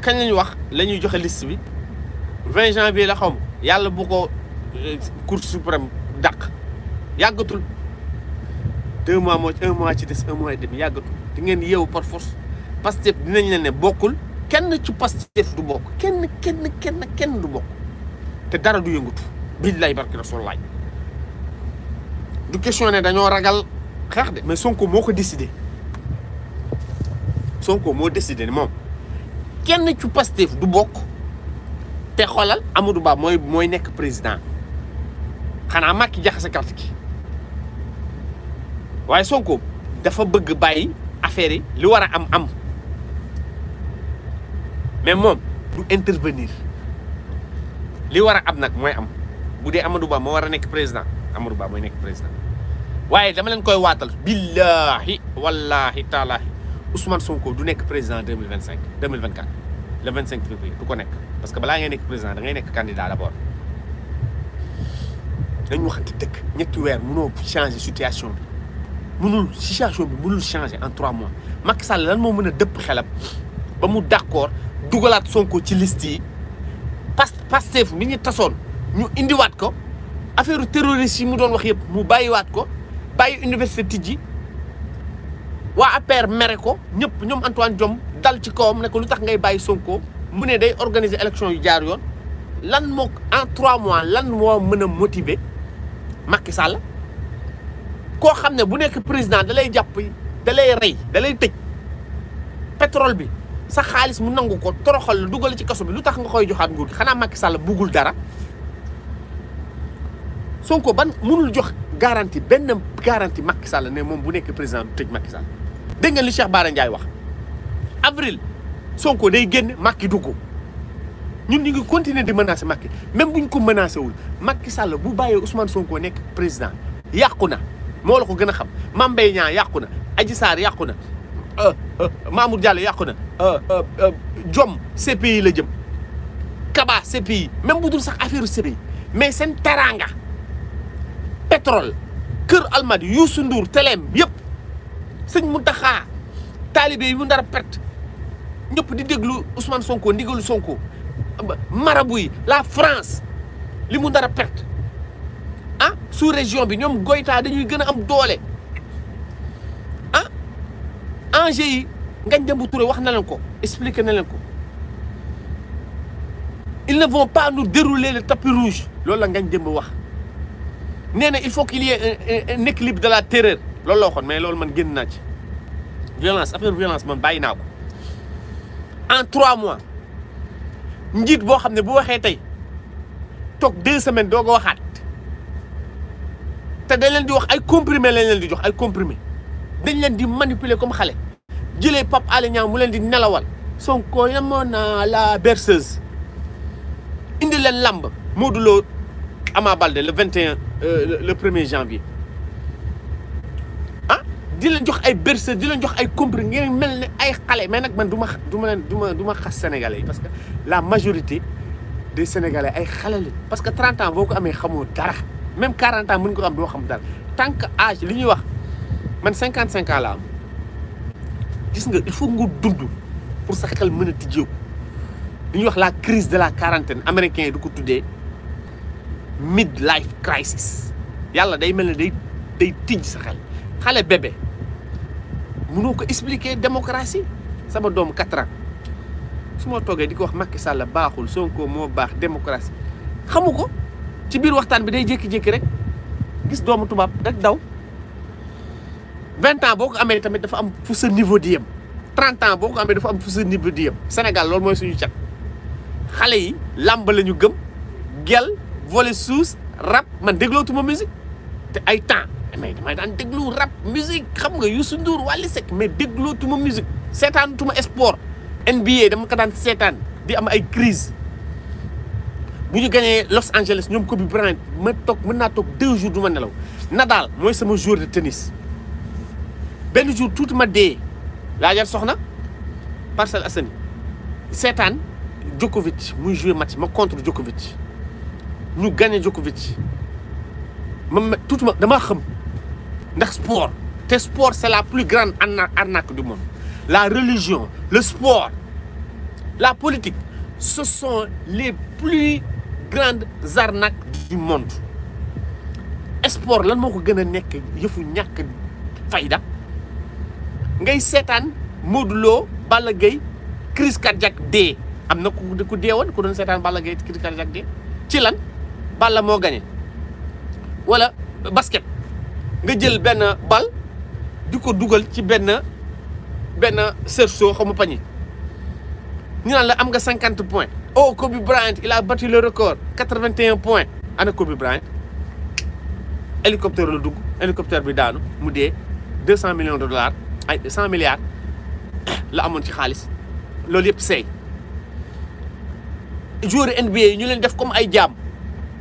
Speaker 1: kañ lañu wax la ñuy joxe list bi 20 janvier la xaw ma yàlla bu ko euh, cour suprême dàq yàggatul deux moo un ci des un mois et demi yàggatul di ngeen yeewu par force Pastef dinañ leen ne bokkul kenn ci Pastef du bokk kenn kenn kenn kenn du bokk te dara du yëngatu billahi barki rasul laaj du question ne dañoo ragal xeex de. mais Sonko moo ko décidé. Sonko moo décidé moom kenn ci Pastef du bokk te xolal Amadou Ba mooy mooy nekk président xanaa Macky jaxase carte ki waaye Sonko dafa bëgg bàyyi affaire yi li war a am am mais moom du intervenir li war a am nag mooy am bu dee Amadou Ba moo war a nekk président. Amadou Ba mooy nekk président waaye dama leen koy waatal billahi wallahi taalahi Ousmane Sonko du nekk président deux mille vingt cinq deux mille vingt quatre le vingt cinq février du ko nekk parce que balaa ngay nekk président da ngay nekk candidat d' abord dañu waxante dëkk ñetti weer mënoo changer situation bi mënul situation bi mënul changer en trois mois Macky Sall lan moo mën a dëpp xelam ba mu d' accord dugalaat Sonko ci list yi Pastef mi ñu tasoon ñu indiwaat ko. affaire terroriste mu doon wax yëpp mu bàyyiwaat ko bàyyi université tidji wa APR mere ko ñep ñom Antoine diom dal ci kawam ne ko lu tax ngay bàyyi Sonko mu ne day organiser élection yu jaar yoon lan moo en trois mois lan mo mën a motiver Macky Sall ko xamne bu nek président dalay japp dalay ray dalay rey pétrole bi sa xaalis mu nangou ko toroxal la dugal ci kasso bi lu tax nga koy joxat nguur xana Macky Sall bugul dara. Sonko ban mënul jox garantie benn garantie makki Sall ne moom bu nekk président du tëj Macky Sall dégg ngeen li Cheikh Bara Ndiaye wax avril Sonko day génn Macky dugg ñun ñu ngi continuer di menacer makki même bu ñu ko menacé wul Macky Sall bu bàyyee Ousmane Sonko nekk président yàqu na moo la ko gën a xam Mame Mbaye Niang yàqu na Adji Sarr yàqu na euh, euh, Mamour Diallo yàqu na jom euh, CPI la jëm Kaba CPI même bu dul sax affaire CPI mais seen teranga pétrole cœur Almad, Youssou Ndour teleem yëpp sëñ Mountakha taalibe yi mu ndara perte ñëpp di déglu Ousmane Sonko ndigalu Sonko Marabouy, la France li mu ndara perte ah sous région bi ñoom Goyta dañuy gën am doole ah enjeu yi Ngagne Demba Touré wax na leen ko ils ne vont pas nous dérouler le tapis rouge loolu la Ngagne Demba wax nee na il faut qu'il y ait un équilibre de la terreur loolu la mais loolu man génn naa ci violence affaire violence man bàyyi naa en trois mois njiit boo xam ne bu waxee tey toog deux semaines doo ko waxaat te dañ leen di wax ay comprimé lañ leen di jox ay comprimé dañ leen di manipuler comme xale jëlee pop Alé Niang mu leen di nelawal Sonko yamoon na la berceuse indi leen làmb Modou Lo Ama Balde le 21 euh, le 1er janvier Hein? di leen jox ay berceurs di leen jox ay compris ngeen melni ay xalé mais nak man duma duma du duma leen sénégalais parce que la majorité des sénégalais ay xalé lañ parce que 30 ans boo amé xamou xamoo dara même 40 ans mën ko am do xam dara tant que âge li ñuy wax man 55 ans la am gis nga il faut nga dund pour sa xel mën a tijjeeku ñuy wax la crise de la quarantaine américain yi du ko tuddee. midlife crisis yalla day melni day day tiñ sa xel xalé bébé mënoo ko expliquer démocratie sama dom 4 ans suma togué diko wax Macky Sall baaxul Sonko mo baax démocratie xamuko ci bir waxtan bi day jékki-jékki rek gis domou tubaab rek daw 20 ans boko amé tamit dafa am fu ce niveau di yem 30 ans boko amé dafa am fu ce niveau di yem Sénégal lool moy suñu cat xalé yi lamb lañu gëm gel volet sous rap man déglootuma musique té ay temps mais dama dan déglu rap musique xam nga Youssou Ndour Wally Seck mais déglootuma musique seetaanutuma sport NBA dama ko dan sétane di am ay crise bu ñu Los Angeles ñom Kobe Bryant ma tok mën tok toog deux jours duma nelaw Nadal moy sama joueur de tennis benn jour tout ma dee laa jar soxna Parcelles Assainies sétane Djokovic muy jouer match ma contre Djokovic nous gagnons Djokovic tout le monde sport le sport c'est la plus grande arnaque du monde la religion le sport la politique ce sont les plus grandes arnaques du monde Le sport lan ngay crise cardiaque ko crise cardiaque la moo gagné wala basket nga jël benn bal di ko dugal ci benn benn cerceau xamu pañi ñu naan la am nga cinquante points oh Kobe Bryant il a battu le record quatre vingt et un points ana Kobe Bryant hélicoptère la dugg hélicoptère bi daanu mu dee deux cent millions de dollars ay cent milliards la amoon ci xaalis loolu yëpp seey joueur NBA ñu leen def comme ay jaam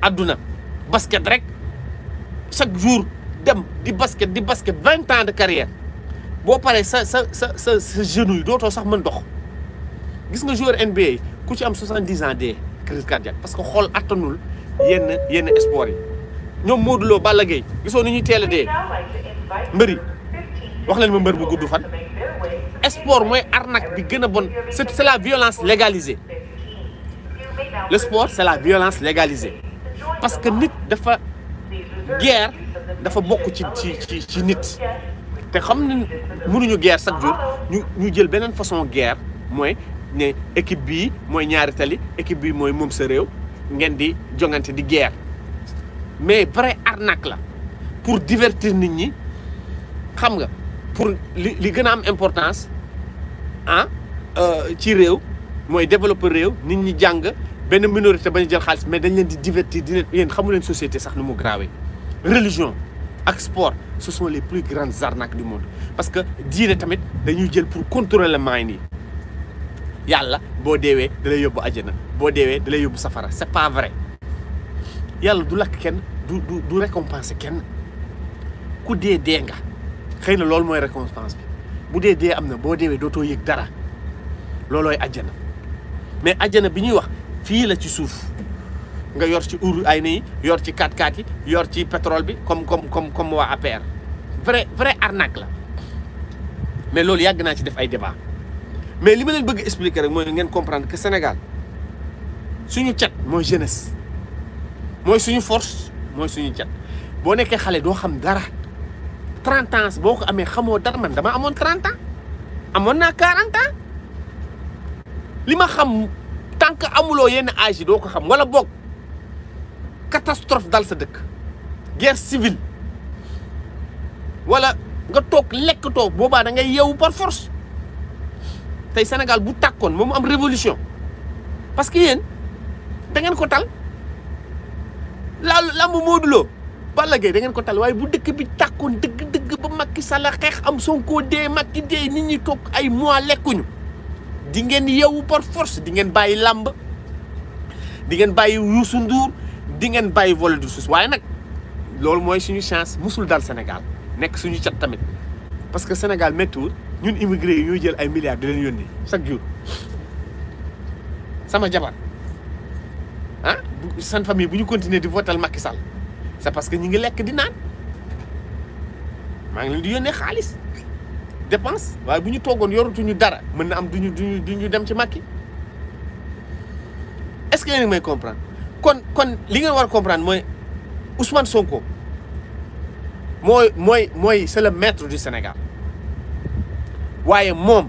Speaker 1: Aduna basket rek chaque jour dem di basket di basket 20 ans de carrière bo paré sa sa sa genou doto sax mën dox gis joueur NBA ku ci am 70 ans de crise cardiaque parce que xol attanul yenn yenn sport yi ñom Modou Lo Balla ni ñuy télé dé wax arnaque c'est la violence légalisée le sport c'est la violence légalisée parce que nit dafa guerre dafa bokk ci ci ci nit te xam ne mënuñu guerre chaque jour ñu jël beneen façon guerre mooy ne équipe bi mooy ñaari tali équipe bi mooy moom sa réew ngeen di jongante di guerre mais vrai arnaque la pour divertir nit ñi xam nga pour li li gën a am importance ah euh, ci réew mooy développer réew nit ñi jàng ben minorité bañ jël xaliss mais dañ leen di divertir di leen yéen xamu leen société sax nu mu grave religion ak sport ce sont les plus grandes arnaques du monde parce que diine tamit dañuy jël pour contrôler mind yi yàlla boo deewee da lay yóbbu àjjana boo deewee da lay yóbbu safara c'est pas vrai yàlla du lakk kenn du du du récompenser kenn ku dee dee nga xëy na loolu mooy récompense bi bu dee dee am na boo deewee dootoo yëg dara looloy àjjana mais àjjana bi ñuy wax fi la ci souf nga yor ci ouru ay ni yor ci 4 4 yor ci pétrole bi comme comme comme comme wa APR vrai vrai arnaque la mais loolu yag na ci def ay débat mais li ma len bëgg expliquer rek moy ngeen comprendre que Sénégal suñu cat moy jeunesse moy suñu force moy suñu cat bo nekké xalé do xam dara 30 ans boko amé xamoo dara man dama amone 30 ans amone na 40 ans lima xam. tant que amuloo yenn âge doo ko xam wala boog catastrophe dal sa dëkk guerre civile wala nga toog lekk toog boobaa da ngay yeewu par force tey Sénégal bu tàkkoon moom am révolution parce que yeen da ngeen ko tal la lamb mooduloo Balla Gaye da ngeen ko tal waaye bu dëkk bi tàkkoon dëgg-dëgg ba ki Sall xeex am Sonko dee mag ki dee nit ñi toog ay mois lekkuñu di ngeen yeewu par force di ngeen bayyi lamb di ngeen bayyi yusu Ndour di ngeen bayyi vol du sus waye nak lool moy suñu chance musul dal Sénégal nek suñu cat tamit parce que Sénégal méttiwul ñun immigré ñu jël ay milliards di leen yoni chaque jour sama jabar ah seen famille buñu continuer di votal Macky Sall c'est parce que ñi ngi lek di nan ma ngi leen di yoni xaalis dépense waaye bu ñu toogoon yoratuñu dara mën na am duñu duñu duñu dem ci makki est-ce que yéen may comprendre kon kon li ngeen war a comprendre mooy Ousmane Sonko mooy mooy mooy c'est le maître du Sénégal waaye moom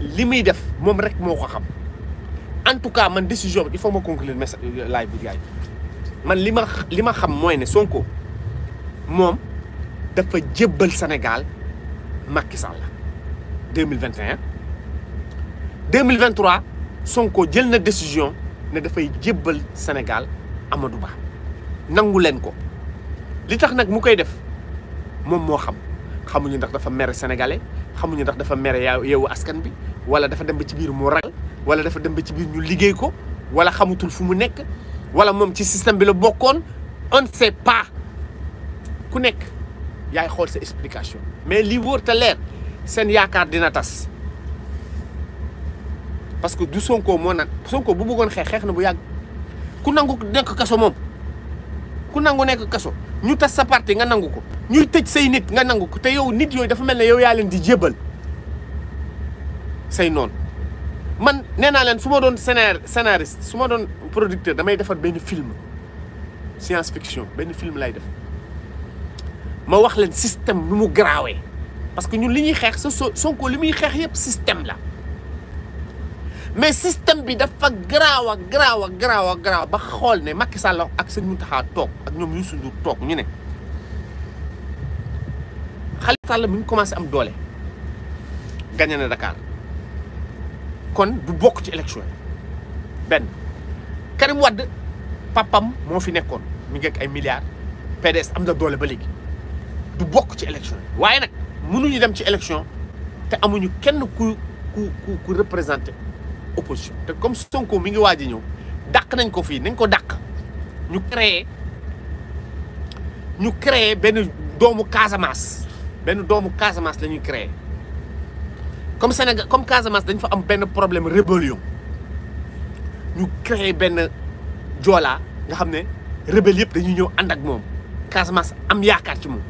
Speaker 1: li muy def moom rek moo ko xam en tout cas man décision il faut ma conclure message euh, live bi gars yi man li ma li ma xam mooy ne Sonko moom dafa jébbal Sénégal. Macky Sall 2021 2023 Sonko jël na décision ne fay djébal Sénégal Amadou Ba nangu leen ko li tax nak mu koy def mom mo xam xamuñu ndax dafa méré sénégalais xamuñu ndax dafa mere yow askan bi wala dafa dem ci bir mu ragal wala dafa dem ci bir ñu liggéey ko wala xamutul fu mu nekk wala mom ci système bi la bokkoon on ne sait pas ku nekk y a sa explication mais li wóor est leer dina parce que du Sonko bu xex xex na bu ku nangou kasso mom ku nangou nek kasso ñu tas sa parti nga nangou ñuy tejj say nit nga nangou te yow nit yoy dafa melni yow ya len di man len suma don scénariste Si don producteur damay film science fiction ben film lay def ma wax leen système nu mu garaawee parce que ñun li ñuy xeex sa Sonko li muy xeex yëpp système la mais système bi dafa garaaw a garaaw a garaaw a garaaw ba xol ne Macky Sall ak sëñ Mountakha tok ak ñom Youssou Ndour tok ñu ne Khalifa Sall mi commencé am doole gagné na Dakar kon du bok ci élection ben Karim Wade papam mo fi nekkoon mi ngi ak ay milliards PDS am na doole ba légui du bokk ci élection waaye nag mënuñu dem ci élection te amuñu kenn ku ku ku ku opposition te comme Sonko mi ngi waaj a ñëw dàq nañ ko fii nañ ko dàq ñu créé ñu créé benn doomu Casamance benn doomu Casamance lañuy ñuy comme Sénégal comme Casamance dañ fa am benn problème rébellion ñu créé benn joolaa nga xam ne rebelle yëpp dañuy ñëw ànd ak moom Casamance am yaakaar ci moom.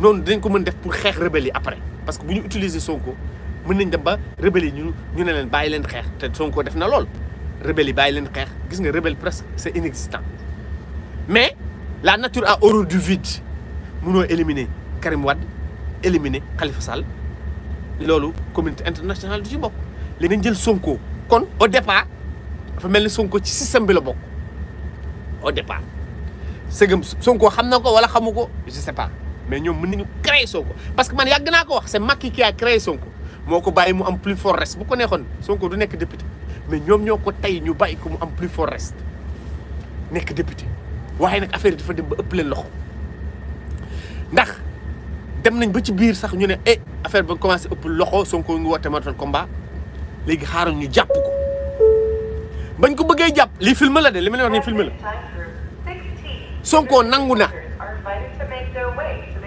Speaker 1: non dañ ko mën def pour xeex rebelle après parce que bu ñu utiliser Sonko mën nañ dem ba rebelle yi ñu ñu ne leen bàyyi leen xeex te Sonko def na lool rebelle yi bàyyi leen xeex gis nga rebelle presque c'est inexistant mais la nature a horreur du vide mënoo éliminer Karim wad éliminer Khalifa Sall loolu communauté internationale du ci bokk. léegi nañ jël Sonko kon au départ dafa mel ni Sonko ci système bi la bokk au départ sëgëm Sonko xam na ko wala xamu ko je sais pas. mais ñoom mën nañu créer Sonko parce que man yàgg naa ko wax c'est Macky qui a créé Sonko moo ko bàyyi mu am plus fort reste bu ko neexoon Sonko du nekk député mais ñoom ñoo ko tey ñu bàyyi ko mu am plus fort reste nekk député waaye nag affaire fa dem ba ëpp leen loxo ndax dem nañ ba ci biir sax ñu ne eh affaire ba commencé ëpp loxo Sonko ngi woote marathon combat léegi xaaral ñu jàpp ko bañ ko bëggee jàpp lii film la de li ma leen wax nii film Sonko na.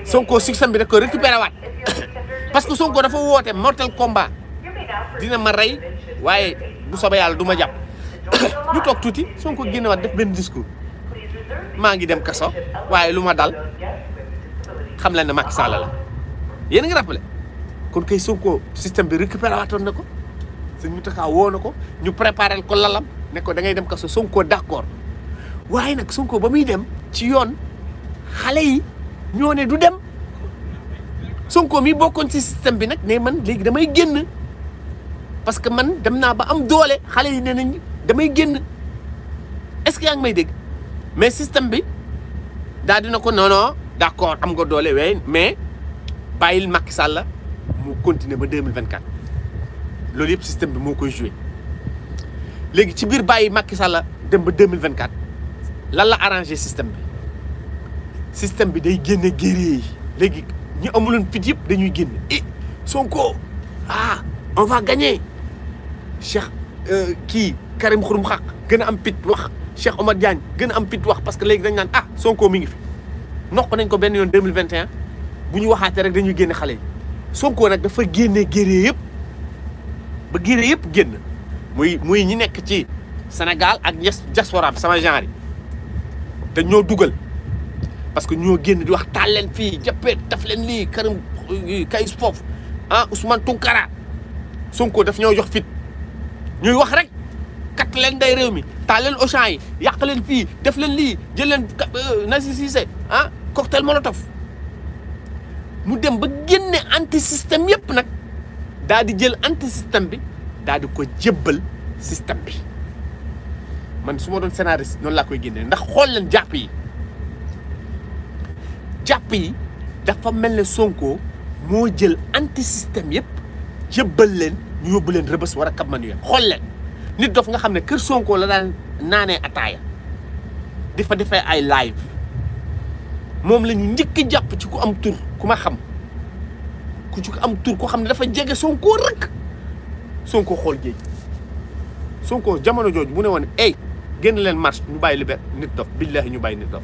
Speaker 1: Sonko système bi da ko récupéré waat parce que Sonko dafa woote mortel combat dina ma rey waaye bu soobee yàlla du ma jàpp ñu toog tuuti Sonko génne waat def benn discours maa ngi dem kaso waaye lu ma dal xam leen ne Macky Sall la yéen a ngi rappelé kon kay Sonko système bi récupéré waatoon na ko sëñ mu taxaa woo ko ñu préparé ko lalam ne ko da ngay dem kaso sonkoo d'accord waaye nag Sonko ba muy dem ci yoon xale yi. ñoo ne du dem Sonko mi bokkoon ci système bi nag ne man léegi damay génn parce que man dem naa ba am doole xale yi ne nañ damay génn est-ce que yaa ngi may dégg mais système bi daal dina ko non non d'accord am nga doole wey mais bàyyil Macky Sall mu continuer ba deux mille vingt quatre loolu yëpp système bi moo koy joué léegi ci biir bàyyi Macky Sall dem ba deux mille vingt quatre lan la arrangé système bi. système bi day génne guerrier yi léegi ñu amulun fit yépp dañuy génne eh Sonko ah on va gagner Cheikh euh, ki Karim khourum khak gëna am pit wax Cheikh Omar Diagne gëna am pit wax parce que légui dañ naan ah Sonko mi ngi fi noq nañ ko ben yoon 2021 bu ñu waxate rek dañuy génne xalé Sonko nak dafa génne guerrier yépp ba guerrier yépp génn muy muy ñi nekk ci Sénégal ak diaspora sama genre yi te ñoo duggal parce que ñoo génn di wax taal leen fii jàppee daf leen lii Karim Kayz foofu ah Ousmane Tounkara Sonko daf ñoo jox fit ñuy wax rek kat leen day réew mi taal leen Auchan yi yàq leen fii def leen lii jël leen euh, Nassi Cissé ah cocktail molotov mu dem ba génne anti système yépp nag daal di jël anti système bi daal di ko jébbal système bi man su ma doon scénariste noonu laa koy génne ndax xool leen jàpp yi. jàpp yi dafa mel ne Sonko moo jël anti système yëpp yëbbal leen ñu yóbbu leen rëbës war a kab manuel xool leen nit dof nga xam ne kër Sonko la daan naanee ataaya di fa defee ay live moom la ñu njëkk jàpp ci ku am tur ku ma xam ku ci am tur ko xam ne dafa jege Sonko rëkk Sonko xool géej Sonko jamono jooju wu ne woon ey génn leen marche ñu bàyyi libère nit dof billahi ñu bàyyi nit dof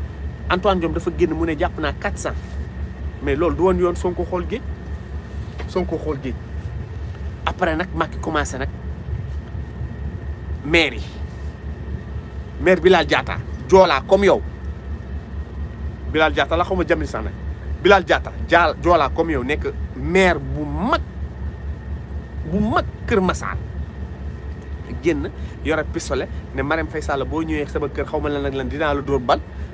Speaker 1: Antoine diom dafa génn mu ne jàpp 400 mais loolu du won yon Sonko xol géej Sonko xol géej après nak makki commencé nak maire maire Bilal Diatta jola comme yow Bilal Diatta la xaw ma Jamil Bilal Diatta jaal comme yow nek maire bu mak bu mak keur Massar genn yoré pistolet né Marème Faye Sall boo ñëwee sama kër xawma lan ak lan dina la door bal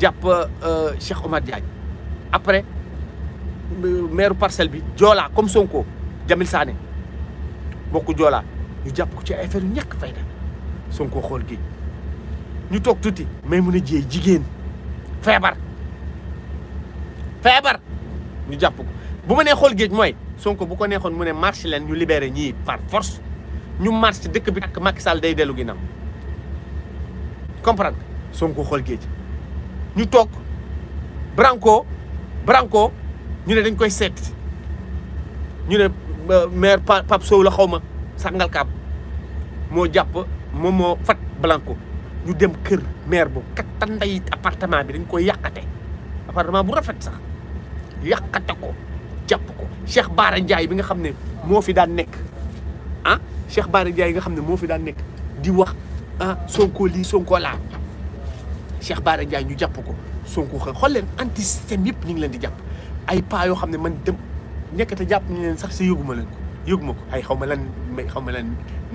Speaker 1: jàpp euh, Cheikh Omar Diagne après euh, maire parcelle bi Joola comme Sonko Jamil saane bokk Joola ñu jàpp ko ci ay affaire yu Sonko xool gi ñu toog tuuti may mun a jiyee jigéen feebar feebar ñu jàpp ko bu ma nee xool géej mooy Sonko bu ko neexoon mu ne marche leen ñu libere ñii par force ñu marche dëkk bi ak Macky Sall day dellu ginnaaw comprendre Sonko xool géej ñu toog Branco Branco ñu ne dañ koy seet ñu ne euh, maire Pape Sow la xaw ma Sangalkam moo jàpp moom moo fat Branco ñu dem kër maire boobu kattan apartement bi dañ koy yàqate appartement bu rafet sax yàqate ko jàpp ko Cheikh Baara jaay bi nga xam ne moo fi daan nekk ah Cheikh Baara Ndiaye nga xam ne moo fi daan nekk di wax ah Sonko lii Sonko laa Cheikh Bara Ndiaye ñu japp ko sonku xëy leen anti système yëpp ñing leen di japp ay pas yo xamne man dem nekkate japp ñu leen sax ci yëguma leen ko yëguma ko ay xawma lan xaw ma lan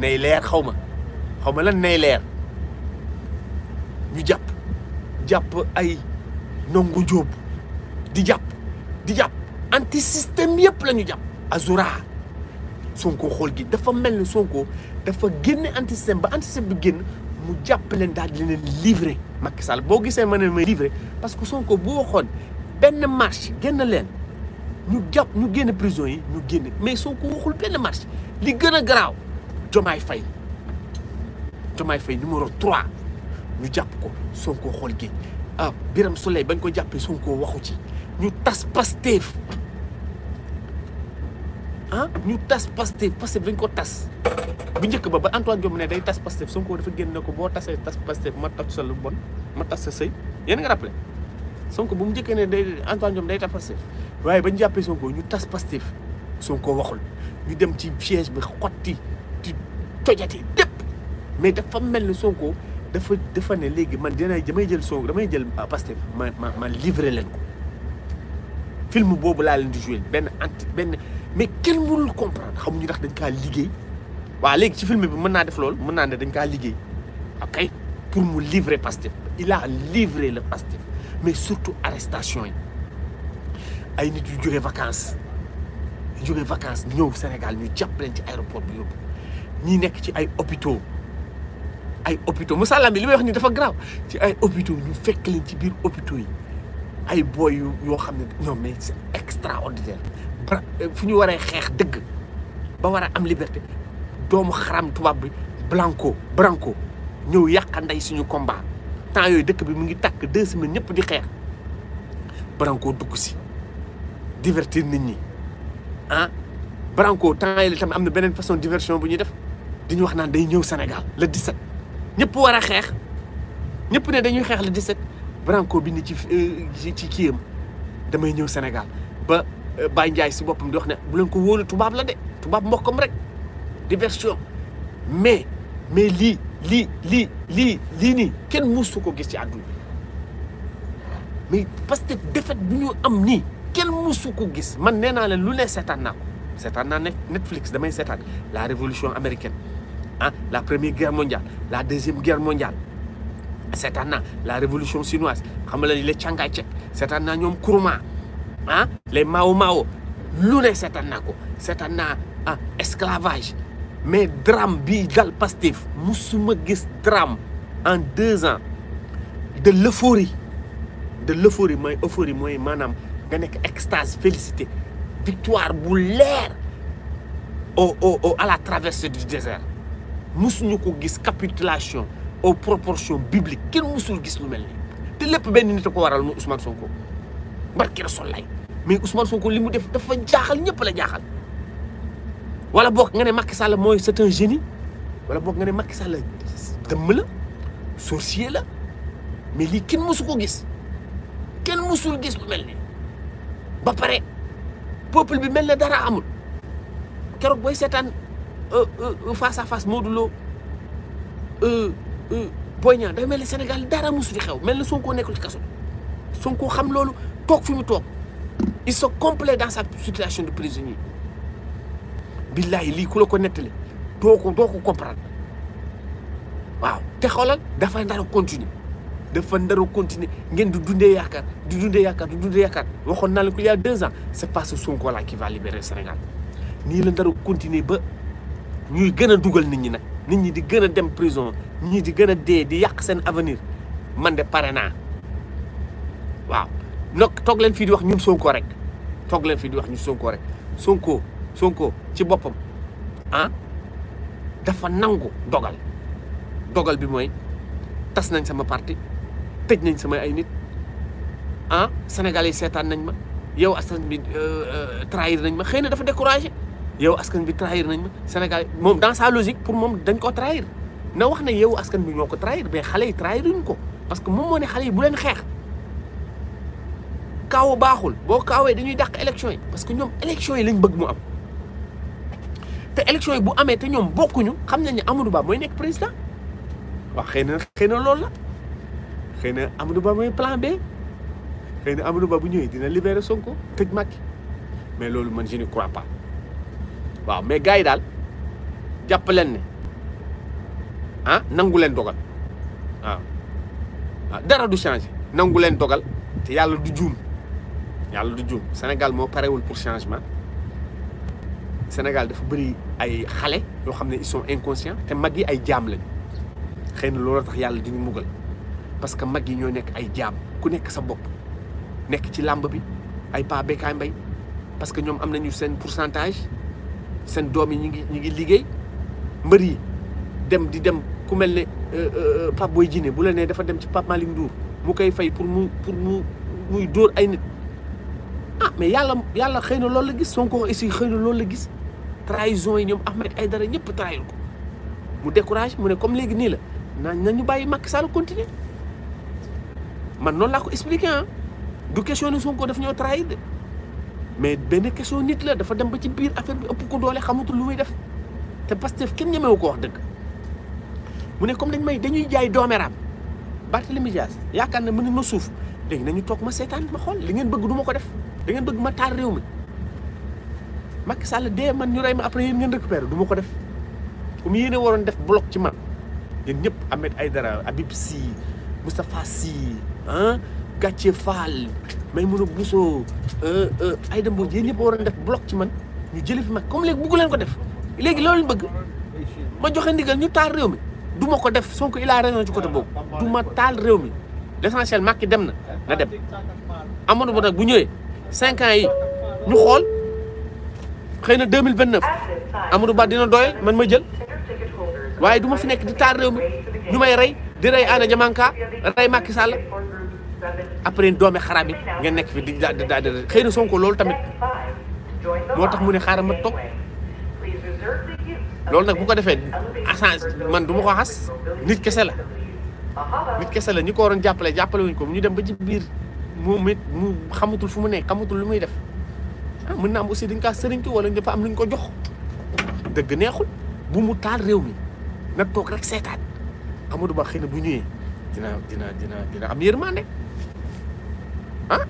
Speaker 1: nay leer xawma xawma lan nay leer ñu japp japp ay nongu job di japp di japp anti système yëpp lañu japp Azura Sonko xol gi dafa melni ni Sonko dafa génne anti système ba anti système bi génn mu jàpp leen daal di leen livré Macky Sall boo gisee ma ne may livré parce que Sonko bu waxoon benn marche génn leen ñu jàpp ñu génn prison yi ñu génn mais ko waxul benn marche li gën a garaaw Jomaay Fay Jomaay Fay numéro 3 ñu jàpp ko ko xool géej ah Biram Souley bañ ko jàppee Sonko waxu ci ñu tas Pastef ah hein? ñu tas Pastef Pastef dañ ko tas bu ñëk ba ba Antoine diom né day tas Pastef Sonko dafa génn ne ko boo tasee tas Pastef ma tas sa lu bon ma tas sey sëy nga rappelé Sonko bu mu njëkkee ne day Antoine diom day tas Pastef waye bañ jàppee Sonko ñu tas Pastef Sonko waxul ñu dem ci piège bi xotti di tojati lépp mais dafa melni ni Sonko dafa dafa ne léegi man dina jëmay jël Sonko damay jël Pastef ma ma livrer livré leen ko film bobu la leen di jouer ben anti benn mais quel monde comprendre xamuñu ndax dañ kaa liggéey waaw léegi ci film bi mën naa def loolu mën naa ne dañ kaa ok pour me livrer pastif, il a livré le pastif. mais surtout arrestation A ay nit yu durée vacances yu au vacances ñëw Sénégal ñu jàpp leen ci aéroport bi yóbbu ñi nekk ci ay hôpitaux ay hôpitaux l'a mis le may wax ni dafa grave ci ay hôpitaux ñu fekk leen ci biir hôpitaux ay boy yu you xam non mais c'est extraordinaire Euh, fu ñu waree xeex dëgg ba war a am liberté doomu xaram tubaab bi blanco branco ñëw yàqa ndey suñu combat temps yooyu dëkk bi mu ngi takk deux semaines ñëpp di xeex branco dugg si divertir nit ñi ah branco temps yii tamit am na beneen façon diversion bu ñuy def di ñu wax naan day ñëw Sénégal la 17 ñëpp war a xeex ñëpp ne dañuy xeex la 17 branco bi ni ci euh, ci kiyam damay ñëw senegal Baye Ndiaye si boppam di wax ne bu len ko wóolu tubab la de tubab mbokkam rek diversion mais mais li li li lini lii nii kenn musu ko gis ci addu mais parce que défaite bu ñu am ni ken musu ko gis man nee naa lu ne seetaan naa ko seetaan Netflix damay seetaan la révolution américaine hein la première guerre mondiale la deuxième guerre mondiale seetaan naa la révolution chinoise xam nga la Chiang Kai-shek seetaan naa ah, les Mao Mao l'une ne ah, esclavage mais drame drame en deux ans de l'euphorie de l'euphorie euphorie félicité victoire la à la traversée du désert musuñu ko gis capitulation aux proportions bibliques kenn musul gis lu mel mais Ousmane Sonko li mu def dafa jaaxal ñëpp la jaaxal wala book nga ne Macky Sall mooy c'est un génie wala boog nga ne Macky Sall dëmm la sorcier la mais lii kenn mësu ko gis kenn mësul gis lu mel ni ba pare peuple bi mel ne dara amul keroog booy seetaan euh, euh, euh, face à face Modou Lo Boy Niang day mel ni Sénégal dara mësu fi xew mel ni Sonko nekkul ci kaso Sonko xam loolu toog fi mu toog. ils sont complets dans sa situation de prisonnier billahi li ku ko netale ko comprendre waaw te xolal dafa continuer dafa continuer ngeen du Il yakar, du dundé yakar du le yakar il ans c'est pas ce Sonko là qui va libérer Sénégal ni la continuer ba ñuy gëna le nit ñi nak nit ñi di gëna prison ñi di Il dé di avenir man nag toog leen fii di wax ñun Sonko rek toog leen fii di wax ñun Sonko rek Sonko Sonko ci boppam ah dafa nangu dogal dogal bi mooy tas nañ sama parti tëj nañ sama ay nit ah Sénégal yi seetaan nañ ma yow askan bi euh, euh, trahir nañ ma xëy na dafa découragé yow askan bi trahir nañ ma Sénégal moom dans sa logique pour moom dañ koo trahir na wax na yow askan bi ñoo ko trahir mais xale yi trahiruñ ko parce que moom moo ne xale yi bu leen xeex. kaawu baaxul boo kaawee dañuy dàq élection yi parce que ñoom élection yi lañ bëgg mu am te élection yi bu amee te ñoom bokkuñu xam nañ ne Amadou mooy nekk président waaw xëy na xëy na loolu la xëy na Amadou Ba mooy plan B xëy na Amadou Ba bu ñëwee dina libérer Sonko tëj Macky mais loolu man je ne crois pas waaw mais gars yi daal jàpp leen ne ah nangu leen dogal waaw dara du changé nangu leen dogal te yàlla du juum. Yalla du djum Sénégal mo paré wul pour changement Sénégal dafa bëri ay xalé yoo xamné ils sont inconscients te mag ay jaam lañ xeyna na loolu tax Yalla di ñu mugal parce que mag yi ñoo nekk ay jaam ku nek sa bop nek ci lamb bi ay pa Bécaye Mbaye parce que ñom am nañu seen pourcentage sen doom yi ñi ngi ñu ngi liggéey mbër yi dem di dem ku mel ne euh, euh, Pape Boy Djiné bu la né dafa dem ci Pape Malick Ndour mu koy fay pour mu pour mu muy door ay nit ah mais yàlla yàlla xëy na loolu la gis Sonko aussi xëy na loolu la gis trahison yi ñoom ay dara ñëpp trahir ko mu décourage mu ne comme léegi nii la nañ nañu bàyyi Macky Sall continuer man noonu laa ko expliqué ah du question ni Sonko daf ñoo trahir de mais benn question nit la dafa dem ba ci biir affaire bi ëpp ko doole xamatul lu muy def te Pastef kenn ñemewu ko wax dëgg mu ne comme dañ may dañuy jaay doomeraam Barthélémy Dias yaakaar na mën ma suuf léegi nañu toog ma seetaan ma xool li ngeen bëgg du ko def da ngeen bëgg ma tar réew mi Macky Sall dee man ñu ray ma après yéen ngeen récupéré du ma ko def bu yéen yéene waroon def bloc ci man yéen ñëpp Ahmed Aïdara Habib Sy Moustapha Sy ah Gathie Fall Maïmouna Bousso euh, euh, Aïda Mbodj yéen ñëpp waroon def bloc ci man ñu jëlee fi mag comme légui bëggu leen ko def légui loolu bëgg ma joxe ndigal ñu tar réew mi du ma ko def Sonko il a raison ci côté boobu du ma taal réew mi l'essentiel essentiel Macky dem na na dem amono Ba nag bu ñëwé cinq ans yi ñu xool xëy na deux mille vingt neuf Amadou Ba dina doyal man ma jël waaye du ma fi nekk di taal réew ñu may rey di rey Anna Diamanka rey Macky Sall après doome xaraab it ngeen nekk fi di daal di daal di xëy na Sonko loolu tamit moo tax mu ne xaaral ma toog loolu nag bu ko defee Assange man du ma ko xas nit kese la nit kese la ñu ko waroon jàppale jàppale wuñ ko mu ñu dem ba ci biir. mu mét eh, mu xamatul fumu nek xamatul lu muy def mën na am aussi dañ serigne sëriñtu wala dafa am luñ ko jox deug neexul bu mu taal rew mi na tok rek seetaan Amadou Ba xeyna bu ñëwee dina dina dina dina am yermane nek ah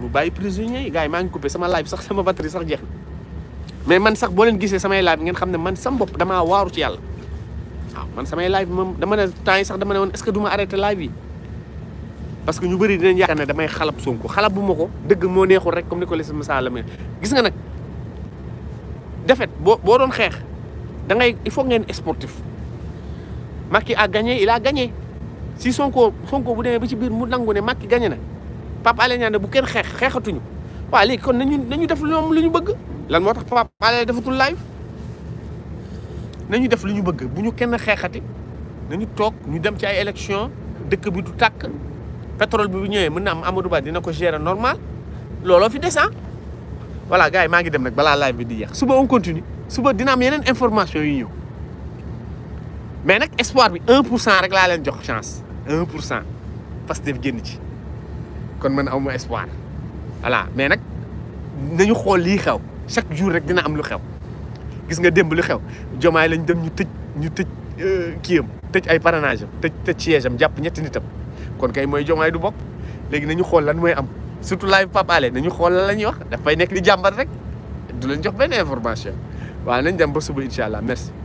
Speaker 1: mu bàyyi prisonnier gaay ma ngi couper sama live sax sama batterie sax jeex mais man sax bo len gisee sama live ngeen xam man sam bop dama waru ci yalla man sama live dama ne temps sax dama ne woon est-ce que duma arrêter live yi parce que ñu bari dinañ yaakaar ne damay xalab Sonko xalab bu mako deug mo neexu rek comme ni ko les misaal ma gis nga nak defet bo doon xex da ngay il faut ngeen sportif Maki a gagné il a gagné si Sonko Sonko bu démé ba ci bir mu nangou né Maki gagné na papa Alé Niang bu kenn xeex xeexatuñu wa li kon nañu nañu def lu ñu bëgg lan motax papa Alé defatul live nañu def lu ñu bëgg bu ñu kenn xexati nañu tok ñu dem ci ay élection dëkk bi du tak pétrole bi bu ñëwee mën na am Amadou Ba dina ko gérer normal looloo fi des ah. voilà gars yi maa ngi dem nag balaa live bi di jeex suba on continue suba dina am yeneen information yu ñëw mais nag espoir bi 1 pour cent rek laa leen jox chance 1 pour cent parce que def génn ci kon man awma espoir voilà mais nag nañu xool lii xew chaque jour rek dina am lu xew gis nga démb lu xew jomaay lañ dem ñu tëj ñu tëj euh, kiyam tëj ay parrainage am tëj tëj jàpp ñetti nitam kon kay mooy jomaay du bokk léegi ñu xool lan mooy am surtout live Pape Alé nañu xool lan la ñuy wax fay nekk di jàmbat rek du leen jox benn information waaw nañ dem ba suba incha allah merci.